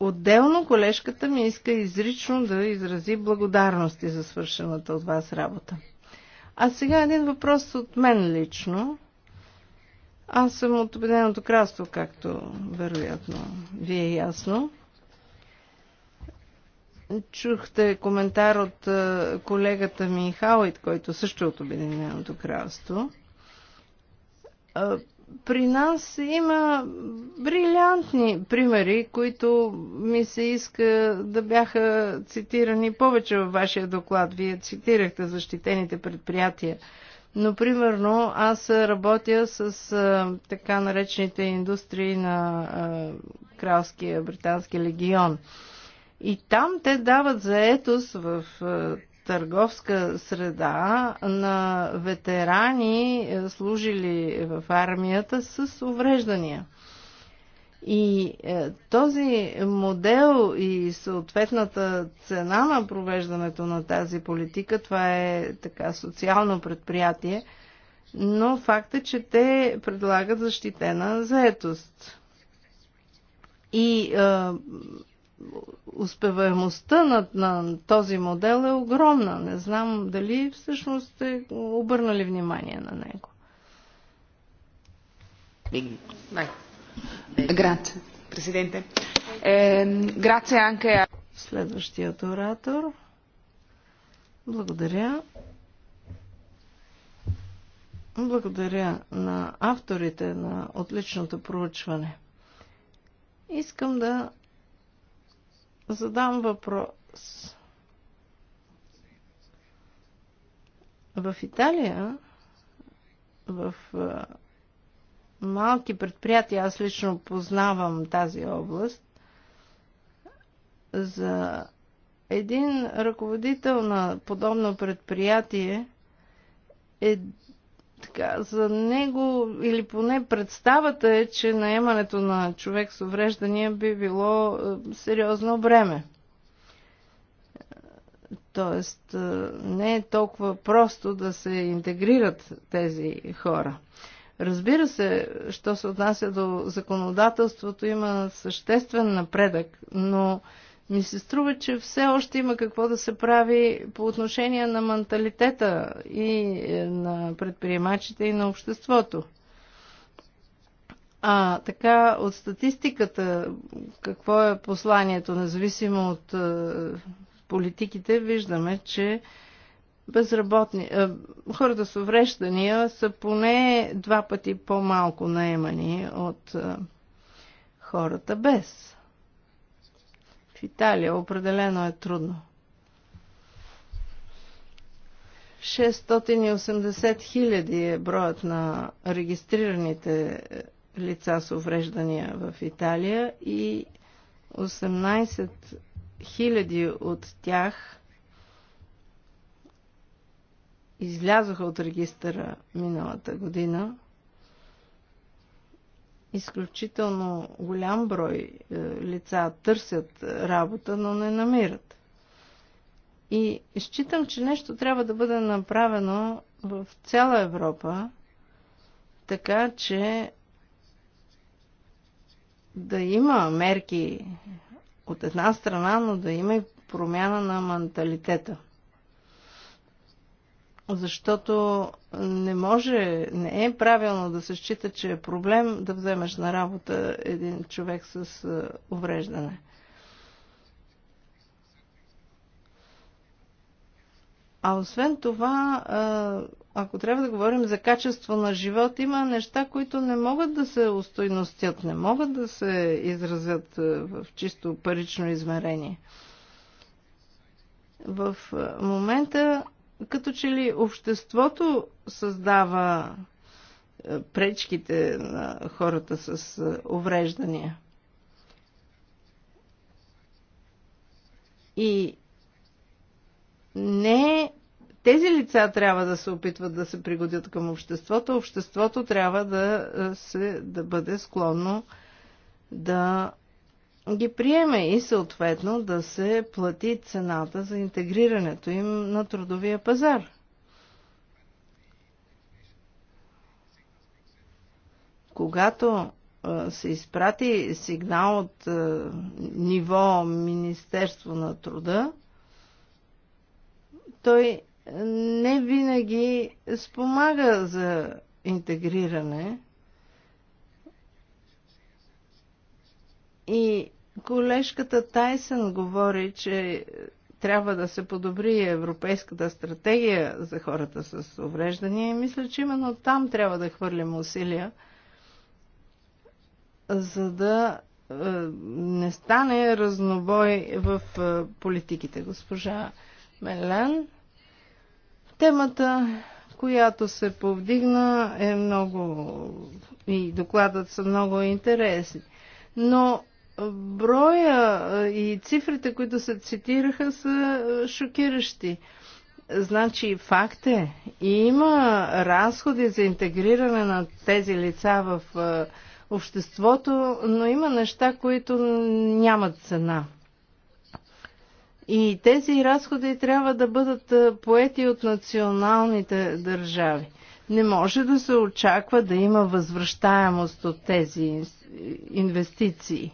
Отделно колежката ми иска изрично да изрази благодарности за свършената от вас работа. А сега един въпрос от мен лично. Аз съм от Обединеното кралство, както вероятно ви е ясно. Чухте коментар от колегата ми Хауит, който също е от Обединеното кралство при нас има брилянтни примери, които ми се иска да бяха цитирани повече във вашия доклад. Вие цитирахте защитените предприятия. Но, примерно, аз работя с а, така наречените индустрии на а, Кралския британски легион. И там те дават заетост в а, търговска среда на ветерани, е, служили в армията с увреждания. И е, този модел и съответната цена на провеждането на тази политика, това е така социално предприятие, но факт е, че те предлагат защитена заетост. И е, успеваемостта на, на този модел е огромна. Не знам дали всъщност сте обърнали внимание на него. Президенте. Presidente. Е, Следващият оратор. Благодаря. Благодаря на авторите на отличното проучване. Искам да задам въпрос. В Италия, в малки предприятия, аз лично познавам тази област, за един ръководител на подобно предприятие е така, за него или поне представата е, че наемането на човек с увреждания би било е, сериозно бреме. Тоест, е, не е толкова просто да се интегрират тези хора. Разбира се, що се отнася до законодателството, има съществен напредък, но ми се струва, че все още има какво да се прави по отношение на менталитета и е, на предприемачите и на обществото. А така, от статистиката, какво е посланието, независимо от е, политиките, виждаме, че безработни, е, хората с увреждания са поне два пъти по-малко наемани от е, хората без. Италия определено е трудно. 680 хиляди е броят на регистрираните е, лица с увреждания в Италия и 18 хиляди от тях излязоха от регистъра миналата година изключително голям брой е, лица търсят е, работа, но не намират. И считам, че нещо трябва да бъде направено в цяла Европа, така че да има мерки от една страна, но да има и промяна на менталитета – защото не може, не е правилно да се счита, че е проблем да вземеш на работа един човек с е, увреждане. А освен това, е, ако трябва да говорим за качество на живот, има неща, които не могат да се устойностят, не могат да се изразят е, в чисто парично измерение. В момента като че ли обществото създава е, пречките на хората с е, увреждания. И не тези лица трябва да се опитват да се пригодят към обществото, обществото трябва да, е, се, да бъде склонно да ги приеме и съответно да се плати цената за интегрирането им на трудовия пазар. Когато се изпрати сигнал от ниво Министерство на труда, той не винаги спомага за интегриране И колежката Тайсън говори, че трябва да се подобри европейската стратегия за хората с увреждания и мисля, че именно там трябва да хвърлим усилия, за да е, не стане разнобой в е, политиките. Госпожа Мелен, темата, която се повдигна, е много и докладът са много интересни. Но броя и цифрите, които се цитираха, са шокиращи. Значи факт е, има разходи за интегриране на тези лица в обществото, но има неща, които нямат цена. И тези разходи трябва да бъдат поети от националните държави. Не може да се очаква да има възвръщаемост от тези инвестиции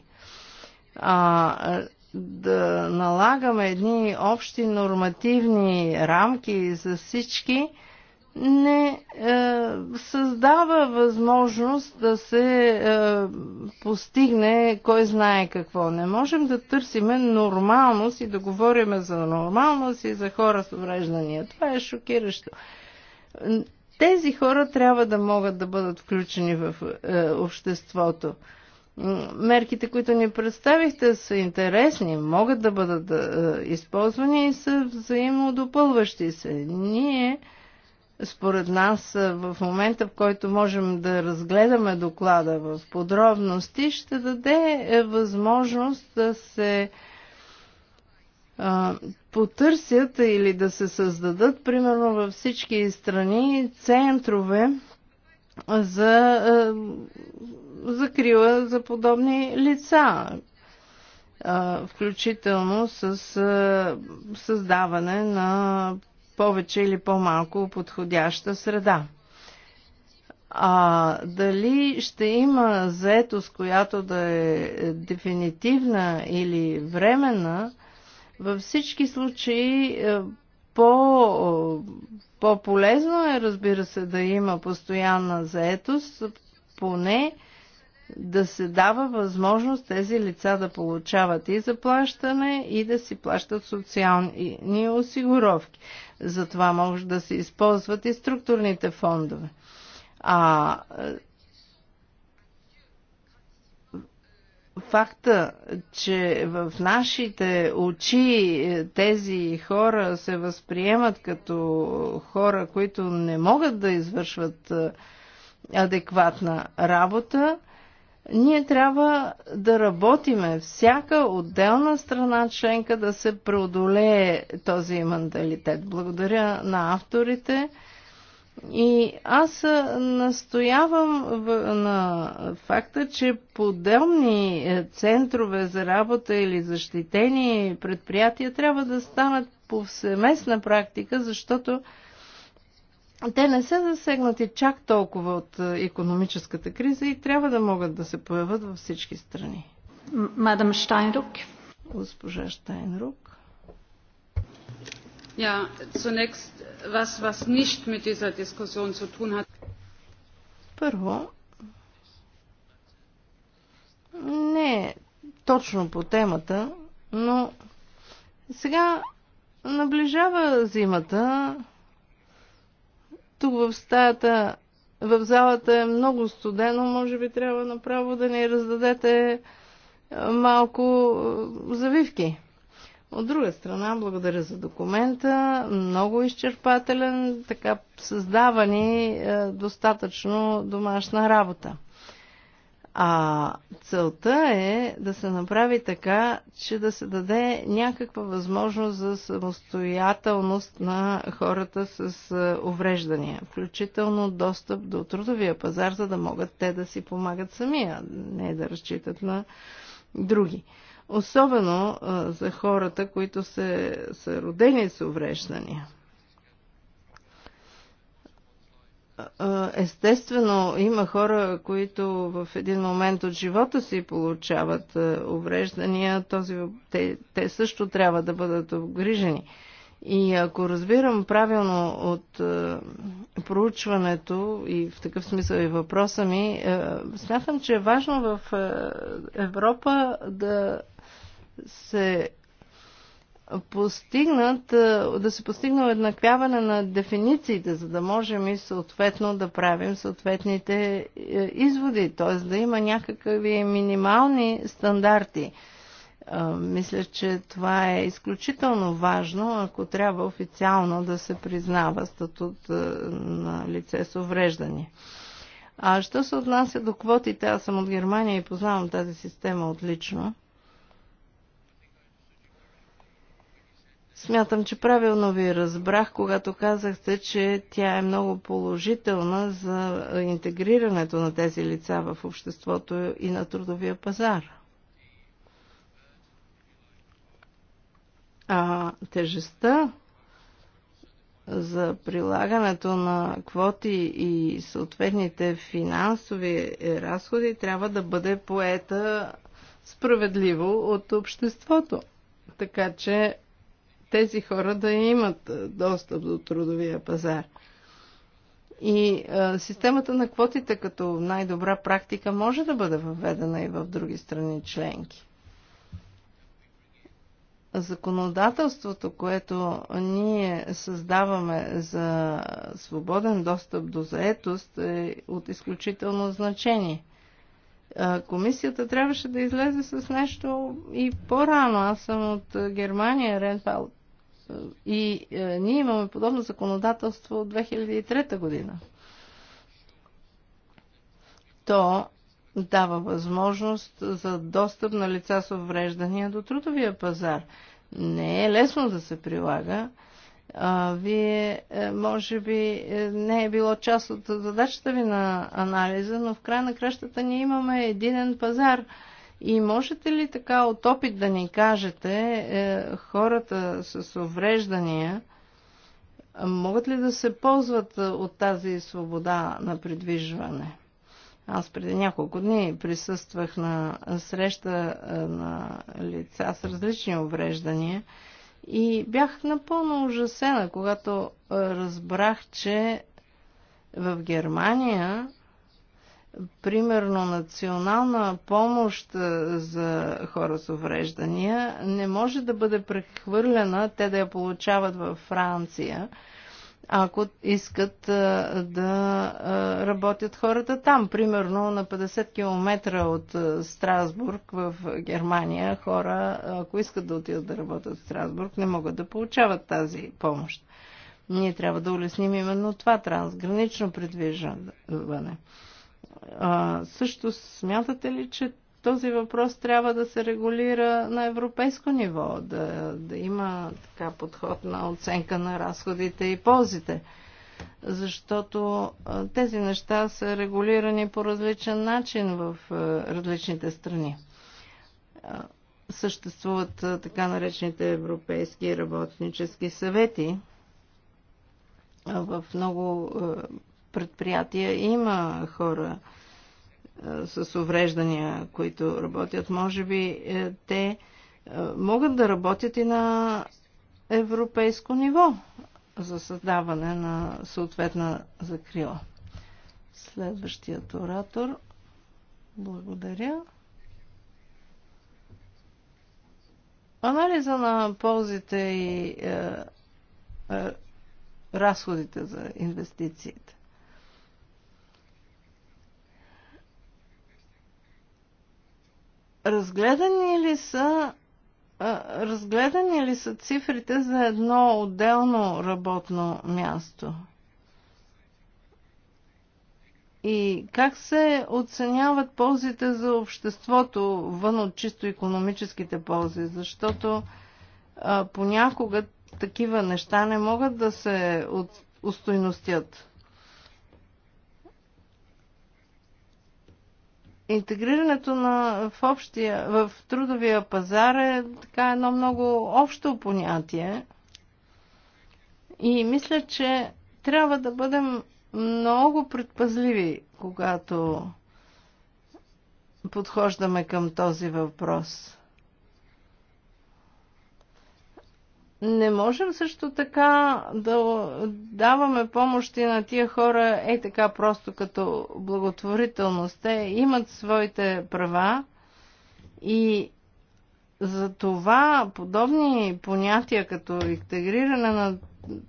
а, да налагаме едни общи нормативни рамки за всички, не е, създава възможност да се е, постигне кой знае какво. Не можем да търсиме нормалност и да говорим за нормалност и за хора с увреждания. Това е шокиращо. Тези хора трябва да могат да бъдат включени в е, обществото мерките, които ни представихте, са интересни, могат да бъдат е, използвани и са взаимодопълващи се. Ние, според нас, е, в момента, в който можем да разгледаме доклада в подробности, ще даде е, възможност да се потърсят или да се създадат, примерно във всички страни, центрове за закрила за подобни лица, включително с създаване на повече или по-малко подходяща среда. А дали ще има заетост, която да е дефинитивна или временна, във всички случаи по, по-полезно е, разбира се, да има постоянна заетост, поне да се дава възможност тези лица да получават и заплащане, и да си плащат социални осигуровки. Затова може да се използват и структурните фондове. А факта, че в нашите очи е, тези хора се възприемат като хора, които не могат да извършват е, адекватна работа, ние трябва да работиме всяка отделна страна членка да се преодолее този менталитет. Благодаря на авторите. И аз настоявам на факта, че подобни е, центрове за работа или защитени предприятия трябва да станат повсеместна практика, защото те не са засегнати чак толкова от економическата криза и трябва да могат да се появят във всички страни. Мадам Штайнрук. Госпожа Штайнрук. Ja, zunächst was, was nicht mit dieser Diskussion zu tun hat. Първо, не е точно по темата, но сега наближава зимата, тук в стаята, в залата е много студено, може би трябва направо да ни раздадете малко завивки. От друга страна, благодаря за документа, много изчерпателен, така създава ни достатъчно домашна работа. А целта е да се направи така, че да се даде някаква възможност за самостоятелност на хората с увреждания, включително достъп до трудовия пазар, за да могат те да си помагат самия, не да разчитат на други. Особено за хората, които се, са родени с увреждания. Естествено, има хора, които в един момент от живота си получават увреждания. Този, те, те също трябва да бъдат обгрижени. И ако разбирам правилно от е, проучването и в такъв смисъл и въпроса ми, е, смятам, че е важно в е, Европа да се постигнат, е, да се постигне еднаквяване на дефинициите, за да можем и съответно да правим съответните е, изводи, т.е. да има някакви минимални стандарти. Е, мисля, че това е изключително важно, ако трябва официално да се признава статут на лице с увреждане. А що се отнася до квотите, аз съм от Германия и познавам тази система отлично – Смятам, че правилно ви разбрах, когато казахте, че тя е много положителна за интегрирането на тези лица в обществото и на трудовия пазар. А тежестта за прилагането на квоти и съответните финансови разходи трябва да бъде поета справедливо от обществото. Така че тези хора да имат е, достъп до трудовия пазар. И а, е, системата на квотите като най-добра практика може да бъде въведена и в други страни членки. Законодателството, което ние създаваме за свободен достъп до заетост е от изключително значение. Е, комисията трябваше да излезе с нещо и по-рано. Аз съм от Германия, Ренфалд и е, ние имаме подобно законодателство от 2003 година. То дава възможност за достъп на лица с увреждания до трудовия пазар. Не е лесно да се прилага. А, вие, е, може би, е, не е било част от задачата ви на анализа, но в край на кращата ние имаме единен пазар – и можете ли така от опит да ни кажете, е, хората с увреждания могат ли да се ползват е, от тази свобода на придвижване? Аз преди няколко дни присъствах на среща е, на лица с различни увреждания и бях напълно ужасена, когато е, разбрах, че в Германия примерно национална помощ за хора с увреждания не може да бъде прехвърлена, те да я получават във Франция, ако искат да работят хората там. Примерно на 50 км от Страсбург в Германия хора, ако искат да отидат да работят в Страсбург, не могат да получават тази помощ. Ние трябва да улесним именно това трансгранично предвижване. А, също смятате ли, че този въпрос трябва да се регулира на европейско ниво, да, да има така подход на оценка на разходите и ползите? Защото тези неща са регулирани по различен начин в различните страни съществуват така наречените европейски работнически съвети в много предприятия има хора а, с увреждания, които работят. Може би е, те могат да работят и на европейско ниво за създаване на съответна закрила. Следващият оратор. Благодаря. Анализа на ползите и е, е, разходите за инвестициите. Разгледани ли са разгледани ли са цифрите за едно отделно работно място? И как се оценяват ползите за обществото вън от чисто економическите ползи? Защото а, понякога такива неща не могат да се от, устойностят. Интегрирането на, в, общия, в трудовия пазар е така едно много общо понятие. И мисля, че трябва да бъдем много предпазливи, когато подхождаме към този въпрос. Не можем също така да даваме помощи на тия хора е така просто като благотворителност. Те имат своите права и за това подобни понятия като интегриране на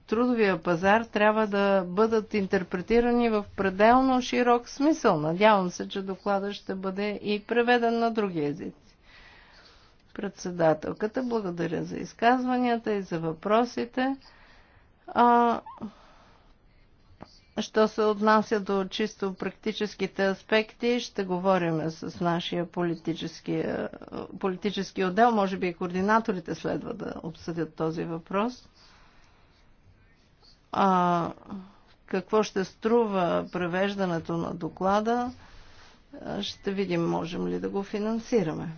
трудовия пазар трябва да бъдат интерпретирани в пределно широк смисъл. Надявам се, че доклада ще бъде и преведен на други езици председателката. Благодаря за изказванията и за въпросите. А, що се отнася до чисто практическите аспекти, ще говорим с нашия политически, политически отдел. Може би и координаторите следва да обсъдят този въпрос. А, какво ще струва превеждането на доклада? Ще видим, можем ли да го финансираме.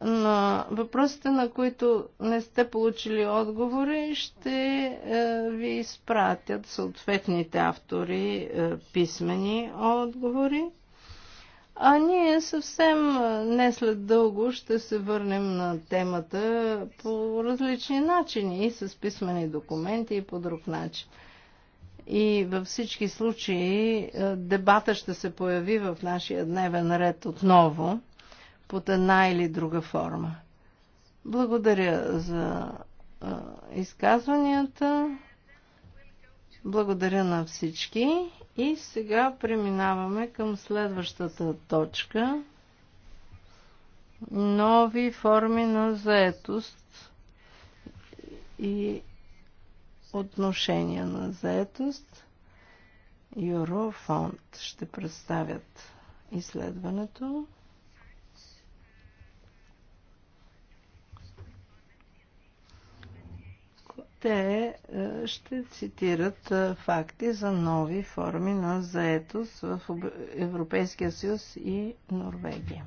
на въпросите, на които не сте получили отговори, ще е, ви изпратят съответните автори е, писмени отговори. А ние съвсем е, не след дълго ще се върнем на темата по различни начини и с писмени документи и по друг начин. И във всички случаи дебата ще се появи в нашия дневен ред отново под една или друга форма. Благодаря за изказванията. Благодаря на всички. И сега преминаваме към следващата точка. Нови форми на заетост и отношения на заетост. Юрофонд ще представят изследването. те е, ще цитират е, факти за нови форми на заетост в Европейския съюз и Норвегия.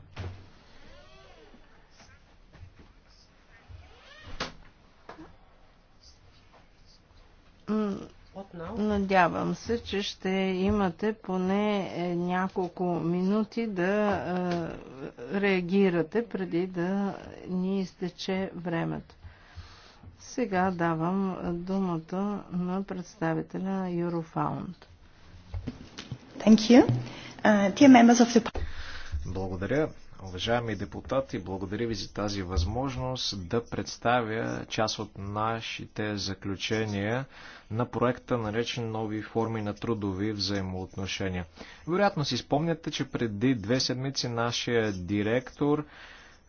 Надявам се, че ще имате поне е, няколко минути да реагирате преди да ни изтече времето. Сега давам думата на представителя на Eurofound. Thank you. Uh, благодаря. Уважаеми депутати, благодаря ви за тази възможност да представя част от нашите заключения на проекта, наречен нови форми на трудови взаимоотношения. Вероятно си спомняте, че преди две седмици нашия директор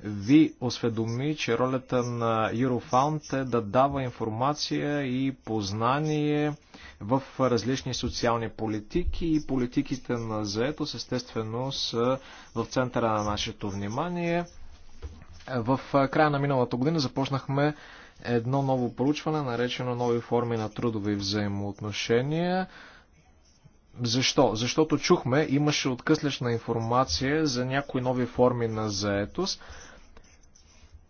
ви осведоми, че ролята на Eurofound е да дава информация и познание в различни социални политики и политиките на заето естествено са в центъра на нашето внимание. В края на миналата година започнахме едно ново проучване, наречено нови форми на трудови взаимоотношения. Защо? Защото чухме, имаше откъслечна информация за някои нови форми на заетост.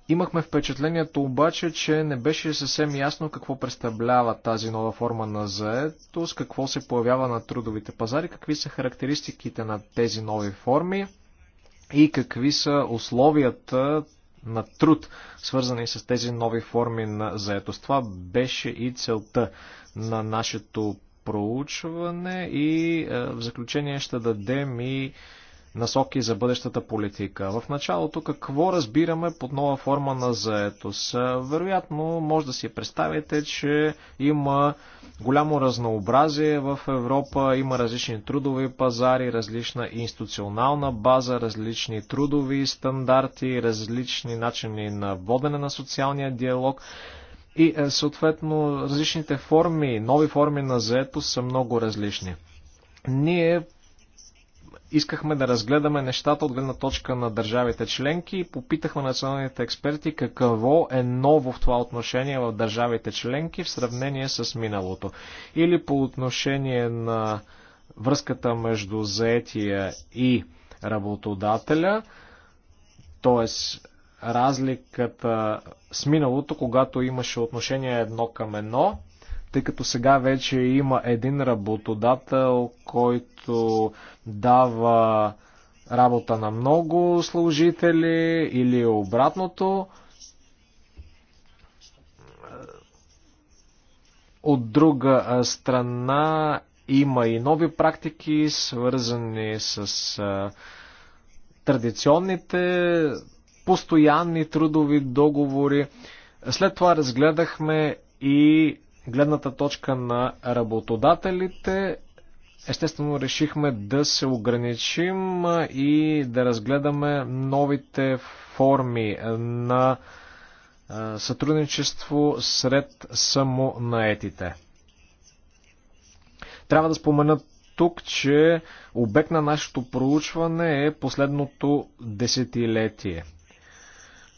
Имахме впечатлението обаче, че не беше съвсем ясно какво представлява тази нова форма на заетост, какво се появява на трудовите пазари, какви са характеристиките на тези нови форми и какви са условията на труд, свързани с тези нови форми на заетост. Това беше и целта на нашето проучване и е, в заключение ще дадем и насоки за бъдещата политика. В началото какво разбираме под нова форма на заетост? Е, вероятно може да си представите, че има голямо разнообразие в Европа, има различни трудови пазари, различна институционална база, различни трудови стандарти, различни начини на водене на социалния диалог. И е, съответно различните форми, нови форми на заето са много различни. Ние искахме да разгледаме нещата от гледна точка на държавите членки и попитахме националните експерти какво е ново в това отношение в държавите членки в сравнение с миналото. Или по отношение на връзката между заетия и работодателя, т.е разликата с миналото, когато имаше отношение едно към едно, тъй като сега вече има един работодател, който дава работа на много служители или обратното. От друга страна има и нови практики, свързани с традиционните постоянни трудови договори. След това разгледахме и гледната точка на работодателите. Естествено, решихме да се ограничим и да разгледаме новите форми на сътрудничество сред самонаетите. Трябва да спомена тук, че обект на нашето проучване е последното десетилетие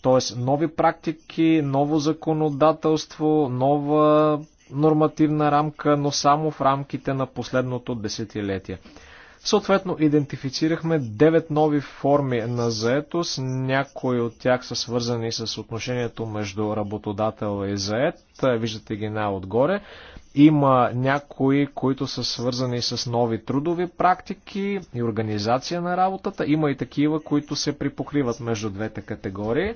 т.е. нови практики, ново законодателство, нова нормативна рамка, но само в рамките на последното десетилетие. Съответно, идентифицирахме 9 нови форми на заетост. Някои от тях са свързани с отношението между работодател и заед. Виждате ги най-отгоре. Има някои, които са свързани с нови трудови практики и организация на работата. Има и такива, които се припокриват между двете категории.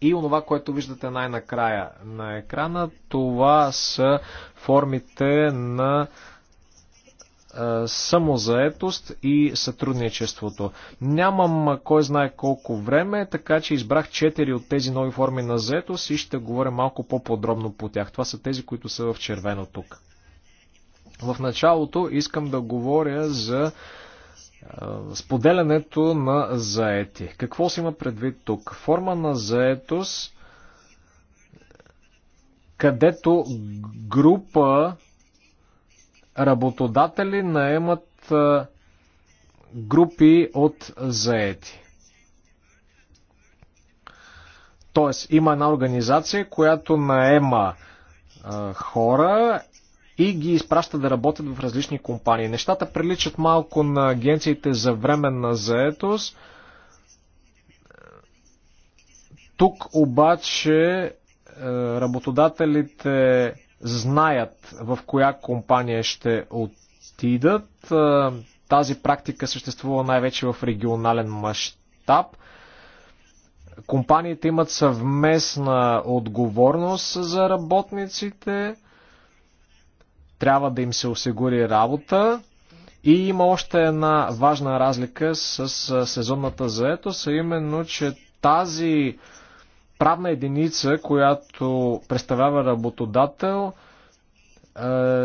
И онова, което виждате най-накрая на екрана, това са формите на е, самозаетост и сътрудничеството. Нямам е, кой знае колко време, така че избрах 4 от тези нови форми на заетост и ще говоря малко по-подробно по тях. Това са тези, които са в червено тук. В началото искам да говоря за споделянето на заети. Какво си има предвид тук? Форма на заетост, където група работодатели наемат групи от заети. Тоест, има една организация, която наема хора и ги изпраща да работят в различни компании. Нещата приличат малко на агенциите за временна заетост. Тук обаче е, работодателите знаят в коя компания ще отидат. Е, тази практика съществува най-вече в регионален мащаб. Компаниите имат съвместна отговорност за работниците. Трябва да им се осигури работа. И има още една важна разлика с сезонната заетост, а именно, че тази правна единица, която представлява работодател,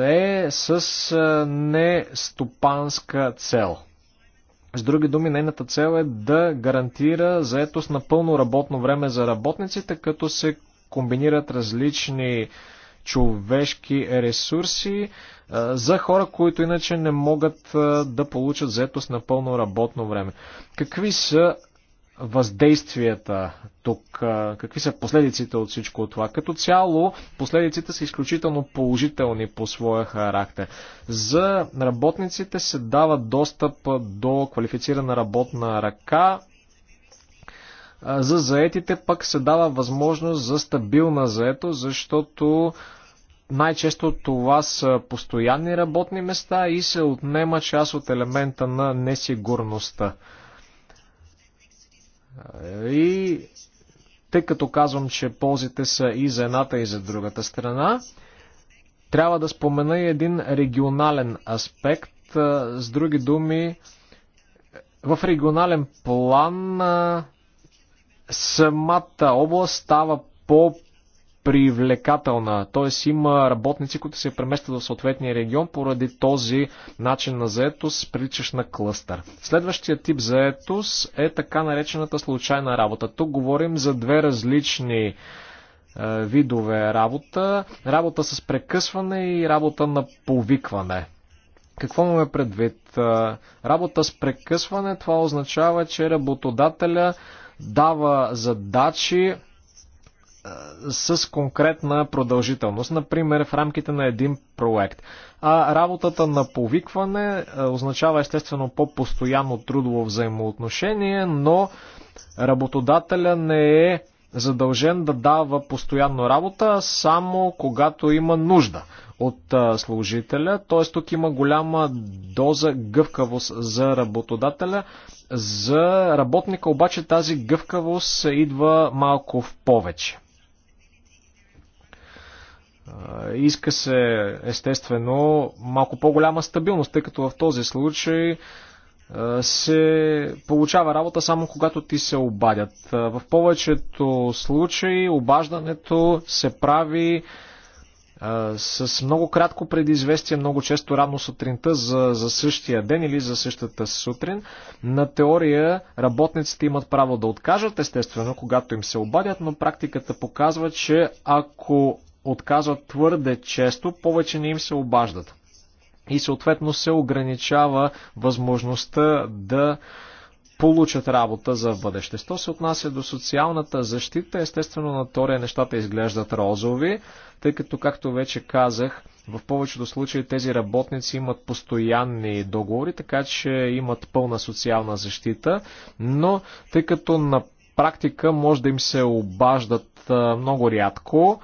е, е с нестопанска цел. С други думи, нейната цел е да гарантира заетост на пълно работно време за работниците, като се комбинират различни човешки ресурси за хора, които иначе не могат да получат заетост на пълно работно време. Какви са въздействията тук, какви са последиците от всичко това. Като цяло, последиците са изключително положителни по своя характер. За работниците се дава достъп до квалифицирана работна ръка, за заетите пък се дава възможност за стабилна заето, защото най-често това са постоянни работни места и се отнема част от елемента на несигурността. И тъй като казвам, че ползите са и за едната и за другата страна, трябва да спомена и един регионален аспект. С други думи, в регионален план самата област става по привлекателна. Т.е. има работници, които се преместват в съответния регион поради този начин на заетост, приличащ на клъстър. Следващия тип заетост е така наречената случайна работа. Тук говорим за две различни е, видове работа. Работа с прекъсване и работа на повикване. Какво имаме предвид? Е, работа с прекъсване, това означава, че работодателя дава задачи е, с конкретна продължителност, например в рамките на един проект. А работата на повикване е, означава естествено по-постоянно трудово взаимоотношение, но работодателя не е задължен да дава постоянно работа, само когато има нужда от е, служителя. Т.е. тук има голяма доза гъвкавост за работодателя. За работника обаче тази гъвкавост идва малко в повече. Иска се, естествено, малко по-голяма стабилност, тъй като в този случай се получава работа само когато ти се обадят. В повечето случаи обаждането се прави с много кратко предизвестие, много често рано сутринта за, за същия ден или за същата сутрин. На теория работниците имат право да откажат, естествено, когато им се обадят, но практиката показва, че ако отказват твърде често, повече не им се обаждат. И съответно се ограничава възможността да получат работа за бъдеще. Що се отнася до социалната защита, естествено на Тория нещата изглеждат розови, тъй като, както вече казах, в повечето случаи тези работници имат постоянни договори, така че имат пълна социална защита, но тъй като на практика може да им се обаждат много рядко,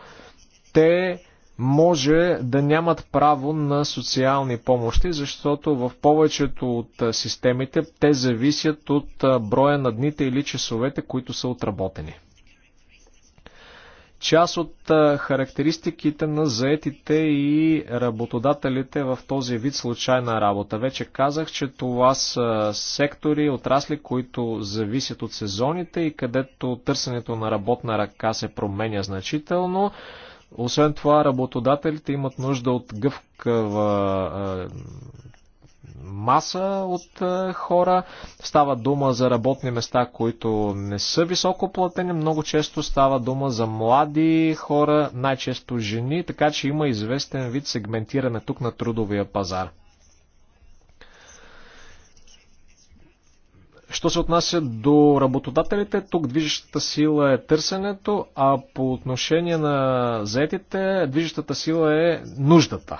те може да нямат право на социални помощи, защото в повечето от системите те зависят от броя на дните или часовете, които са отработени. Част от характеристиките на заетите и работодателите в този вид случайна работа. Вече казах, че това са сектори, отрасли, които зависят от сезоните и където търсенето на работна ръка се променя значително. Освен това, работодателите имат нужда от гъвкава маса от хора. Става дума за работни места, които не са високо платени. Много често става дума за млади хора, най-често жени, така че има известен вид сегментиране тук на трудовия пазар. Що се отнася до работодателите, тук движещата сила е търсенето, а по отношение на заетите, движещата сила е нуждата.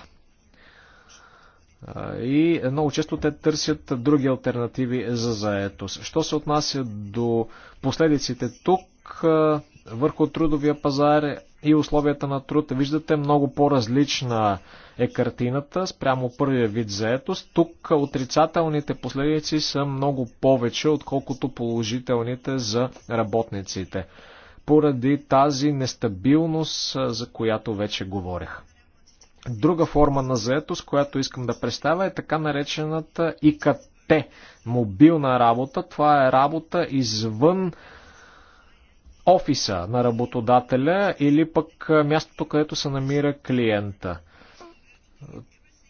И много често те търсят други альтернативи за заетост. Що се отнася до последиците тук върху трудовия пазар, и условията на труд. Виждате, много по-различна е картината спрямо първия вид заетост. Тук отрицателните последици са много повече, отколкото положителните за работниците, поради тази нестабилност, за която вече говорех. Друга форма на заетост, която искам да представя е така наречената ИКТ, мобилна работа. Това е работа извън офиса на работодателя или пък мястото, където се намира клиента.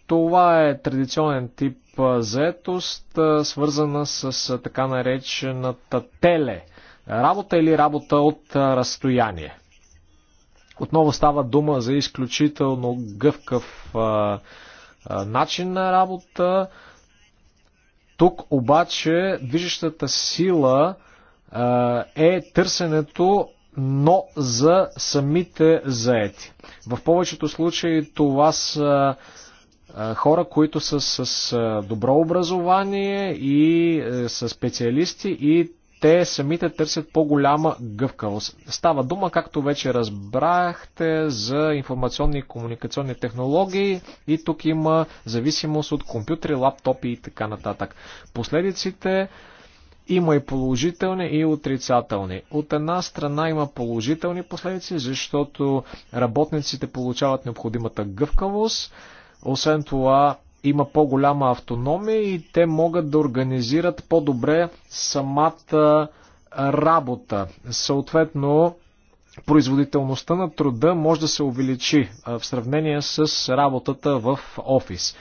Това е традиционен тип заетост, свързана с така наречената теле. Работа или работа от разстояние. Отново става дума за изключително гъвкав а, а, начин на работа. Тук обаче движещата сила а, е търсенето, но за самите заети. В повечето случаи това са хора, които са с добро образование и е, са специалисти и те самите търсят по-голяма гъвкавост. Става дума, както вече разбрахте, за информационни и комуникационни технологии и тук има зависимост от компютри, лаптопи и така нататък. Последиците има и положителни, и отрицателни. От една страна има положителни последици, защото работниците получават необходимата гъвкавост. Освен това, има по-голяма автономия и те могат да организират по-добре самата работа. Съответно, производителността на труда може да се увеличи в сравнение с работата в офис.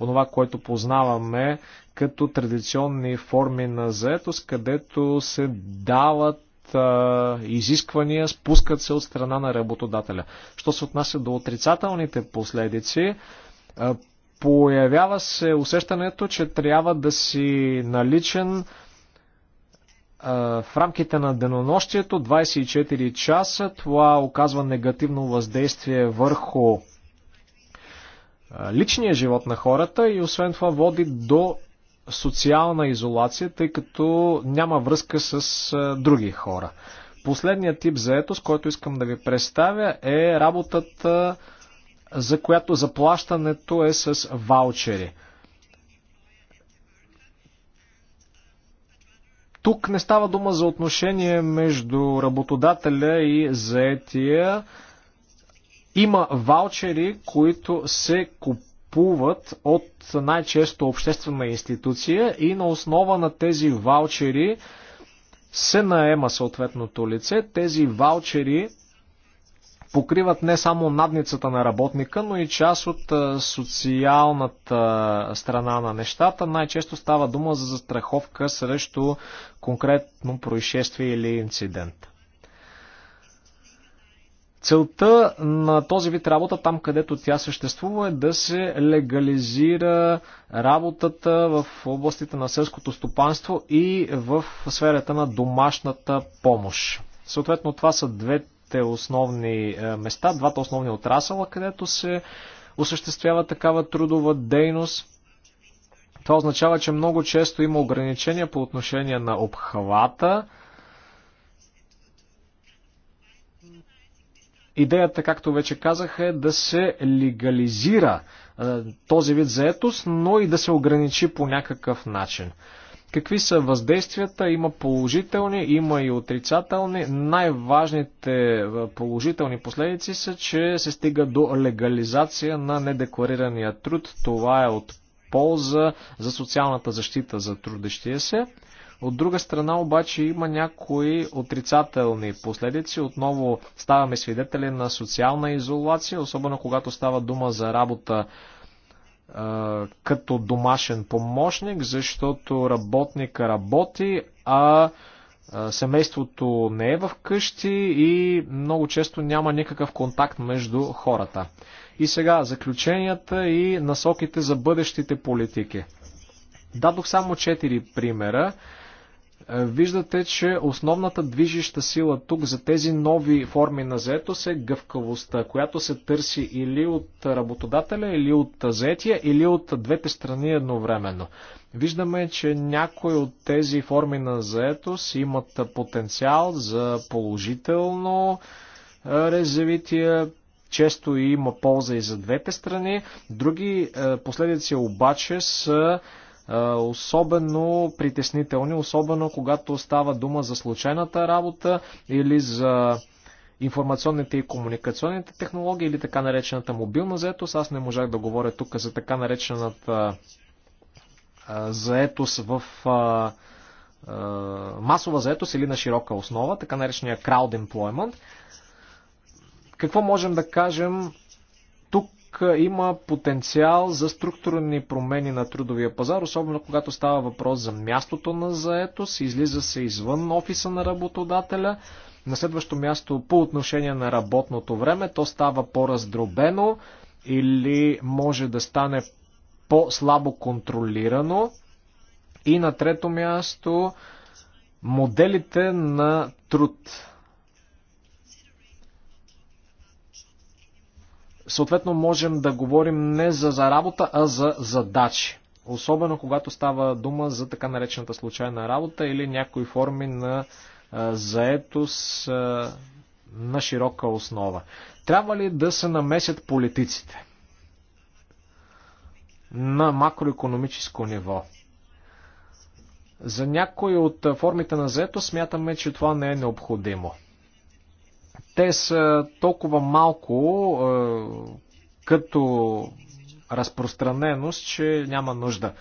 Онова, което познаваме като традиционни форми на заетост, където се дават изисквания спускат се от страна на работодателя. Що се отнася до отрицателните последици, появява се усещането, че трябва да си наличен в рамките на денонощието 24 часа. Това оказва негативно въздействие върху личния живот на хората и освен това води до социална изолация, тъй като няма връзка с други хора. Последният тип заетост, който искам да ви представя е работата, за която заплащането е с ваучери. Тук не става дума за отношение между работодателя и заетия. Има ваучери, които се купуват купуват от най-често обществена институция и на основа на тези ваучери се наема съответното лице. Тези ваучери покриват не само надницата на работника, но и част от социалната страна на нещата. Най-често става дума за застраховка срещу конкретно происшествие или инцидент. Целта на този вид работа, там където тя съществува, е да се легализира работата в областите на селското стопанство и в сферата на домашната помощ. Съответно, това са двете основни е, места, двата основни отрасъла, където се осъществява такава трудова дейност. Това означава, че много често има ограничения по отношение на обхвата, Идеята, както вече казах, е да се легализира е, този вид заетост, но и да се ограничи по някакъв начин. Какви са въздействията? Има положителни, има и отрицателни. Най-важните е, положителни последици са, че се стига до легализация на недекларирания труд. Това е от полза за социалната защита за трудещия се. От друга страна обаче има някои отрицателни последици. Отново ставаме свидетели на социална изолация, особено когато става дума за работа е, като домашен помощник, защото работника работи, а семейството не е в къщи и много често няма никакъв контакт между хората. И сега заключенията и насоките за бъдещите политики. Дадох само 4 примера. Е, виждате, че основната движеща сила тук за тези нови форми на заетост е гъвкавостта, която се търси или от работодателя, или от заетия, или от двете страни едновременно. Виждаме, че някои от тези форми на заетост имат потенциал за положително е, развитие, често има полза и за двете страни. Други е, последици обаче са особено притеснителни, особено когато става дума за случайната работа или за информационните и комуникационните технологии или така наречената мобилна заетост. Аз не можах да говоря тук за така наречената заетост в масова заетост или на широка основа, така наречения crowd employment. Какво можем да кажем тук има потенциал за структурни промени на трудовия пазар, особено когато става въпрос за мястото на заетост, излиза се извън офиса на работодателя. На следващо място по отношение на работното време, то става по-раздробено или може да стане по-слабо контролирано. И на трето място моделите на труд Съответно, можем да говорим не за, заработа, работа, а за задачи. Особено когато става дума за така наречената случайна работа или някои форми на заетост на широка основа. Трябва ли да се намесят политиците на макроекономическо ниво? За някои от формите на заето смятаме, че това не е необходимо. Те са толкова малко е, като разпространеност, че няма нужда е,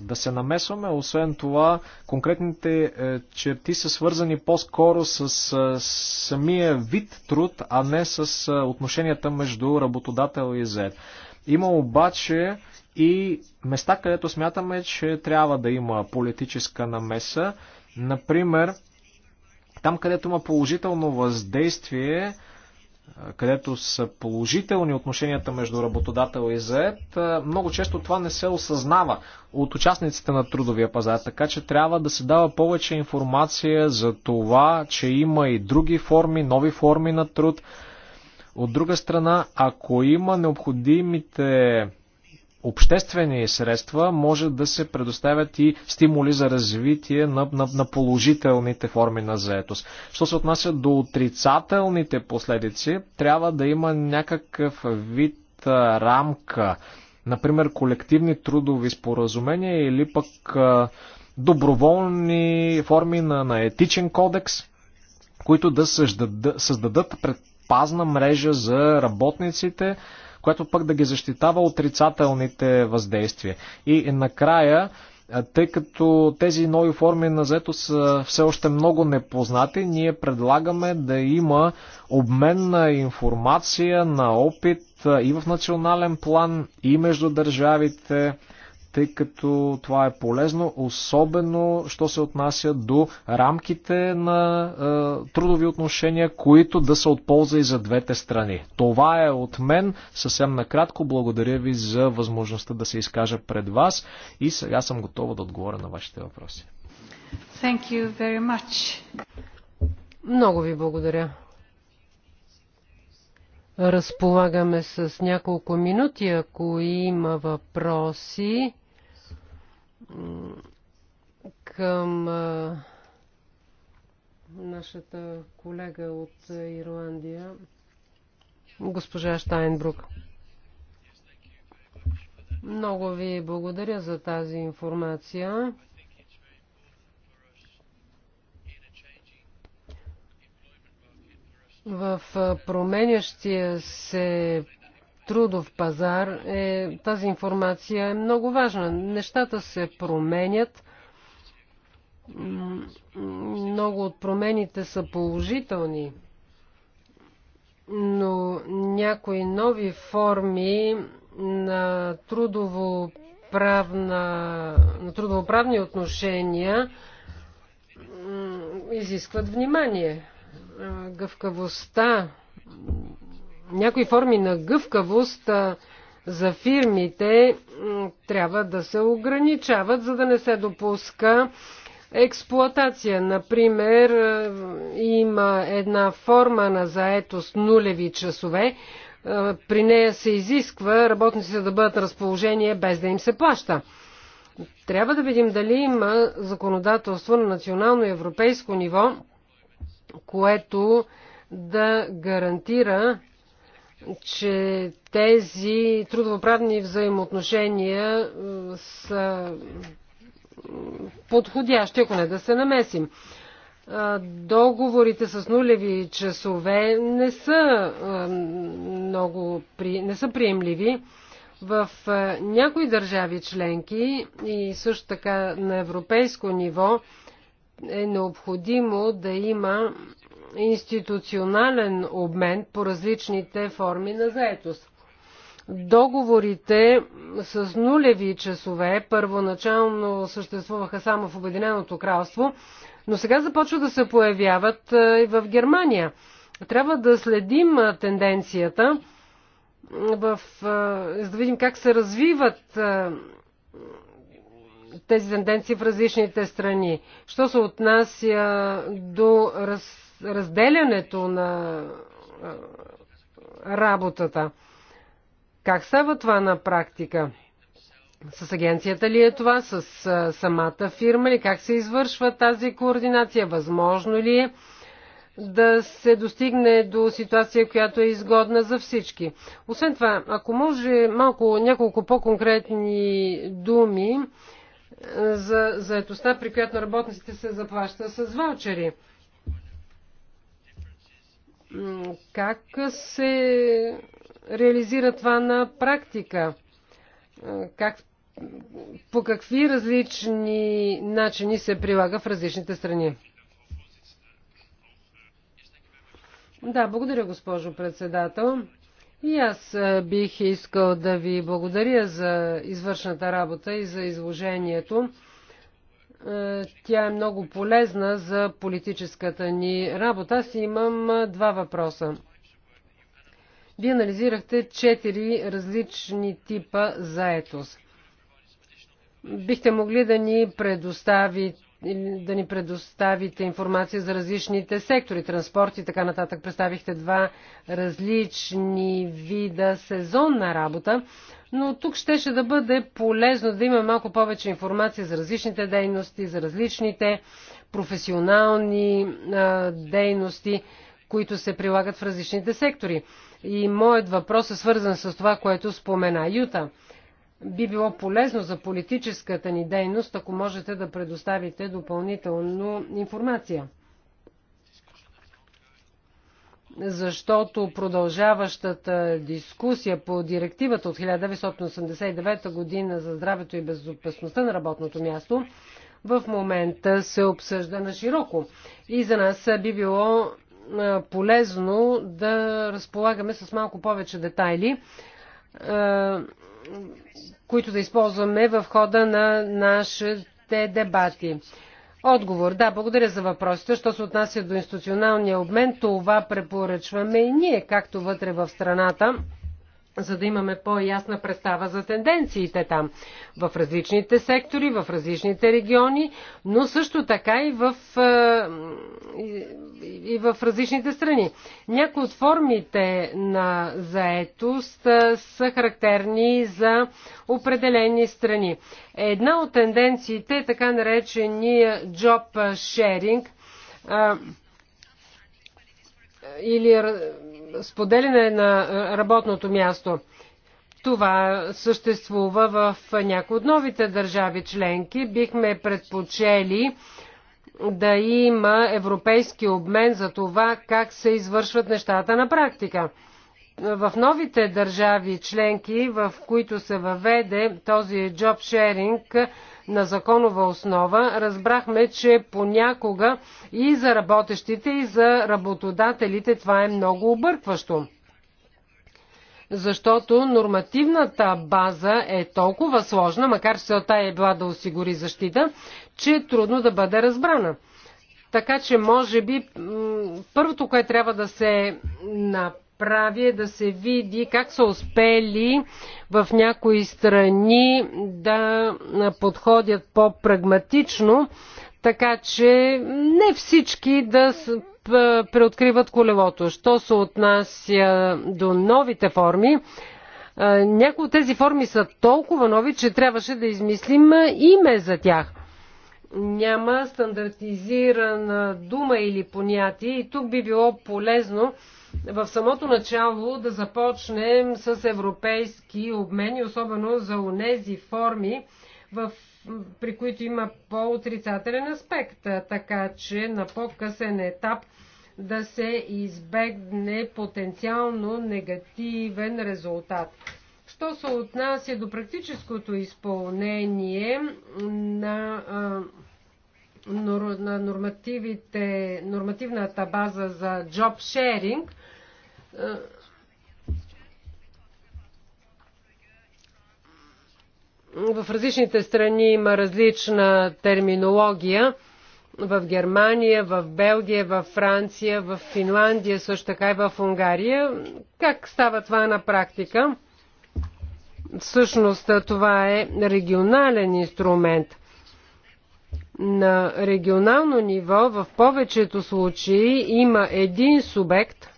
да се намесваме. Освен това, конкретните е, черти са свързани по-скоро с самия вид труд, а не с отношенията между работодател и зет. Има обаче и места, където смятаме, че трябва да има политическа намеса. Например, там, където има положително въздействие, където са положителни отношенията между работодател и заед, много често това не се осъзнава от участниците на трудовия пазар, така че трябва да се дава повече информация за това, че има и други форми, нови форми на труд. От друга страна, ако има необходимите обществени средства може да се предоставят и стимули за развитие на, на, на положителните форми на заетост. Що се отнася до отрицателните последици, трябва да има някакъв вид а, рамка, например колективни трудови споразумения или пък а, доброволни форми на, на етичен кодекс, които да създадат, създадат предпазна мрежа за работниците, което пък да ги защитава отрицателните въздействия. И накрая тъй като тези нови форми на заето са все още много непознати, ние предлагаме да има обмен на информация, на опит и в национален план, и между държавите тъй като това е полезно, особено що се отнася до рамките на е, трудови отношения, които да са от полза и за двете страни. Това е от мен. Съвсем накратко благодаря ви за възможността да се изкажа пред вас и сега съм готова да отговоря на вашите въпроси. Thank you very much. Много ви благодаря. Разполагаме с няколко минути. Ако има въпроси, към нашата колега от Ирландия, госпожа Штайнбрук. Много ви благодаря за тази информация. В променящия се трудов пазар, е, тази информация е много важна. Нещата се променят. Много от промените са положителни, но някои нови форми на трудово правна, на трудовоправни отношения изискват внимание. Гъвкавостта някои форми на гъвкавост за фирмите трябва да се ограничават, за да не се допуска експлоатация. Например, има една форма на заетост нулеви часове. При нея се изисква работниците да бъдат на разположение без да им се плаща. Трябва да видим дали има законодателство на национално и европейско ниво, което да гарантира че тези трудовоправни взаимоотношения са подходящи, ако не да се намесим. Договорите с нулеви часове не са много при... не са приемливи в някои държави членки и също така на европейско ниво е необходимо да има институционален обмен по различните форми на заетост. Договорите с нулеви часове първоначално съществуваха само в Обединеното кралство, но сега започват да се появяват е, и в Германия. Трябва да следим е, тенденцията, е, в, за да видим как се развиват тези тенденции в различните страни. Що се отнася до раз, разделянето на работата. Как става това на практика? С агенцията ли е това? С самата фирма ли? Как се извършва тази координация? Възможно ли е? да се достигне до ситуация, която е изгодна за всички. Освен това, ако може малко, няколко по-конкретни думи за етостта, при която работниците се заплаща с ваучери. Как се реализира това на практика? Е, как, по какви различни начини се прилага в различните страни? Да, благодаря, госпожо председател. И аз е, бих искал да ви благодаря за извършната работа и за изложението. Е, тя е много полезна за политическата ни работа. Аз имам е, два въпроса. Вие анализирахте четири различни типа заетост. Бихте могли да ни предоставите да ни предоставите информация за различните сектори, транспорт и така нататък. Представихте два различни вида сезонна работа, но тук ще да бъде полезно да има малко повече информация за различните дейности, за различните професионални а, дейности, които се прилагат в различните сектори. И моят въпрос е свързан с това, което спомена Юта би било полезно за политическата ни дейност, ако можете да предоставите допълнително информация. Защото продължаващата дискусия по директивата от 1989 година за здравето и безопасността на работното място в момента се обсъжда на широко. И за нас би било полезно да разполагаме с малко повече детайли които да използваме в хода на нашите дебати. Отговор. Да, благодаря за въпросите. Що се отнася до институционалния обмен, това препоръчваме и ние, както вътре в страната, за да имаме по-ясна представа за тенденциите там в различните сектори, в различните региони, но също така и в, е, и в различните страни. Някои от формите на заетост е, са характерни за определени страни. Една от тенденциите е така наречения job sharing е, или споделяне на е, работното място. Това съществува в някои от новите държави членки. Бихме предпочели да има европейски обмен за това как се извършват нещата на практика. В новите държави членки, в които се въведе този job sharing, на законова основа, разбрахме, че понякога и за работещите, и за работодателите това е много объркващо защото нормативната база е толкова сложна, макар че целта е била да осигури защита, че е трудно да бъде разбрана. Така че, може би, първото, което трябва да се направи, прави е да се види как са успели в някои страни да подходят по-прагматично, така че не всички да преоткриват колелото. Що се отнася до новите форми, някои от тези форми са толкова нови, че трябваше да измислим име за тях. Няма стандартизирана дума или понятие и тук би било полезно в самото начало да започнем с европейски обмени, особено за онези форми, в, при които има по-отрицателен аспект, така че на по-късен етап да се избегне потенциално негативен резултат. Що се отнася до практическото изпълнение на а, на нормативите, нормативната база за job sharing, в различните страни има различна терминология. В Германия, в Белгия, в Франция, в Финландия, също така и в Унгария. Как става това на практика? Всъщност това е регионален инструмент – на регионално ниво в повечето случаи има един субект.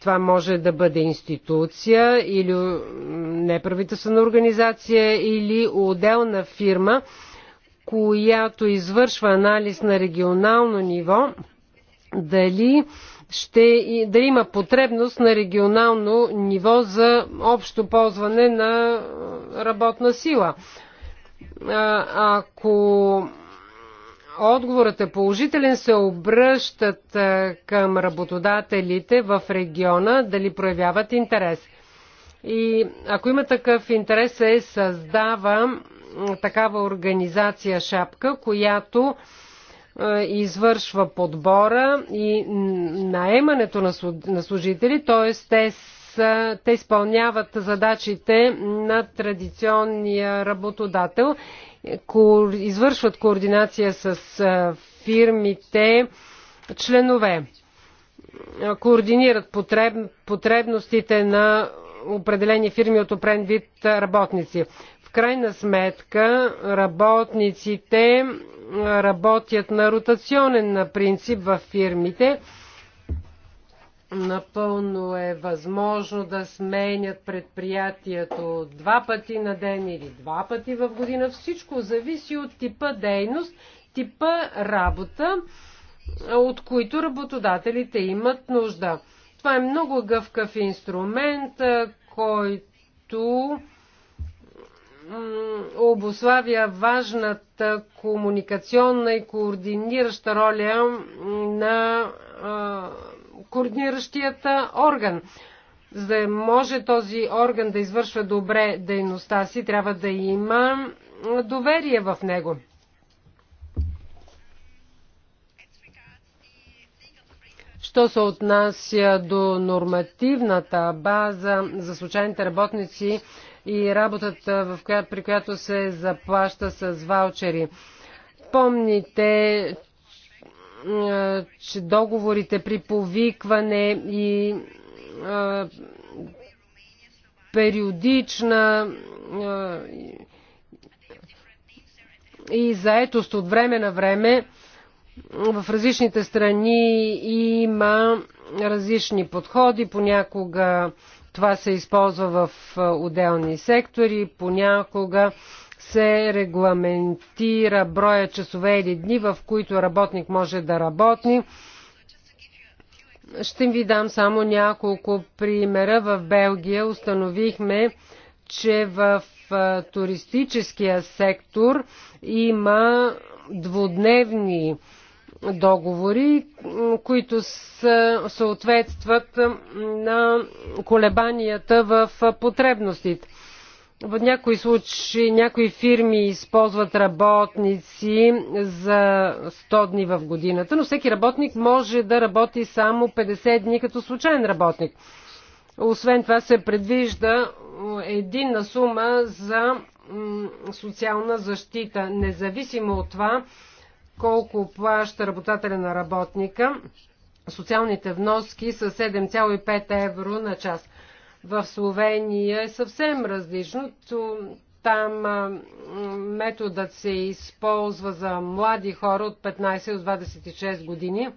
Това може да бъде институция или неправителствена организация или отделна фирма, която извършва анализ на регионално ниво, дали, ще, дали има потребност на регионално ниво за общо ползване на работна сила ако отговорът е положителен, се обръщат към работодателите в региона дали проявяват интерес. И ако има такъв интерес, се създава такава организация Шапка, която извършва подбора и наемането на служители, т.е. те са, те изпълняват задачите на традиционния работодател, извършват координация с фирмите, членове, координират потреб, потребностите на определени фирми от опрен вид работници. В крайна сметка работниците работят на ротационен принцип в фирмите Напълно е възможно да сменят предприятието два пъти на ден или два пъти в година. Всичко зависи от типа дейност, типа работа, от които работодателите имат нужда. Това е много гъвкав инструмент, който обославя важната комуникационна и координираща роля на координиращият орган. За да може този орган да извършва добре дейността си, трябва да има доверие в него. Що се отнася до нормативната база за случайните работници и работата, в коя, при която се заплаща с ваучери. Помните, че договорите при повикване и периодична и заетост от време на време в различните страни има различни подходи. Понякога това се използва в отделни сектори, понякога се регламентира броя часове или дни, в които работник може да работи. Ще ви дам само няколко примера. В Белгия установихме, че в туристическия сектор има двудневни договори, които съответстват на колебанията в потребностите. В някои случаи някои фирми използват работници за 100 дни в годината, но всеки работник може да работи само 50 дни като случайен работник. Освен това се предвижда единна сума за социална защита, независимо от това колко плаща работателя на работника. Социалните вноски са 7,5 евро на час в Словения е съвсем различно. Там методът се използва за млади хора от 15 до 26 години.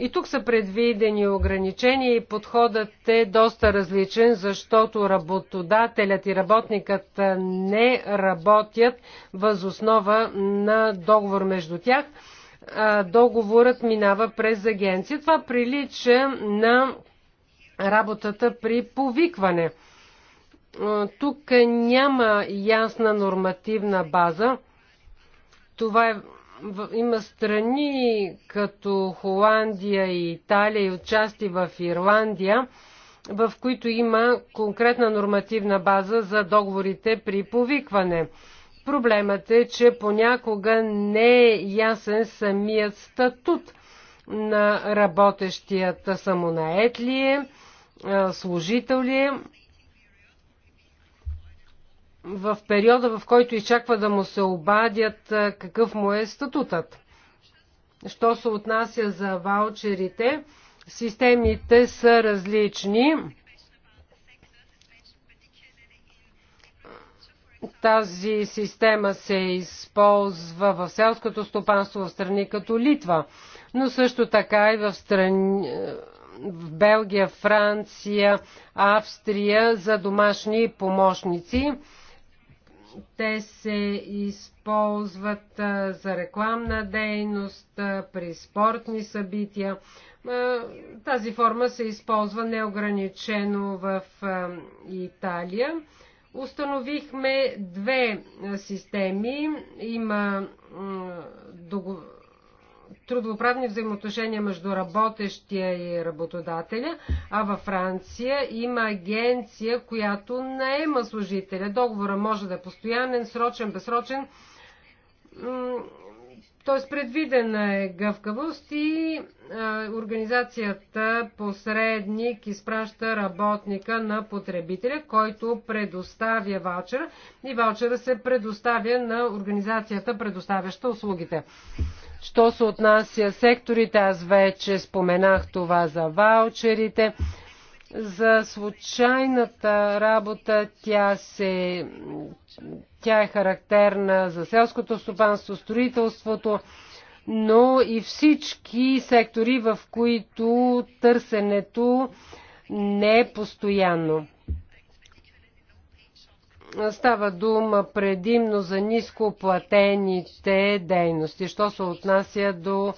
И тук са предвидени ограничения и подходът е доста различен, защото работодателят и работникът не работят възоснова на договор между тях. Договорът минава през агенция. Това прилича на работата при повикване. Тук няма ясна нормативна база. Това е, има страни като Холандия и Италия и отчасти в Ирландия, в които има конкретна нормативна база за договорите при повикване. Проблемът е, че понякога не е ясен самият статут на работещията самонаетлие. ли е? служител ли е, в периода, в който изчаква да му се обадят какъв му е статутът. Що се отнася за ваучерите, системите са различни. Тази система се използва в селското стопанство в страни като Литва, но също така и в страни в Белгия, Франция, Австрия за домашни помощници. Те се използват за рекламна дейност, при спортни събития. Тази форма се използва неограничено в Италия. Установихме две системи. Има договор трудовоправни взаимоотношения между работещия и работодателя, а във Франция има агенция, която наема служителя. Договора може да е постоянен, срочен, безсрочен. Т.е. предвидена е гъвкавост и организацията посредник изпраща работника на потребителя, който предоставя ваучера и ваучера се предоставя на организацията, предоставяща услугите. Що се отнася секторите, аз вече споменах това за ваучерите. За случайната работа тя, се, тя е характерна за селското стопанство, строителството, но и всички сектори, в които търсенето не е постоянно. Става дума предимно за нископлатените дейности. Що се отнася до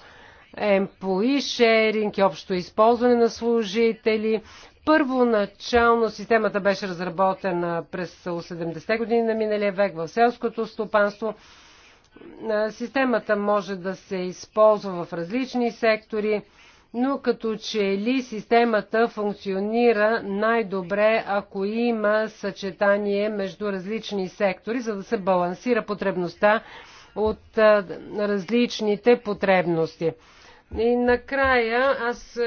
МПОИ, шеринг и общо използване на служители. Първоначално системата беше разработена през 80-те години на миналия век в селското стопанство. Системата може да се използва в различни сектори но като че ли системата функционира най-добре, ако има съчетание между различни сектори, за да се балансира потребността от различните потребности. И накрая, аз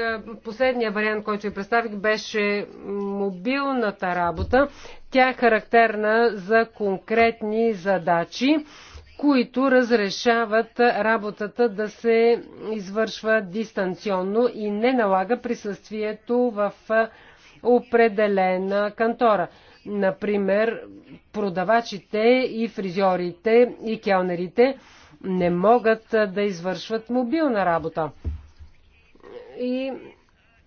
последния вариант, който ви представих, беше мобилната работа. Тя е характерна за конкретни задачи които разрешават работата да се извършва дистанционно и не налага присъствието в определена кантора. Например, продавачите и фризьорите и келнерите не могат да извършват мобилна работа. И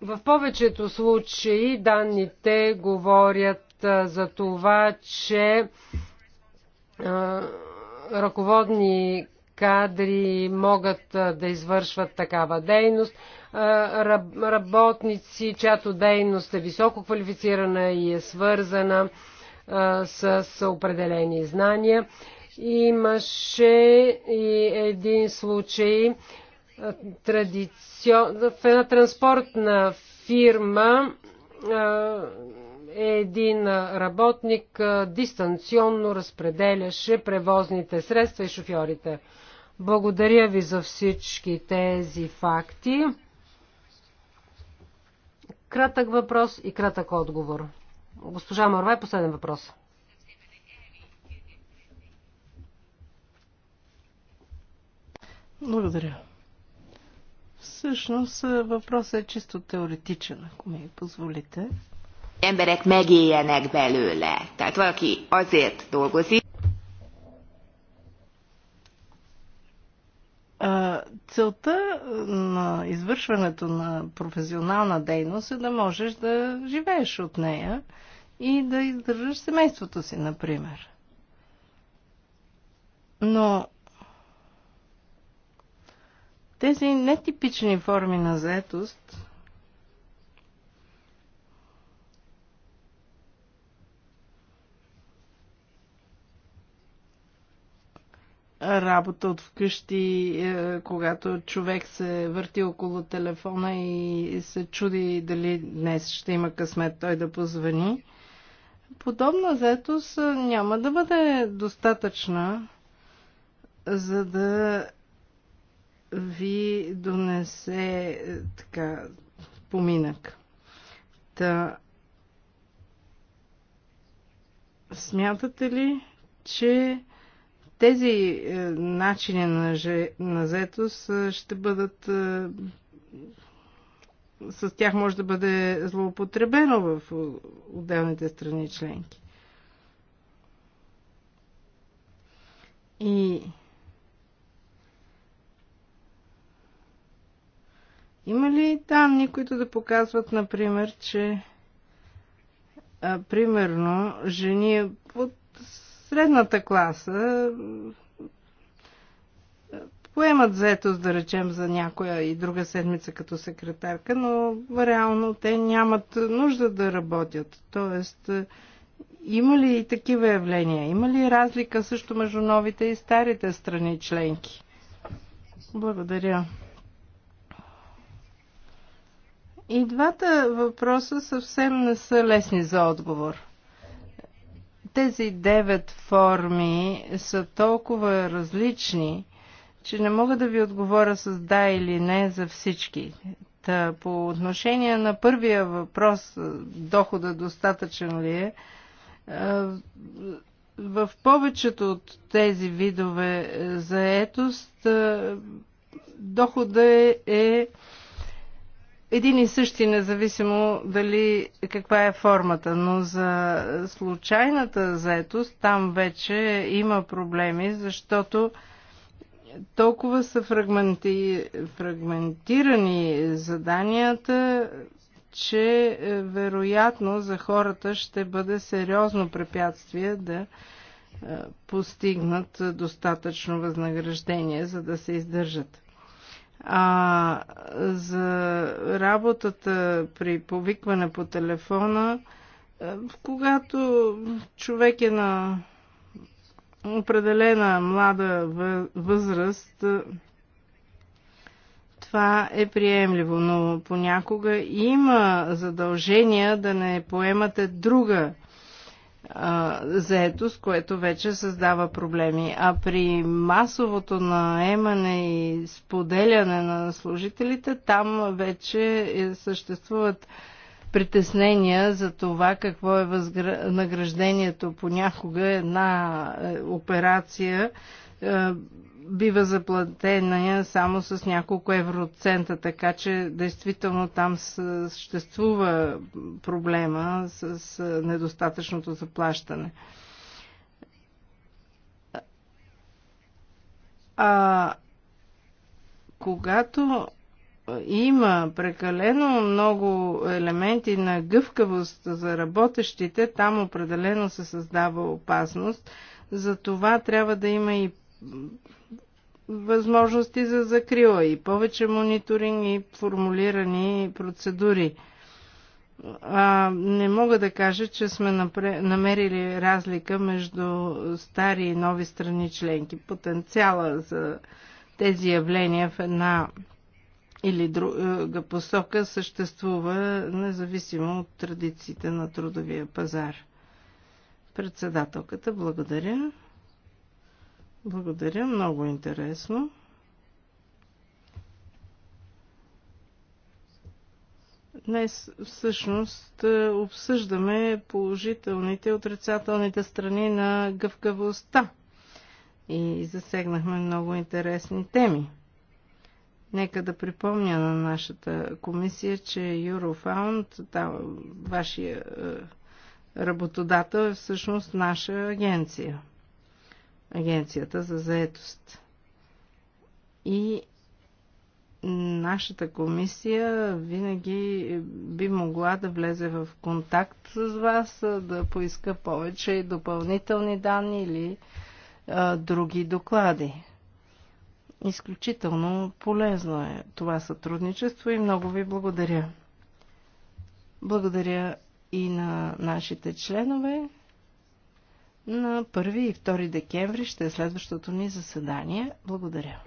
в повечето случаи данните говорят за това, че ръководни кадри могат да извършват такава дейност. Работници, чиято дейност е високо квалифицирана и е свързана с определени знания. Имаше и един случай традицион... в една транспортна фирма един работник дистанционно разпределяше превозните средства и шофьорите. Благодаря ви за всички тези факти. Кратък въпрос и кратък отговор. Госпожа Марвай, последен въпрос. Благодаря. Всъщност въпросът е чисто теоретичен, ако ми позволите emberek megéljenek belőle. Tehát valaki azért dolgozik. Целта на извършването на професионална дейност е да можеш да живееш от нея и да издържаш семейството си, например. Но тези нетипични форми на заетост работа от вкъщи, е, когато човек се върти около телефона и се чуди дали днес ще има късмет той да позвани. Подобна заетост е, няма да бъде достатъчна, за да ви донесе е, така поминък. Та, смятате ли, че тези е, начини на, же, на заетост е, ще бъдат е, с тях може да бъде злоупотребено в отделните страни членки. И има ли данни, които да показват, например, че а, примерно жени от средната класа поемат заетост, да речем, за някоя и друга седмица като секретарка, но реално те нямат нужда да работят. Тоест, е, има ли и такива явления? Има ли разлика също между новите и старите страни членки? Благодаря. И двата въпроса съвсем не са лесни за отговор. Тези девет форми са толкова различни, че не мога да ви отговоря с да или не за всички. Та, по отношение на първия въпрос, дохода достатъчен ли е, в повечето от тези видове заетост дохода е, е един и същи, независимо дали каква е формата, но за случайната заетост там вече има проблеми, защото толкова са фрагменти, фрагментирани заданията, че е, вероятно за хората ще бъде сериозно препятствие да е, постигнат достатъчно възнаграждение, за да се издържат. А за работата при повикване по телефона, е, когато човек е на определена млада възраст, е, това е приемливо, но понякога има задължения да не поемате друга заетост, което вече създава проблеми. А при масовото наемане и споделяне на служителите, там вече е, съществуват притеснения за това какво е възнаграждението понякога е една е, операция бива заплатена само с няколко евроцента, така че действително там съществува проблема с недостатъчното заплащане. А когато има прекалено много елементи на гъвкавост за работещите, там определено се създава опасност. За това трябва да има и възможности за закрила и повече мониторинг и формулирани процедури. А, не мога да кажа, че сме намерили разлика между стари и нови страни членки. Потенциала за тези явления в една или друга посока съществува независимо от традициите на трудовия пазар. Председателката, благодаря. Благодаря, много интересно. Днес всъщност е, обсъждаме положителните и отрицателните страни на гъвкавостта и засегнахме много интересни теми. Нека да припомня на нашата комисия, че Eurofound, да, вашия е, работодател е всъщност наша агенция – Агенцията за заетост. И нашата комисия винаги би могла да влезе в контакт с вас, да поиска повече допълнителни данни или а, други доклади. Изключително полезно е това сътрудничество и много ви благодаря. Благодаря и на нашите членове. На 1 и 2 декември ще е следващото ни заседание. Благодаря.